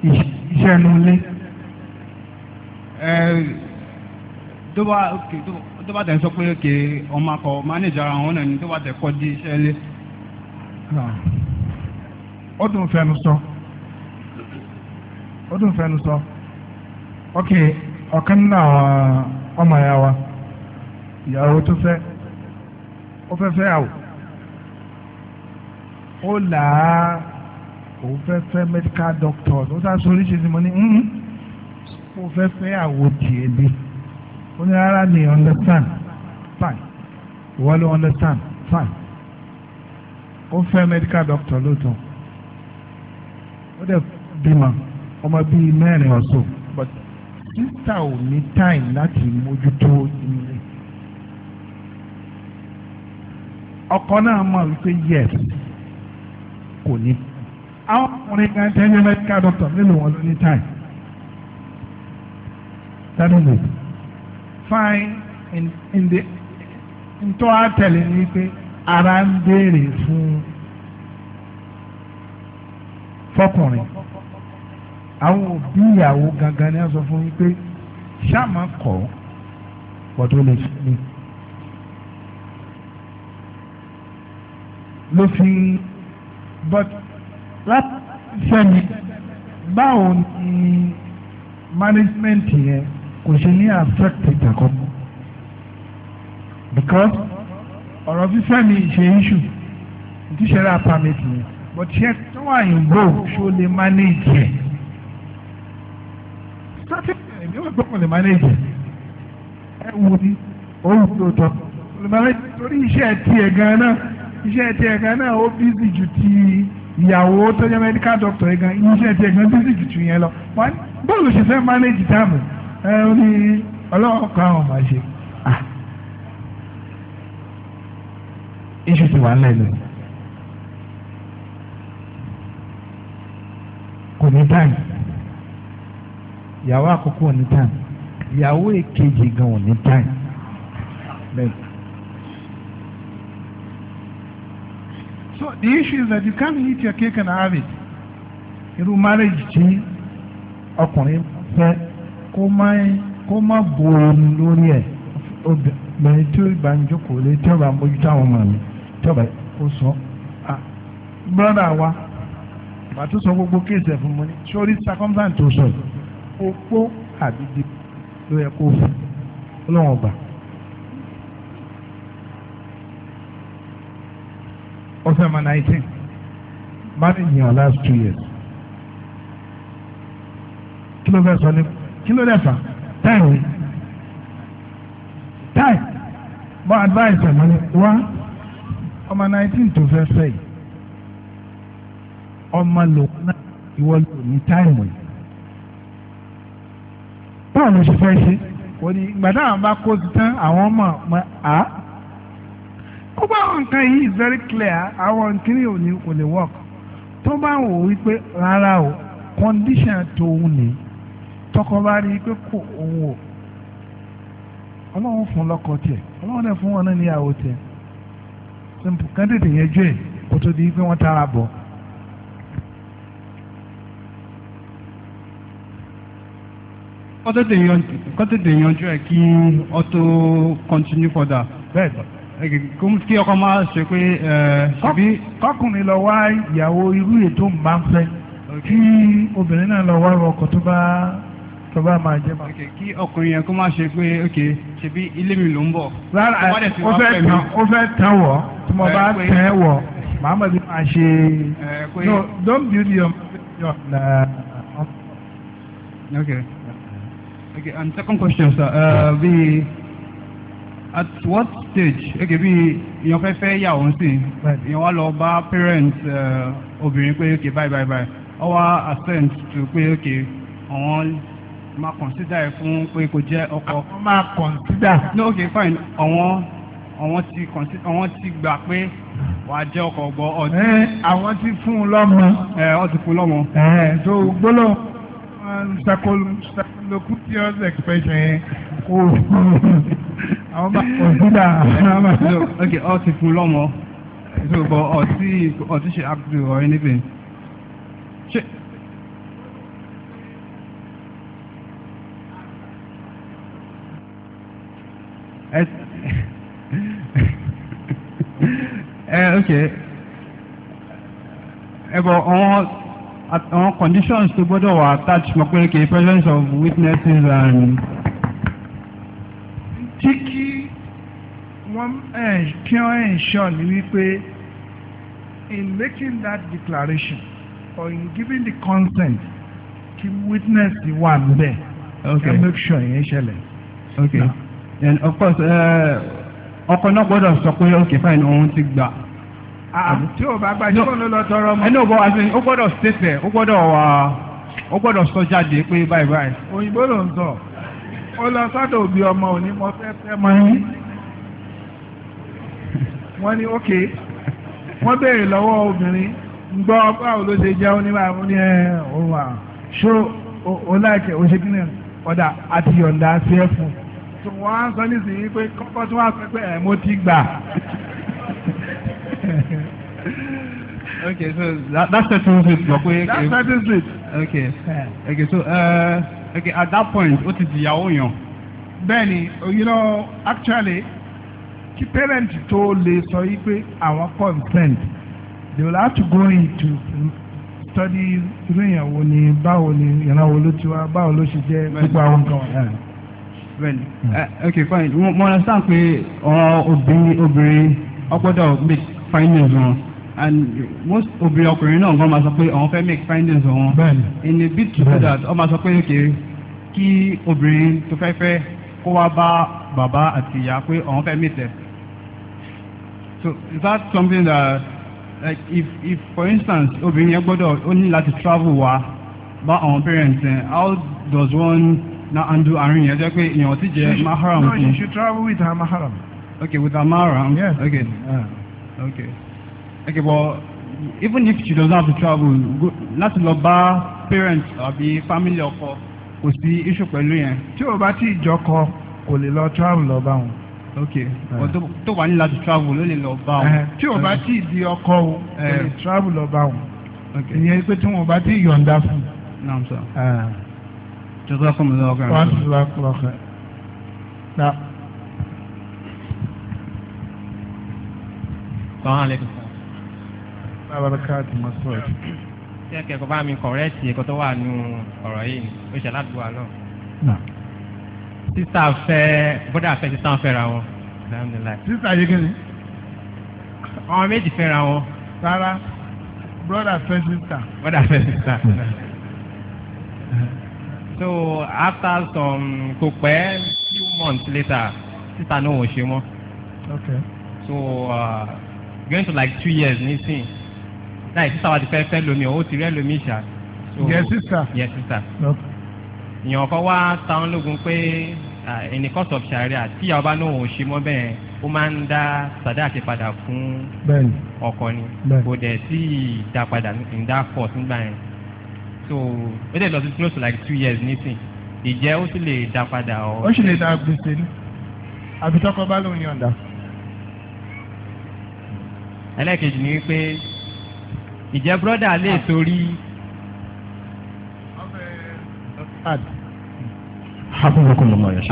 sí iṣẹ́ nu ilé. Eh, tó bá tó bá tẹ̀ sọ pé kè ọmọ akọ manager àwọn náà ni tó bá tẹ̀ kọ́ di iṣẹ́ ilé. Ah. ó dùn fẹnu sọ ó dùn fẹnu sọ ok ọ̀kan náà ọmọ ya wa ìyàwó tó fẹ́ ó fẹ́ fẹ́ àwò ó là á òun fẹ́ fẹ́ medical doctor ó sá sọ oríṣiríṣi mo ní ó fẹ́ fẹ́ àwò tiẹ̀ lé ó ní rárá ni understand fine ìwọ ló understand fine ó fẹ́ medical doctor lóòótọ́ ó dẹ̀ bímọ ọmọ bíi mẹ́rin ọ̀sọ́ but sísà ò ní time láti mójútó ilé ọkọ náà mọ̀ wípé yes kò ní. àwọn ọkùnrin kan tẹ́lẹ̀ medical doctor mélòó wọn ló ní time seven days fine in, the ntọ́ àtẹ̀lé ni pé ara ń béèrè fún fọkùnrin àwọn òbí ìyàwó gangan ni wọ́n sọ fún yín pé ṣáàmà kọ́ pọ̀tó lè ṣe ni. ló fi but láti sẹ́ni báwo ni management yẹn kò ṣe ní affect ìtàkọ́mọ́ because ọ̀rọ̀ fífẹ́ mi ṣe issue tíṣẹ́ra permit mi but ṣé tó wà involve ṣó lè manage yẹn ṣé wọ́n gbọ́kàn lè mánéjì ẹ wù ní òun tó tọ́ lè mánéjì torí iṣẹ́ tiẹ̀ gan náà iṣẹ́ tiẹ̀ gan náà ó bízì ju ti ìyàwó tó jẹ́ medical doctor gan iṣẹ́ tiẹ̀ gan bízì ju ti yẹn lọ wọ́n bọ́ọ̀lù ṣe fẹ́ mánéjì táàmù ẹ ó ní ọlọ́wọ́ kan àwọn máa ṣe. iṣu ti wà lẹ́nu kò ní táyì. ìyàwó àkọ́kọ́ onita ní time èkejì gan So the issue is that you can't eat your cake and have it. Irú marriage tí ọkùnrin fẹ́ kó má kó má bo omi lórí ẹ̀ obìnrin tí ó bá ń jókòó lé tí ó bá wa, bàtú sọ gbogbo kéèsì ẹ̀ fún mi circumstance tó sọ opó àbí di ló yẹ kó fi ọlọ́run ọba. ọ̀sẹ̀ ma nineteen marriage in your last two years kí ló fẹ́ sọ ní kí ló dẹ̀ fà táyì táyì bọ́ advice ẹ̀ mọ́ ni wá ọmọ nineteen tó fẹ́ fẹ́ yìí ọmọ lòun náà ìwọ lò ní táìmù yìí báwo ló ṣe fẹ́ ṣe wọ́n ní ìgbà táwọn bá kó ti tán àwọn ọmọ ọmọ à kó bá àwọn nǹkan yìí is very clear àwọn nkiri ò ní kò lè work tó bá wò ó wípé rárá o condition tòun ni tọkọ bá rí i pé kò òun o ọlọ́run fún lọ́kọ tiẹ̀ ọlọ́run dẹ̀ fún wọn náà níyàwó tiẹ̀ simple kan tètè yẹn jẹ́ kó tó di pé wọ́n tara bọ̀. kọ́tẹ̀tẹ̀ yanjú ẹ̀ kí ọ tó continue further bẹ́ẹ̀ tọ́ kí ọkọ máa ṣe pé kọkùnrin lọ wá ìyàwó irú ètò bá ń fẹ́ kí obìnrin náà lọ wá ọkọ tó bá tó bá máa jẹ́ máa. kí ọkùnrin yẹn kó máa ṣe pé ok ṣèbí ilé mi ló ń bọ̀. rárá ó fẹ́ tán ó fẹ́ tán wọ̀ tí mo bá tẹ́ wọ̀ màá mọ̀ ṣe. no don't build your. your okay. Okay, and second question, sir. Uh, the, at what stage, okay, bí èèyàn fẹ́ fẹ́ yà òun sí, èèyàn wá lọ bá parents uh, obìnrin pé okay bye bye bye, ọ wá assent to pé okay àwọn máa consider ẹ fún pé kò jẹ́ ọkọ. àwọn máa consider. no okay fine àwọn àwọn ti consider àwọn ti gbà pé wàá jẹ́ ọkọ ọgbọ. Eh, àwọn ti fún un lọ́mọ. ẹ eh, ọ ti fún un lọ́mọ. ẹ eh, tó gbólóhùn circumlocution expression àwọn bá kò sílà ok ọ fún lọ́mọ so ọtí ọtí ṣe abdu or anything. ṣe. ẹ eh, ok ẹ bọ ọ̀hún àwọn conditions tó gbọ́dọ̀ wà attach mọ̀ pé kì í presence of witnesses and. tí kí wọ́n kí wọ́n ensure ni wípé in making that declaration or in giving the consent kí witness the one there. okay and make sure yẹn ṣẹlẹ̀. okay no. and of course eh, ọkọ náà gbọ́dọ̀ sọ pé okay fine òun ti gbà. Ah, ah. Hmm? tí o bá gbajú kọ́ ló lọ tọrọ mọ́. ẹni eh, o bọ́ asin gbọ́dọ̀ gbọ́dọ̀ wà gbọ́dọ̀ sọ pé báyìí báyìí. òyìnbó ló ń sọ ó lọ sọ́dọ̀ òbí ọmọ òní mo fẹ́ mọ́ wọ́n ní ókè, wọ́n béèrè lọ́wọ́ obìnrin ń ló ṣe jẹ́ ní eh, ṣó o o ọ̀dà okay so that, that settles it gbọ́ pé. that settles it. okay okay so uh, okay at that point ó ti dìyàwó yàn. Benny, you know actually the parents told lè so yìí pé àwọn consent they will have to go into study irú ìyàwó ni báwo ni ìrànwọ́ ló ti wá báwo ló ṣe jẹ́ pípa kan wọ̀nyí. bẹ́ẹ̀ni uh, fine mo understand pé ọ̀rọ̀ uh, obìnrin obìnrin ọgbọ́dọ̀ make findings wọn and most obìnrin ọkùnrin náà gan máa sọ pé àwọn fẹ́ make findings wọn in a bit to do that ọ máa sọ pé okay kí obìnrin tó fẹ́ fẹ́ kó wá bá bàbá àti ìyá pé àwọn fẹ́ meet ẹ̀ so is that something that like if if for instance obìnrin yẹn gbọ́dọ̀ ó ní láti travel wá bá àwọn parents ẹ̀ how does one na handle àárín yẹn jẹ́ pé èèyàn ti jẹ́ maharam no you should travel with her maharam. okay with her maharam. yes okay. Uh okay okay Well, even if she doesn't have to travel go láti lọ bá parents àbí family ọkọ kò sí issue pẹ̀lú yẹn. tí o bá tí ìjọkọ kò lè lọ travel lọ bá wọn. ok tó wà ní láti travel ló lè lọ bá wọn. tí o bá tí di ọkọ o kò lè travel lọ bá wọn. ìyẹn pé tí wọn bá tí yọ̀ǹda fún. naam sir. jọ́sọ́ fún mi lọ́kàn. wọ́n á ti lọ́kàn. Assalamu alaikum. abarakati masoud. ṣé ẹ̀kẹ́ kó bá mi kọ̀rẹ́ẹ̀tì ẹ̀kọ́ tó wà nù ọ̀rọ̀ yìí ni ó ṣe aládùúgbò àná. sísá fẹ́ bọ́dà fẹ́ sísá fẹ́ ra wọn. sísá yìí kìíní. àwọn méjì fẹ́ ra wọn. rárá bọ́dà fẹ́ sísá. bọ́dà fẹ́ sísá. so after some kò pẹ́ few months later sísá náà ò ṣe mọ́. okay. so. Uh, going to like two years nísìn láì sísá wa ti fẹ́ fẹ́ lomi ó ti rẹ́ lomi ṣá. yes sister. yes sister. ìyàn kan wá táwọn lógun pé in the course of sharia tí ìyàwó bá náà ò ṣe mọ́ bẹ́ẹ̀ ó máa ń dá sàdáàkì padà fún ọkọ ni kò dẹ̀ sí ìdá padà in that course nígbà yẹn so ó dẹ̀ lọ sí close to like two years nísìn ìjẹ́ ó sì lè dá padà. ó sì lè dá gbèsè ní àbítọ́kọ bá lóun yọ̀ǹda ẹlẹ́kejì ni wípé ìjẹ́ brọ́dà lè torí.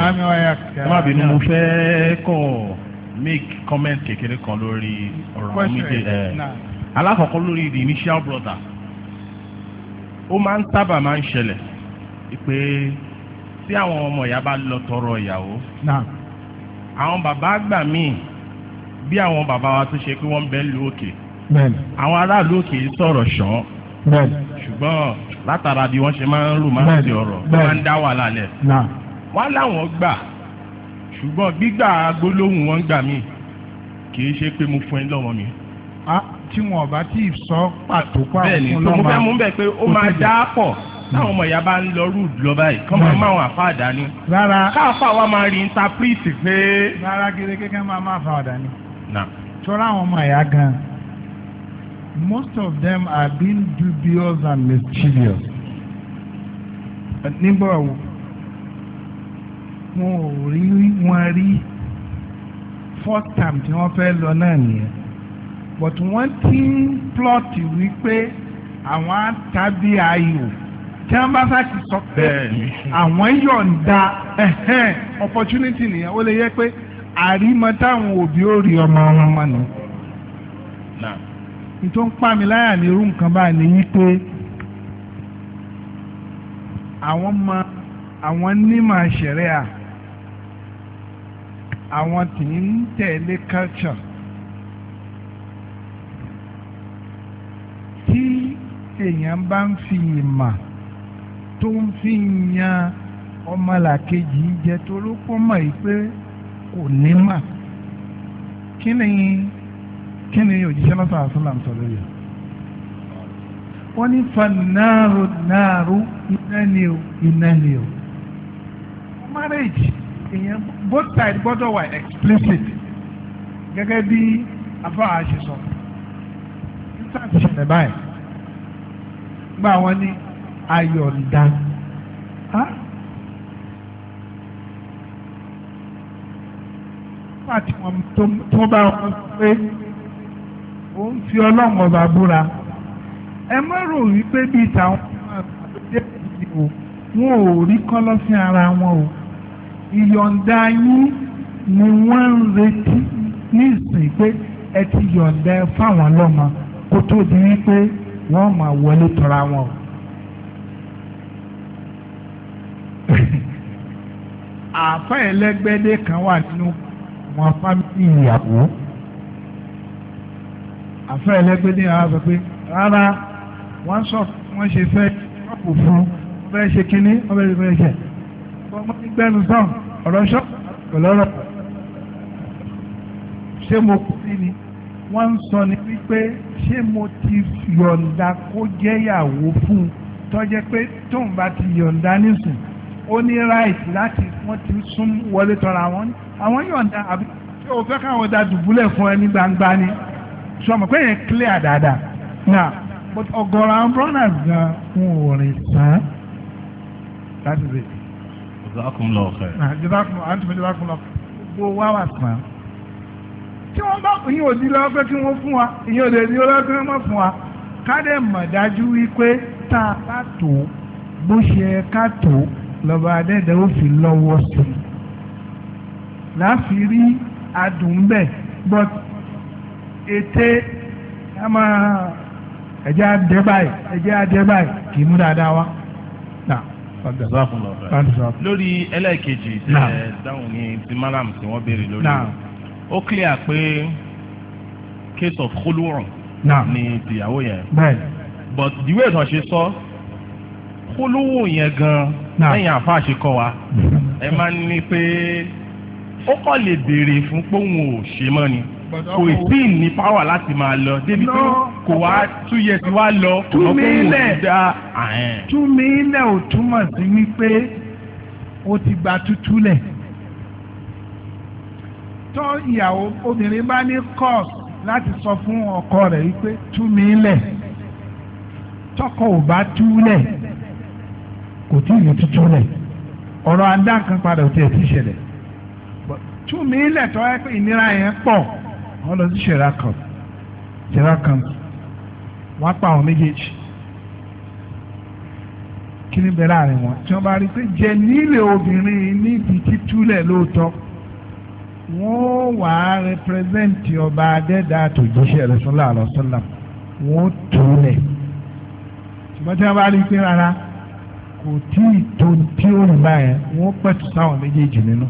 àmì ọ̀yà kẹ́kẹ́. má bínú mo fẹ́ kàn make comment kékeré kan lórí ọ̀rọ̀ àwọn méjì alákọ̀ọ́kọ́ lórí the initial brother ó máa ń sábà máa ń ṣẹlẹ̀ pé tí àwọn ọmọ ìyá bá lọ tọrọ ìyàwó àwọn bàbá àgbà míì bí àwọn bàbá wa tó ṣe pé wọ́n ń bẹ lu òkè àwọn aráàlú òkè sọ̀rọ̀ ṣọ́ ṣùgbọ́n látara bí wọ́n ṣe máa ń rò máa ń di ọ̀rọ̀ máa ń dá wà lálẹ́ wọ́n láwọn gbà ṣùgbọ́n gbígbà gbólóhùn wọn gbà mí kì í ṣe pé mo fún ẹ lọ́wọ́ mi tí wọn ọba tí sọ pàtó pa òun lọ máa bẹ́ẹ̀ni tó mo fẹ́ mú táwọn ọmọ ìyá bá ń lọ rúd lọ báyìí kọ́ máa máa wọn àfa àdáni káàfà wa máa rí interpret pé. rárá gẹ́gẹ́ gẹ́gẹ́ máa máa fa àdáni tọ́ra àwọn ọmọ ẹ̀yà gan most of them are being dubious and mischievous uh, nígbà wo wọn ò rí wọn rí first time tí wọ́n fẹ́ lọ náà nìyẹn but wọ́n ti ń plot wípé àwọn tàbí ayò tí wọ́n bá sá ti sọ pé àwọn yọ̀ǹda opportunity nìyẹn ó lè yẹ pé. àrímọ táwọn òbí ó rí ọmọ wọn mọ nù. ń pa mi láyà ní irú nǹkan báyìí awọn wípé àwọn àwọn nímọ̀ à àwọn tì ń tẹ̀lé culture. tí èèyàn bá ń fi ìmọ̀ tó ń fi yan ọmọlàkejì jẹ kò ní mà kí ni kí ni òjíṣẹ́ lọ́sàn án sọ́là ń sọ lórí ẹ̀ wọ́n ní fanáàrù náàrù iná ni marriage èèyàn both sides gbọ́dọ̀ wà explicit gẹ́gẹ́ bí afáà ṣe sọ instant ṣẹlẹ̀ báyìí gba àwọn ní ayọ̀ǹda. Huh? nígbà tí wọ́n tó bá wọn pé ó ń fi ọlọ́run ọba búra ẹ má rò wípé bíi tàwọn ọmọ àgbàdo ìdìbò wọn ò rí kọ́lọ́fín ara wọn o ìyọ̀ǹda yín ni wọ́n ń retí nísìnyí pé ẹ ti yọ̀ǹda fáwọn lọ́mọ kó tó di wípé wọ́n máa wọlé tọ́ra wọn o. àáfà ẹlẹ́gbẹ́dẹ́ kan wà nínú àwọn fámìlì ìyàwó àfẹ́ ẹlẹ́gbẹ́ ní àwọn sọ pé rárá wọ́n sọ wọ́n ṣe fẹ́ ọ̀pọ̀ fún wọ́n fẹ́ ṣe kínní wọ́n fẹ́ ṣe fẹ́ ṣe ọmọ nígbẹ́nu sàn ọ̀rọ̀ ṣọ́ ọ̀lọ́rọ̀ ṣé mo kú sí ni wọ́n ń sọ ni wípé ṣé mo ti yọ̀ǹda kó jẹ́yàwó fún un tọ́jẹ́ pé tóun bá ti yọ̀ǹda nísìnyí ó ní right láti wọ́n ti sún wọlé tọ́ra wọn àwọn yọ̀ǹda àbí tí o fẹ́ káwọn da dùbúlẹ̀ fún ẹ ní gbangba ni sọmọ pé yẹn clear dáadáa na but ọ̀gọ̀rọ̀ àwọn brothers gan wọn ò rìn sàn that is it. jọ́sàkùn lọ ọ̀fẹ́. jọ́sàkùn àti jọ́sàkùn lọ gbogbo wa wà sàn. tí wọ́n bá ìyẹn ò di lọ́wọ́ pé kí wọ́n fún wa ìyẹn ò lè di lọ́wọ́ pé wọ́n fún wa ká dẹ̀ mọ̀ dájú wípé tá a bá tó bó ṣe ká tó lọ́ba adẹ́dẹ́ ó fi lọ́wọ́ sí i láàfin rí adùn bẹ́ẹ̀ but ète a máa ẹ̀jẹ̀ adé báyìí ẹ̀jẹ̀ adé báyìí kì í mú dáadáa wá. lórí ẹlẹ́ẹ̀kejì dáhùn ní ti malam tí wọ́n béèrè lórí ó clear pé case of kólúràn ni tìyàwó yẹn but the way ìtàn ṣe sọ kólúwò yẹn gan-an lẹ́yìn àfáà ṣe kọ́ wa ẹ máa ń ní pé ó kọ́ lè béèrè fún póhùn ò ṣe mọ́ ni kò sí ní pàwà láti máa lọ débi tó kò wá two years wá lọ ọkùnrin ò ti dá àhẹn. túmí ilẹ̀ ò túmọ̀ sí wípé ó ti gba tútú lẹ̀ tó ìyàwó obìnrin bá ní course láti sọ fún ọkọ rẹ̀ wípé túmí ilẹ̀ tọkọ ò bá túlẹ̀ kò tí ì ní tuntun lẹ̀ ọ̀rọ̀ adá kan padà ò tiẹ̀ ti ṣẹlẹ̀ tú mi ilẹ̀ tọ́ ẹ pé ìnira yẹn pọ̀ wọ́n lọ sí ṣẹ̀ra kan ṣẹ̀ra kan wọ́n pa àwọn méjèèjì kí ni bẹ̀rẹ̀ àárín wọn tí wọ́n bá rí i pé jẹ nílé obìnrin níbi títúlẹ̀ lóòótọ́ wọ́n wà á rẹpẹrẹsẹ̀ntì ọba adẹ́dá àtòjíṣẹ́ rẹ̀ sọ́lá àlọ́sọ́lá wọ́n tó lẹ̀ ṣùgbọ́n tí wọ́n bá rí i pé rárá kò tí ì tó tí ó rìn báyẹn wọ́n pẹ̀tù sáwọn méjèèjì nínú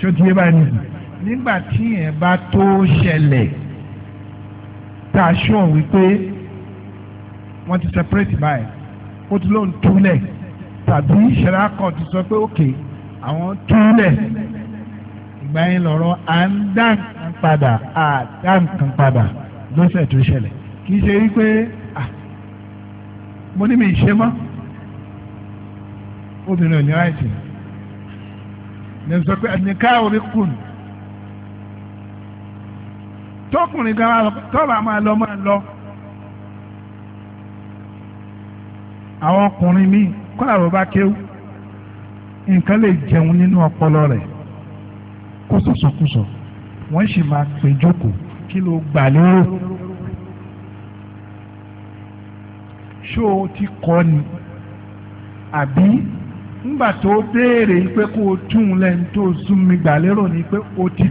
ṣó ti yé báyìí nìyí nígbà tí yẹn bá tó ṣẹlẹ̀ tá a ṣọ́ wípé wọ́n ti separate báyìí ó ti lóun túlẹ̀ tàbí ìṣẹ̀lẹ̀ akọ̀ ti sọ pé òkè àwọn túlẹ̀ ìgbà yẹn lọ́rọ̀ à ń dá nǹkan padà à dá nǹkan padà lọ́sẹ̀ tó ṣẹlẹ̀ kì í ṣe wípé mo ní mi ṣe mọ́ obìnrin ò ní ráìtì lè sọ pé ẹnìká orí kùn tọkùnrin gan tọ́ba máa lọ máa lọ àwọn ọkùnrin míì kọ́lá ló bá kéwú nǹkan lè jẹun nínú ọpọlọ rẹ̀ kó sọ̀sọ̀kúsọ̀ wọ́n sì máa pè jókòó kí ló gbà lérò ṣó o ti kọ́ ni àbí ńgbà tó béèrè pé kó o to lẹ̀ ń tó zoom mi gbà lérò ni pé o ti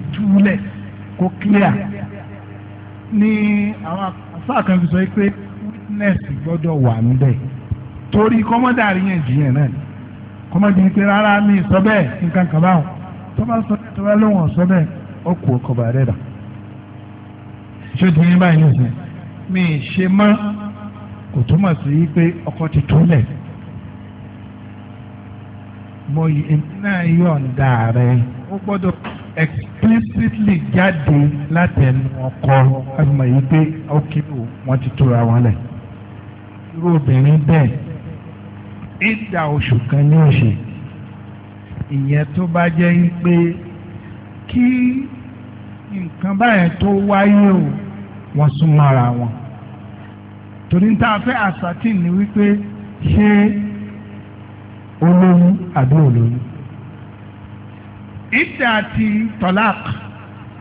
kan fi sọ pé witness gbọ́dọ̀ wà níbẹ̀ torí kọ́mọ́dà àríyànjiyàn náà ni kọ́mọ́dà ní pé rárá mi sọ bẹ́ẹ̀ nǹkan kan báwọn sọ rà ṣé ti báyìí mi ṣe kò túmọ̀ sí pé ti mo náà yọ̀ǹda rẹ̀ ó gbọ́dọ̀ explicitly jáde látẹnu ọkọ àmọ́ yìí pé ókìlò wọ́n ti tóra wọn lẹ̀ irú obìnrin bẹ́ẹ̀ ìdá oṣù kan ní oṣù ìyẹn tó bá jẹ́ pé kí nǹkan báyẹn tó wáyé o wọ́n sún mọ́ra wọn torí ń tá fẹ́ àṣà tí ní wípé ṣé. olóyún àbí olóyún. ìdá àti tọ́lák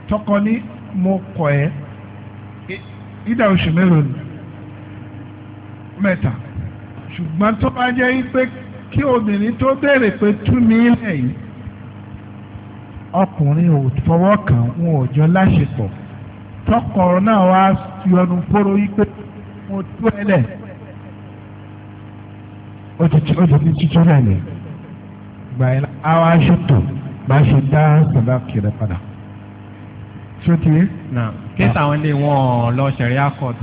tọkọ ní mo kọ̀ ẹ́ ìdá oṣù mélòó ni mẹ́ta ṣùgbọ́n tó bá jẹ́ pé kí obìnrin tó béèrè pé tú mi lẹ̀ yìí ọkùnrin ò fọwọ́ kàn ń ò jọ láṣepọ̀ tọkọ náà wá yọnu fóró yí pé mo tú ẹ lẹ̀. ó ti ó ti títí rẹ̀ ni gbàyìn àwa ṣètò bá ṣe dá sọ̀dá kiri padà. ṣótì yé. na kéésì àwọn ilé wọn lọ ṣẹ̀rí akọ́t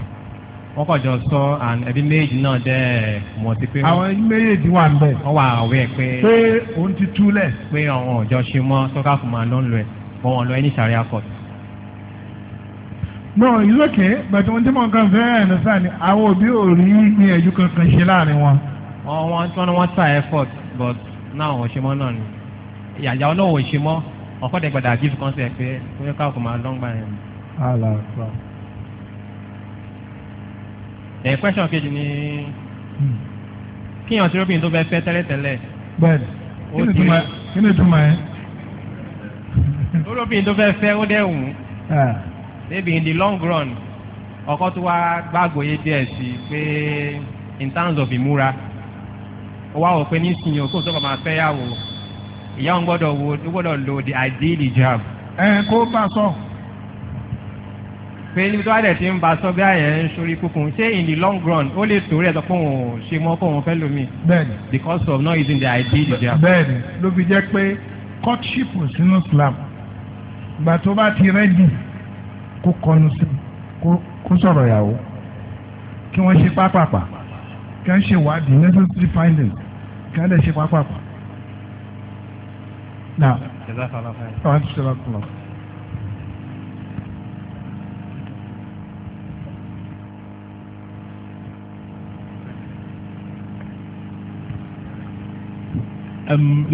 wọ́n kàn jọ sọ ẹbí méjì náà dẹ́ mọ̀ sí pé. àwọn méjèèjì wà ń bẹ̀. wọ́n wà àwẹ̀ pé. pé òun ti túlẹ̀. pé àwọn ọ̀jọ́ ṣe mọ́ sọ́kà fún màá lọ́nlọ́ ẹ̀ wọ́n wọ́n lọ ẹni ṣàrí akọ́t. no it's okay but ohun tí mo kàn fẹ́ ẹ̀ ní sáà ni àwọn òbí ò rí ìyẹ̀jú kankan ṣe láàrin wọn wọ́n wọ́n wọ́n try effort but now wọ́n ṣe mọ́ náà ni yàyà ọlọ́wọ́ ṣe mọ́ ọ̀kọ́dẹ̀ gbọ́dọ̀ give consent pé oyún káàkó máa lọ́ngbà yẹn. alàgbà. ẹ̀ question kejì ni hmm. kíyàn tí robin tó bẹ fẹ́ tẹ́lẹ̀tẹ́lẹ̀. bẹ́ẹ̀ni kí ni ìtumọ̀ ẹ. robin tó fẹ́ fẹ́ ó dẹ̀ wù. maybe in the long run ọkọ tó wá gbàgbọ́ yé díẹ̀ sí pé in terms of ìmúra wá wò pé nísìnyí o kò sọ́kọ̀ máa fẹ́ yà wò ìyá òun gbọ́dọ̀ wo ó gbọ́dọ̀ lo the ideal hijab. ẹ kó bá sọ. pé níbi tó wá dẹ̀ ti ń ba sọ bí àyẹ̀ ń sori kúkún ṣé in the long run ó lè torí ẹ̀ sọ pé òun ṣe mọ́ kó òun fẹ́ lomi. bẹ́ẹ̀ni because of not using the ideal hijab. bẹ́ẹ̀ni ló fi jẹ́ pé courtship sínú Islam ìgbà tó bá ti rẹ́dì kó kọnu sí kó sọ̀rọ̀ ìyàwó kí wọ́n ṣe pápápá kí wọ́n ṣe ìwádìí necessary findings kí wọ́n lè ṣe pápákọ̀. Now, I want to shut up now.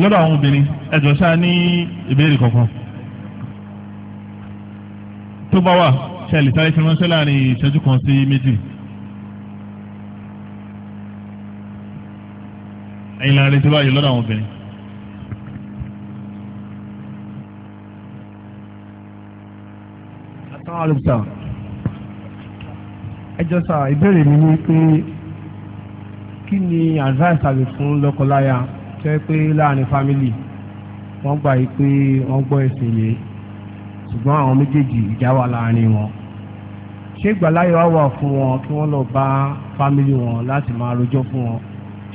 lọ́dọ̀ àwọn obìnrin ẹjọ́ ṣáá ní ìbéèrè kankan tó bá wà ṣe lè sáré fi ránṣẹ́ láàrin ìṣẹ́jú kan sí méjì. ẹ̀yin la retí báyìí lọ́dọ̀ àwọn obìnrin. asalaamualeykum sir ẹ jọ sá ìbéèrè mi ni pé kí ni advice àbí fún lọ́kọláya tẹ́ pé láàrin family wọ́n gbà yí pé wọ́n gbọ́ ẹ̀sìn yìí ṣùgbọ́n àwọn méjèèjì ìjà wà láàrin wọn ṣé ìgbàláyè wá wà fún wọn kí wọ́n lọ bá fámìlì wọn láti máa rojọ́ fún wọn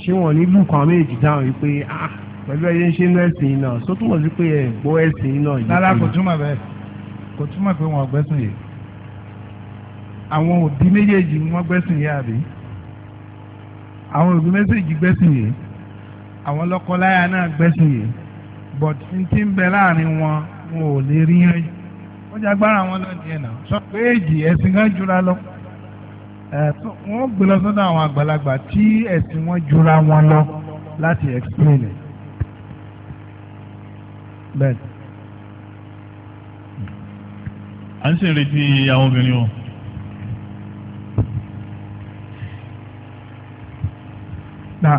ṣé wọn ní bùkún àwọn méjì dáhùn wípé ah pẹ̀lú ẹyẹ ṣe ń ẹ̀sìn náà só túmọ̀ sí pé ẹ̀ ẹ̀sìn náà yìí. rárá kò túmọ̀ bẹ́ẹ̀ kò túmọ̀ pé wọn gbẹ́sùn yìí àwọn òbí méjèèjì wọn gbẹ́sùn yìí àbí àwọn òbí méjèèjì gbẹ́sùn yìí àwọn lọ́kọ-láya náà gbẹ́sùn yìí but n ti ń bẹ láàrin wọn wọn ò lè rí yẹn wọ́n jágbára wọn lọ́dí ẹ̀ sọ pé èjì ẹ̀sìn kan jura lọ́kọ Eh, wọ́n gbé lọ sọ́dọ̀ àwọn àgbàlagbà tí ẹ̀sìn wọn jura wọn lọ láti explain it. bẹ́ẹ̀. à ń ṣèrètí àwọn obìnrin o. na.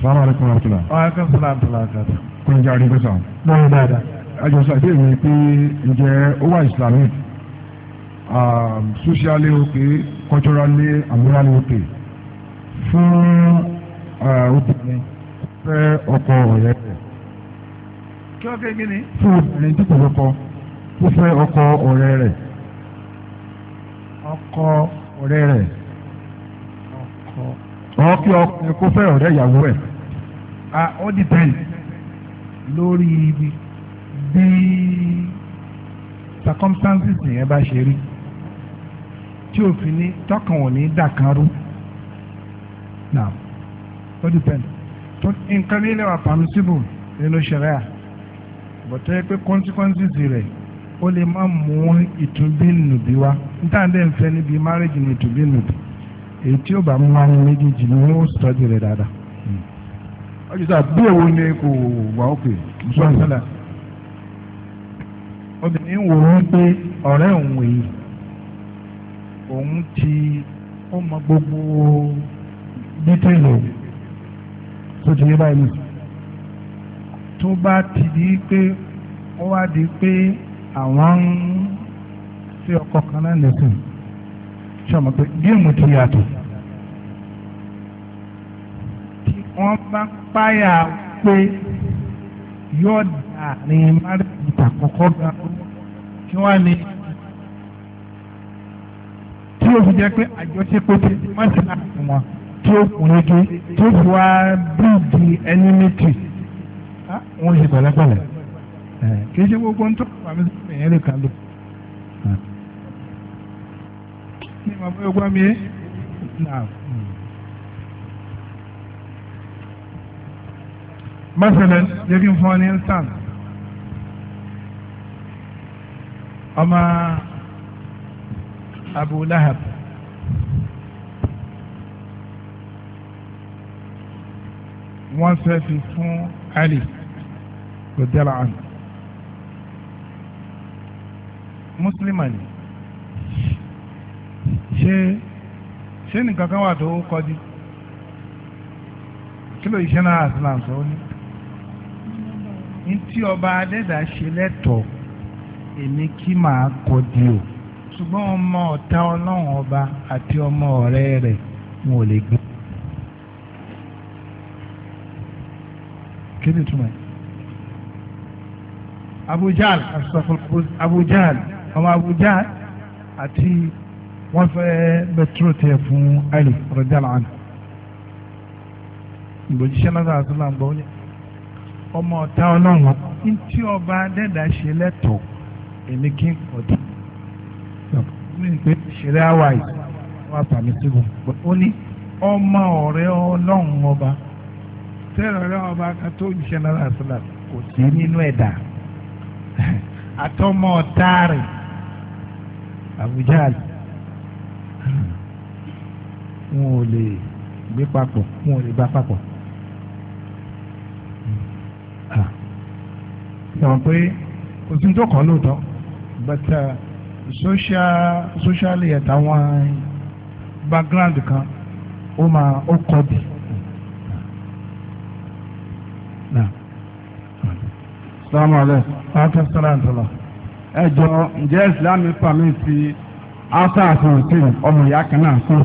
salaamu aleykum wa rahmatulah. wa aleykum salaam wa rahmatulah. kò ní jẹ́ àdínkù a lọ́wọ́ dáadáa. àjọṣe àti èmi pé ǹjẹ́ ó wà ìsìlámù. Um, socially okay culturally and morally okay fún uh, obìnrin fẹ́ ọkọ ọ̀rẹ́ rẹ̀. kí wọ́n fẹ́ gíní. fún obìnrin tí kò lọ́kọ tó fẹ́ ọkọ ọ̀rẹ́ rẹ̀ ọkọ ọ̀rẹ́ rẹ̀ ọkọ. ọkọ ọkùnrin kó fẹ́ ọ̀rẹ́ ìyàwó ẹ̀. ah all depend lórí bí circumstances nìyẹn bá ṣe rí. tí fi ní tọkàn ò ní dàkàrú náà ó dìpẹ́ndì tó nǹkan nílẹ̀ wà pàmísìbù nínú ṣẹ̀ríà pé consequences rẹ̀ ó lè má mú ìtúbínùbí wá nfẹ́ níbi ní ìtúbínùbí èyí tí ó bá mú wá ní méjèèjì ni wọ́n sọ́jú rẹ̀ dáadáa. ọjọ́ bí èwo ni kò obìnrin wò ó pé òun ti ó mọ gbogbo dítẹ́lì tó ti yé báyìí tó bá ti di pé ó wá di pé àwọn ń fi ọkọ kan náà lẹ́sìn sọmọ pé géèmù ti yàtọ̀ tí wọ́n bá páyà pé yọ̀ọ̀dà ní márùn ìtàkọ́kọ́ gan kí wọ́n ní tí ó fi jẹ́ pé àjọṣepọ̀ ti di mọ́sílá fún wọn tí ó kún yege tí ó fi wá bíìdì ẹnímítì wọ́n ṣe pẹ̀lẹ́pẹ̀lẹ́ kì í ṣe gbogbo ń tó àmì sọ̀rọ̀ yẹn lè kà lò. ní ìmọ̀ fún ẹgbẹ́ mi náà. mọ́sálẹ̀ jẹ́ kí n fọ́ ní instant ọmọ. Abu Lahab wọ́n fẹ́ fi fún Ali rọ̀dẹ́là àná mùsùlùmá ni ṣé ṣé nìkan kan wà tó kọjú kí ló iṣẹ́ náà àti náà sọ ní ní tí ọba adẹ́dà ṣe lẹ́tọ̀ọ́ èmi kí màá kọjú o ṣùgbọ́n ọmọ ọ̀tá ọlọ́run ọba àti ọmọ ọ̀rẹ́ rẹ̀ wọn ò lè gbé. kí túmọ̀ ẹ̀. abujal abujal ọmọ abujal àti wọ́n fẹ́ bẹtúrò tẹ fún ali rọjàlá àná ìbòjíṣẹ́ náà sàásùn náà gbọ́ ọ́nyẹ́ ọmọ ọ̀tá ọlọ́run ní tí ọba adẹ́dàá ṣe lẹ́tọ̀ọ́ èmi kí n kọ̀ dé explain pé ṣẹlẹ̀ àwa yìí wà permissible but ó ní ọmọ ọ̀rẹ́ ọlọ́run ọba tẹ́lẹ̀ ọ̀rẹ́ ọba kan tó ń ṣe náírà sílà kò sí nínú ẹ̀dá àtọmọ ọ̀taarì àbújá wọn ò lè gbé papọ̀ wọn ò lè bá papọ̀. sọ ah. pé kò sí lóòótọ́ bàtà. Uh, social socially àtàwọn background kan ma máa ó kọ́ na salamu ẹ jọ islam pàmì asa ọmọ ìyá kan náà fún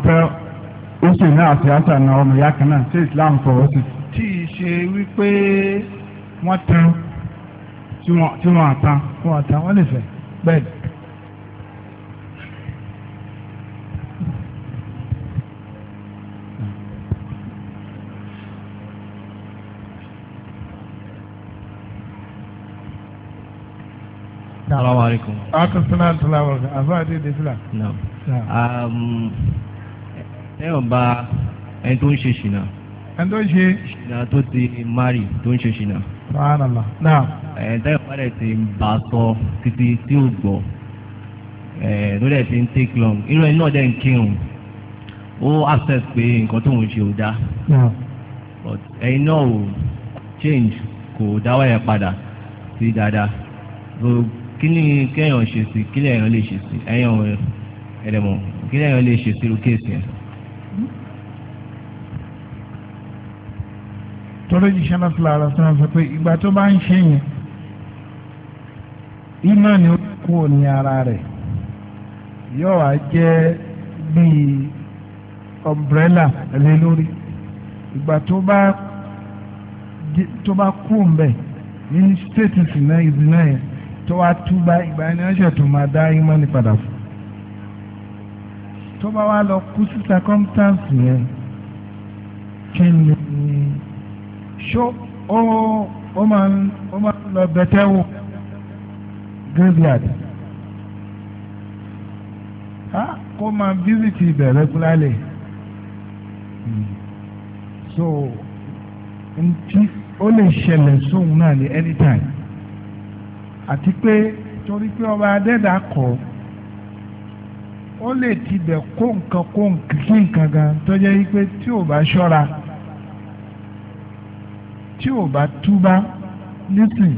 ó sì. tí ṣe wípé wọn tán tí wọn àtàn. wọn àtàn wọn lè fẹ bẹẹ. Assalamu alaikum. akọsánà tọ́lá wọ̀lọ́kà àfáà dé dé fìlà. ẹ̀yàn bá ẹni tó ń ṣe ṣìnà. ẹni tó ń ṣe. ṣìnà tó ti mari tó ń ṣe ṣìnà. sàánàlá náà. ẹ̀yìn tẹ́yìn padà ti bá a sọ títí tí ò gbọ́ ló dẹ̀ ti ń take long irú ẹni náà dẹ̀ ń kírun access pé nǹkan tó ń ṣe ò dáa but ẹ̀yin náà ò change kò dáwọ́ yẹn padà sí dáadáa. Kini ni kéèyàn ṣe sí kí lèèyàn lè ṣe sí ẹ̀yàn ẹ̀dẹ̀mọ̀ kí lèèyàn lè ṣe sí irú kéèsì yẹn. tọ́lá jíṣẹ́ náà fúlà ara sọ́nà sọ pé ìgbà tó bá ń ṣe yẹn iná ni ó kúrò ní ara rẹ̀ yóò wá jẹ́ bíi ọmbrẹ́là lé lórí ìgbà tó bá tó bá kú mbẹ̀ ní stéètì sí náà tó wá túbá ìgbà ẹni ọ̀ṣẹ̀ tó máa dá ìmọ̀ni padà fún tó bá wá lọ kú sí circumstance yẹn kí ni ṣó ó ó máa ń ó máa ń lọ bẹ̀tẹ̀ wò graveyard kó máa visit ibẹ̀ regularly so ntí ó lè ṣẹlẹ̀ sóhun náà ní anytime. àti pé torí pé ọba adẹ́dà kọ́ ó lè tibẹ̀ kó nǹkan kó nǹkan kí nǹkan gan tó jẹ́ pé tí ò bá ṣọ́ra tí ò bá túbá nísìn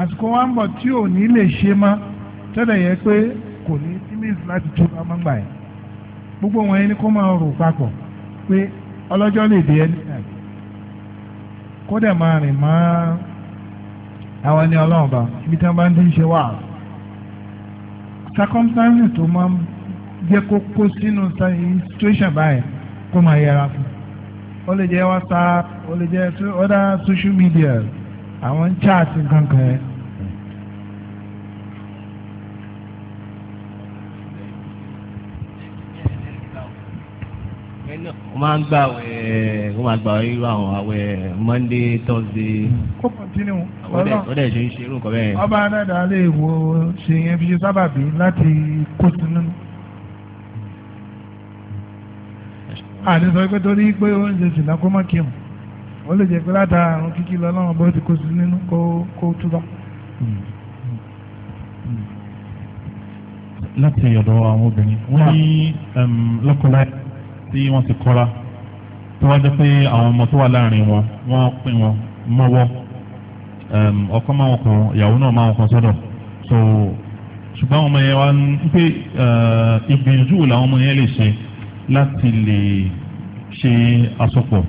àsìkò wa ń bọ̀ yẹ pé kò ní láti túbá mọ́ gbà gbogbo wọn ni kó máa rò papọ̀ pé ọlọ́jọ́ lè dé máa rìn àwọn ní ọlọ́run bá ibi tí wọ́n bá ń ti ṣe wà circumstances tó máa ń jẹ́ kó kó sínú situation báyìí kó máa yẹra fún ó lè jẹ́ WhatsApp ó lè jẹ́ other social media àwọn chat kankan yẹn. wọ́n máa ń gbà wẹ̀ wọ́n máa gbà irú àwọn àwẹ̀ Monday Thursday. kó kọ́ntínú ọlọ́run ó ṣe ń ṣe irú nǹkan bẹ́ẹ̀. ọba adáda lè wo ṣe yẹn fi sábàbí láti kó sínú. àti sọ pé torí pé oúnjẹ sì lákó má kí mu ó lè jẹ́ pé látara àrùn kíkí lọ lọ́wọ́ bó ti kó sí nínú kó kó túbọ̀. láti ọ̀dọ̀ àwọn obìnrin wọ́n ní um, lọ́kọ̀ọ́láyà tí wọ́n ti kọ́ra tí wọ́n jẹ́ pé àwọn ọmọ tó wà láàrin wọn wọ́n pín wọn mọ́wọ́ ọkọ máa wọn kan ìyàwó náà máa wọn kan sọ́dọ̀ so ṣùgbọ́n àwọn ọmọ yẹn wá ń pé ìgbìyànjú làwọn ọmọ yẹn lè ṣe láti lè ṣe àsopọ̀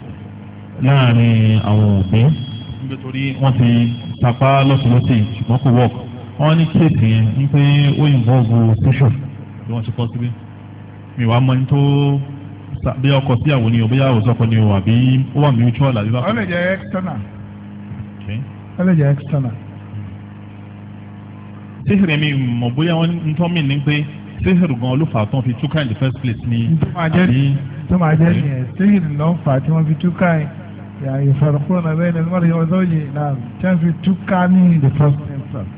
láàrin àwọn òbí nítorí wọ́n ti sapá lọ́sọ̀lọ́sẹ̀ ṣùgbọ́n kò wọ́ọ̀kù wọ́n ní kéèkì yẹn ń pé ó involve social bí wọ́n ṣe kọ́ síbí mi wàá mọ ní tó bí ọkọ sí àwọn ni o bí àwọn ni o àbí ó wà mutual àbí bákan. ó external. ó lè jẹ́ external. sísèrè mi mọ̀ bóyá wọ́n ń tọ́ mi ní pé sísèrè gan olùfà tán fi túkà in the first place ni. tó máa jẹ́ nìyẹn sísèrè ló ń fà tí wọ́n fi túkà ìfàrùkúrọ̀nà bẹ́ẹ̀ ni ẹlẹ́mọ̀rẹ́ yóò lóye náà tí wọ́n fi túkà ní in the first instance.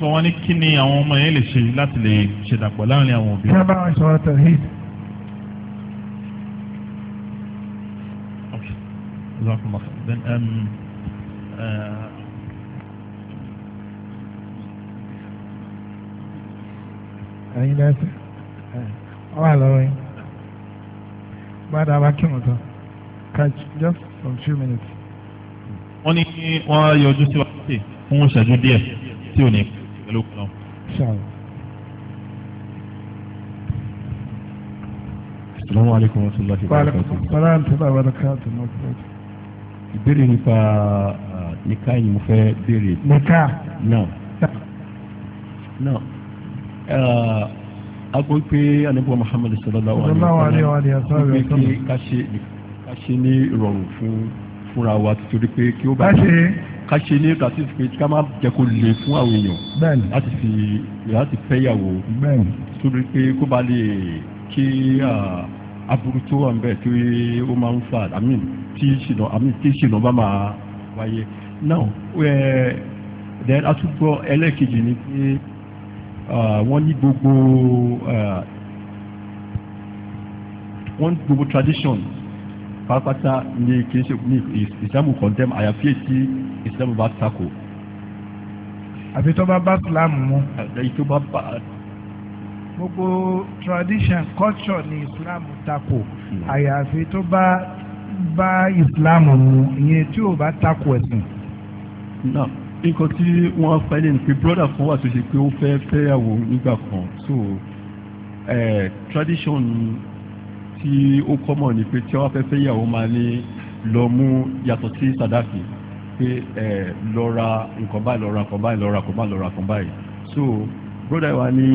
sọ wọn ní kí ni àwọn ọmọ yẹn lè ṣe láti lè ṣèdàpọ̀ láàrin àwọn òbí. kí wọ́n bá wọn sọ̀rọ̀ tẹ̀lé Jazakumullah. Then, um, uh, ẹ̀yin lẹ́sẹ̀ ọwà lọ́wọ́ yín gbádà wá kí wọ́n tán catch just some few minutes. wọ́n ní wọ́n yọjú sí wa sí fún ìṣẹ́jú díẹ̀ tí ò ní pẹ̀lú kan. Assalamu alaikum wa rahmatullahi wa barakatuh. Wa alaikum salaam wa rahmatullahi wa barakatuh ìbéèrè nípa nìka yìí mo fẹ́ béèrè. nìka. náà náà a gbọ́ pé anabi muhammad sallallahu alayhi wa sallam wípé kí ká ṣe ní ìrọ̀rùn fún fúnra wa torí pé kí ó bá ṣe ká ṣe ní láti fi ká má jẹ́ kó lè fún àwọn èèyàn láti fi láti fẹ́ yàwó torí pé kó ba lè kí aburú tó wà ń bẹ̀ tí ó máa ń fà àmín tí ṣìnà àmì tí ṣìnà bá máa wáyé now ẹ eh, then atúgbọ́ ẹlẹ́ẹ̀kejì ni pé wọ́n ní gbogbo wọ́n gbogbo tradition pátápátá ní kìí ṣe ní ìsìlámù condemn àyàfi ètí ìsìlámù bá takò. àfi tó bá bá ìsìlámù mu. èyí tó bá bá. gbogbo tradition culture ni ìsìlámù takò hmm. àyàfi tó bá bá islam mu ìyẹn tí ò bá takò ẹ̀sìn. náà nǹkan tí wọ́n fẹ́ lé ni pé brọ́dà kan wà tó ṣe pé ó fẹ́ fẹ́yàwó nígbà kan so tradition tí ó kọ́mọ̀ ni pé tí wọ́n fẹ́ fẹ́yàwó máa ní lọ mú yàtọ̀ sí sàdáàkì pé lọ ra nǹkan báyìí lọ nǹkan báyìí lọ nǹkan báyìí lọ nǹkan báyìí so brọ́dà wa ní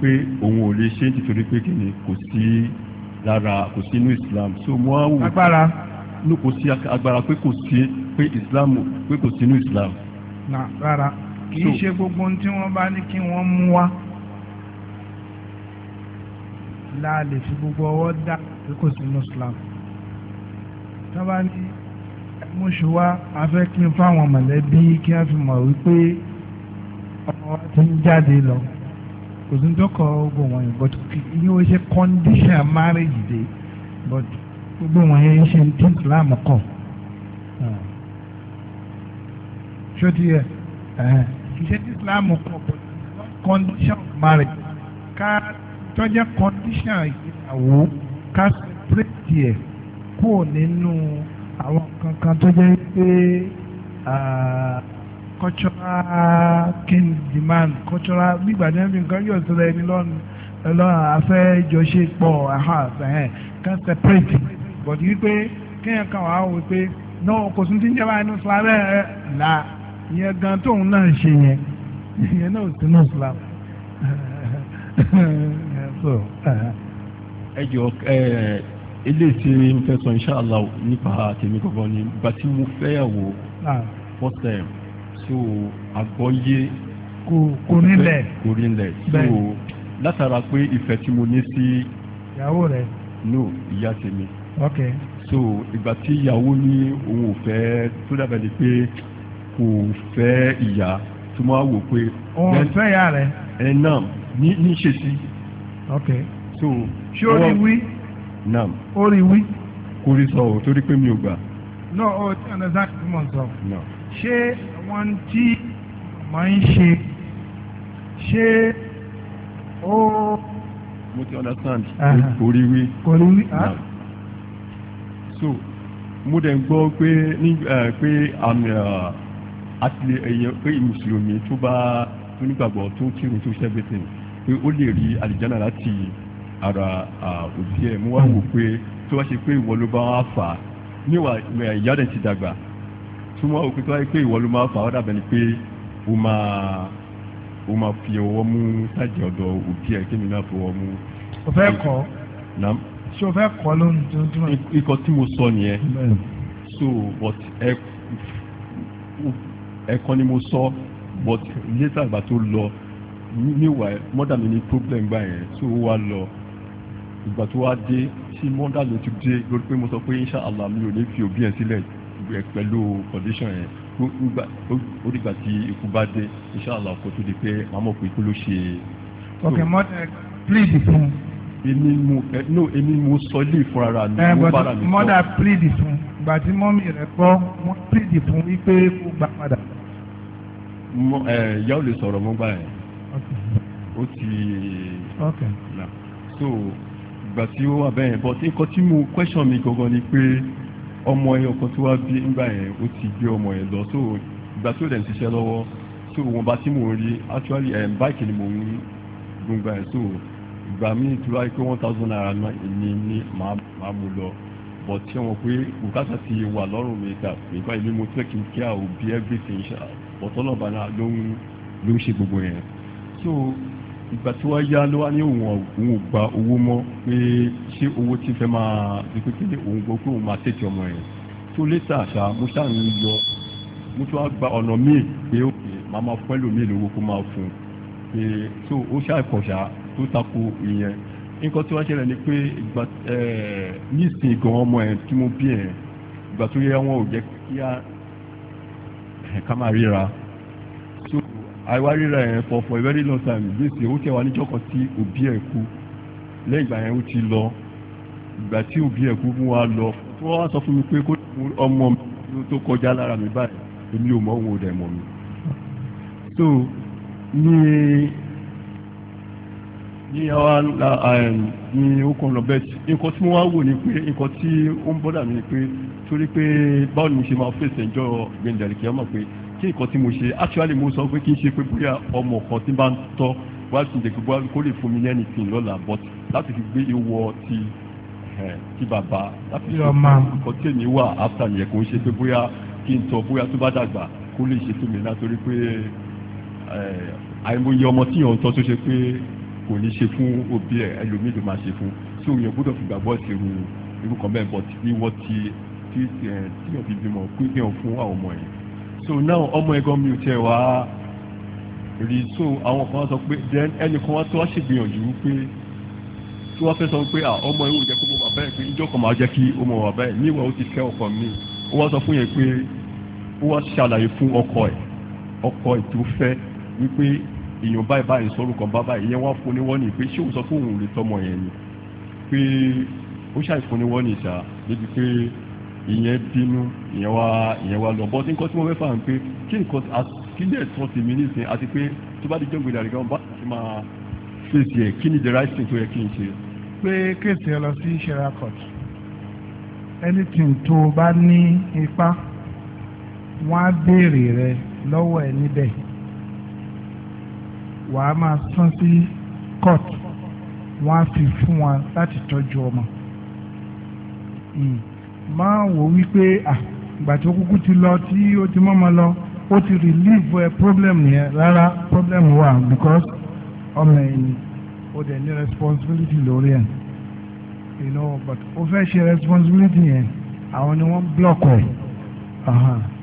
pé òun ò lè ṣe nítorí pé kí ni kò sí rárá kò sí inú islam so mo á wò agbára ló kò sí agbára pé kò sí pé islam pé kò sí inú islam. nà rárá kì í ṣe gbogbo ohun tí wọ́n bá ní kí wọ́n mú wá la lè fi gbogbo ọwọ́ dá pé kò sí inú islam. tábà ní mo ṣe wá afẹ́kín fáwọn mọ̀lẹ́bí kí wọ́n fi mọ̀ wípé ọmọ wa ti ń jáde lọ kò sí dọ́kọ̀ gbogbo wọn yẹn but ní o ṣe condition marriage de but gbogbo wọn yẹn ṣe ń tí Islam kọ ah. ṣó ti yẹ ṣiṣẹ́ tí Islam kọ but condition marriage ká tọ́jà condition ìyàwó ká separate tiẹ̀ kúrò nínú àwọn kankan tó jẹ́ pé. Ah, cultural king demand cultural gbígbà ní ẹbí nǹkan yóò sọ̀rọ̀ ẹni lọ́nà afẹ́jọṣepọ̀ kan separate but wípé kéèyàn kan wà á wò pé náà kò sún tí ń jẹ́ báyìí ní Islam ẹ̀ là ìyẹn gan tóun náà ṣe yẹn ìyẹn náà sí ní Islam. ẹ jọ ẹ ilé tí n fẹ́ sọ inṣàlá nípa tèmi gbọ́gbọ́n ni bàtí mo fẹ́yàwó first time so àgbọ́yé kò rinlẹ̀ kò rinlẹ̀ so látara pé ìfẹ́ tí mo ní sí. ìyàwó rẹ. no ìyá tèmi. ok. so ìgbà tí ìyàwó ní òun ò fẹ́ tó dàbẹ̀ ni pé kò fẹ́ ìyá tó máa wò pé. òun fẹ́ ìyá rẹ. ẹ náà ní ní ṣe sí. ok. so. ṣé o rí wí. naam. o rí wí. kò rí sọ o torí pé mi ò gbà. no o understand what i'm saying. no. ṣé àwọn tí mọ̀ ń ṣe ṣé ó. mo ti understand kò ah. rí wí. kò rí wí. Ah. so mo dẹ̀ ń gbọ́ pé ní eh, pé àmì àti ẹ̀yẹ pé mùsùlùmí tó bá tó nígbàgbọ́ tó kírun tó ṣẹ́gbẹ́sìn pé ó lè rí àlìjánà láti ara òbí ẹ̀ mo wá wò pé tó bá ṣe pé ìwọ ló bá wá fà á níwà eh, ìyá rẹ̀ ti dàgbà tí wọn ò pé tó wáyé pé ìwọ ló máa fà ọ́ dàbẹ̀ ni pé ó máa ó máa fi ọwọ́ mú tájì ọ̀dọ̀ òbí ẹ̀ kémi náà fọwọ́ mú. o fẹ́ kọ́ ṣé o fẹ́ kọ́ lóhùn tó ń ikọ̀ tí mo sọ nìyẹn so but ẹ̀kan ni mo sọ but later àgbà tó lọ meanwhile mọ́dà mi ní problem gbà yẹn so ó wá lọ ìgbà tó wá dé tí mọ́dà ló ti dé lórí pé mo sọ pé insha mi ò ní fi òbí ẹ̀ sílẹ̀ yìí pẹ̀lú condition yẹn ó dìgbà tí ikú bá dé inṣàlá ọkọ tó di pé màá mọ̀ pé ikú ló ṣe. ok mother eh, plead fún. èmi mo ẹ eh, no èmi mo sọ ilé ìfúnra mi eh, mo bára mi sọ. mother plead fún ìgbà tí mọ́mí rẹ̀ kọ́ wọ́n plead fún wípé kó gbà padà. ìyá ò lè sọ̀rọ̀ mọ́ gbà yẹn ó ti so ìgbà tí ó wà bẹ́ẹ̀ but nǹkan tí mo question mi gangan ni pé ọmọ ẹ̀ ọkọ tí wàá bí ńgbà yẹn ó ti gbé ọmọ ẹ̀ lọ so ìgbà tí ó dẹ̀ ń ṣiṣẹ́ lọ́wọ́ so wọn bá tí mò ń rí actually ẹ̀ eh, báìkì ni mò ń gbóngbà yẹn so ìgbà míì tí wàá pé one thousand naira ni ni màá mú lọ but ṣé wọn pé bùkátà ti wà lọ́rùn mi ta nípa ìlú mo fẹ́ kí n kí a ò bí everything ṣá but ọlọ́ọ̀bá náà ló ń ṣe gbogbo yẹn so ìgbà tí wọ́n yá ló wá ní òun òun ò gba owó mọ́ pé ṣé owó tí fẹ́ máa di pé kéde òun gbọ́ pé òun máa tètè ọmọ rẹ̀ tó létà àṣà mo ṣáà ń yọ mo tún wá gba ọ̀nà míì pé òkè màá máa fún ẹlòmíì lówó kó máa fún un pé tó ó ṣàìkọ̀ṣà tó tako ìyẹn nǹkan tí wọ́n ṣẹlẹ̀ ni pé ìgbà nísìn gan ọmọ ẹ̀ tí mo bí ẹ̀ ìgbà tó yẹ wọn ò jẹ́ kí á ká máa ríra àìwárírà ẹ̀ for for a very long time gbèsè ó tẹ̀ wá níjọ́ kan tí òbí ẹ̀ kú lẹ́yìn ìgbà yẹn ó ti lọ ìgbà tí òbí ẹ̀ kú fún wa lọ wọ́n wá sọ fún mi pé kó ọmọ mi tó kọjá lára mi báyìí èmi ò mọ òun ò dẹ̀ mọ̀ mi. so ní ní àwa um, ní ó kàn lọ bẹ́ẹ̀ nǹkan tí mo wá wò ni pé nǹkan tí ó ń bọ́dà mi ni pé torí pé báwo ni mo ṣe máa fèsì ẹjọ́ gbẹ̀ndẹ̀lì kí á pé kí nǹkan tí mo ṣe actually mo sọ pé kí n ṣe pé bóyá ọmọ kan tí n bá ń tọ́ wá sí ìdè gbogbo kó lè fún mi ní anything lọ́la but láti fi gbé ìwọ ti eh, ti bàbá láti fi nǹkan tí èmi wà after yẹn kò ń ṣe pé bóyá kí n tọ́ bóyá tó bá dàgbà kó lè ṣe tó mi látòrí pé eh, àìmọye ọmọ tí yàn ń tọ́ tó ṣe pé kò ní ṣe fún òbí ẹ̀ ẹlòmíì ló máa ṣe fún so yàn gbọ́dọ̀ fìgbàgbọ́ sí irú irú kan bẹ́ẹ̀ but ìwọ ti eh, tí yàn fi bímọ pé yàn fún àwọn ọmọ yìí so now ọmọ ẹ̀gbọ́n mi ò tẹ̀ wá rí so àwọn kan sọ pé then ẹnì kan wá tó wá ṣègbìyànjú pé tí wọ́n fẹ́ sọ pé ọmọ ìwò jẹ́ kó mọ bàbá ẹ̀ pé ìjọ kan máa jẹ́ kí ó mọ bàbá ẹ̀ níwọ̀ ó ti fẹ́ ọkọ mi ó wá sọ fún yẹn pé ó wá ṣàlàyé fún ọkọ ẹ̀ ọkọ ẹ̀ tó fẹ́ wípé èèyàn báyìí báyìí sọ̀rọ̀ kan bá báyìí yẹn wá fún ní wọ́n ní pé ṣé òun sọ fún òun lè tọmọ yẹn ni pé ó ṣàìfún ní wọ́n ní ìta débi pé ìyẹn bínú ìyẹn wá ìyẹn wá lọ bọ́tí nǹkan tí mo fẹ́ fà ń pé kí nǹkan kílẹ̀ tán ti mi nísìn àti pé tó bá di jọ́ gbèdà rìgá bá ti máa fèsì ẹ̀ kí ni the right thing tó yẹ kí n ṣe. pé kéèsì ẹ lọ sí sierra court anything tó o bá ní ipá wọ́n á béèrè rẹ lọ́wọ́ ẹ níbẹ̀ wàá máa sán sí court wọ́n á fi fún wa láti tọ́jú ọmọ. Hmm máa wò wípé ìgbà tó kúkú ti lọ tí ó ti mọ́mọ́ lọ ó ti relieve ẹ problem yẹn rárá problem wà because ọmọ ẹni ó dẹ̀ ní responsibility lórí ẹ̀ you know but ó fẹ́ ṣe responsibility yẹn àwọn ni wọ́n block ẹ̀. Uh -huh.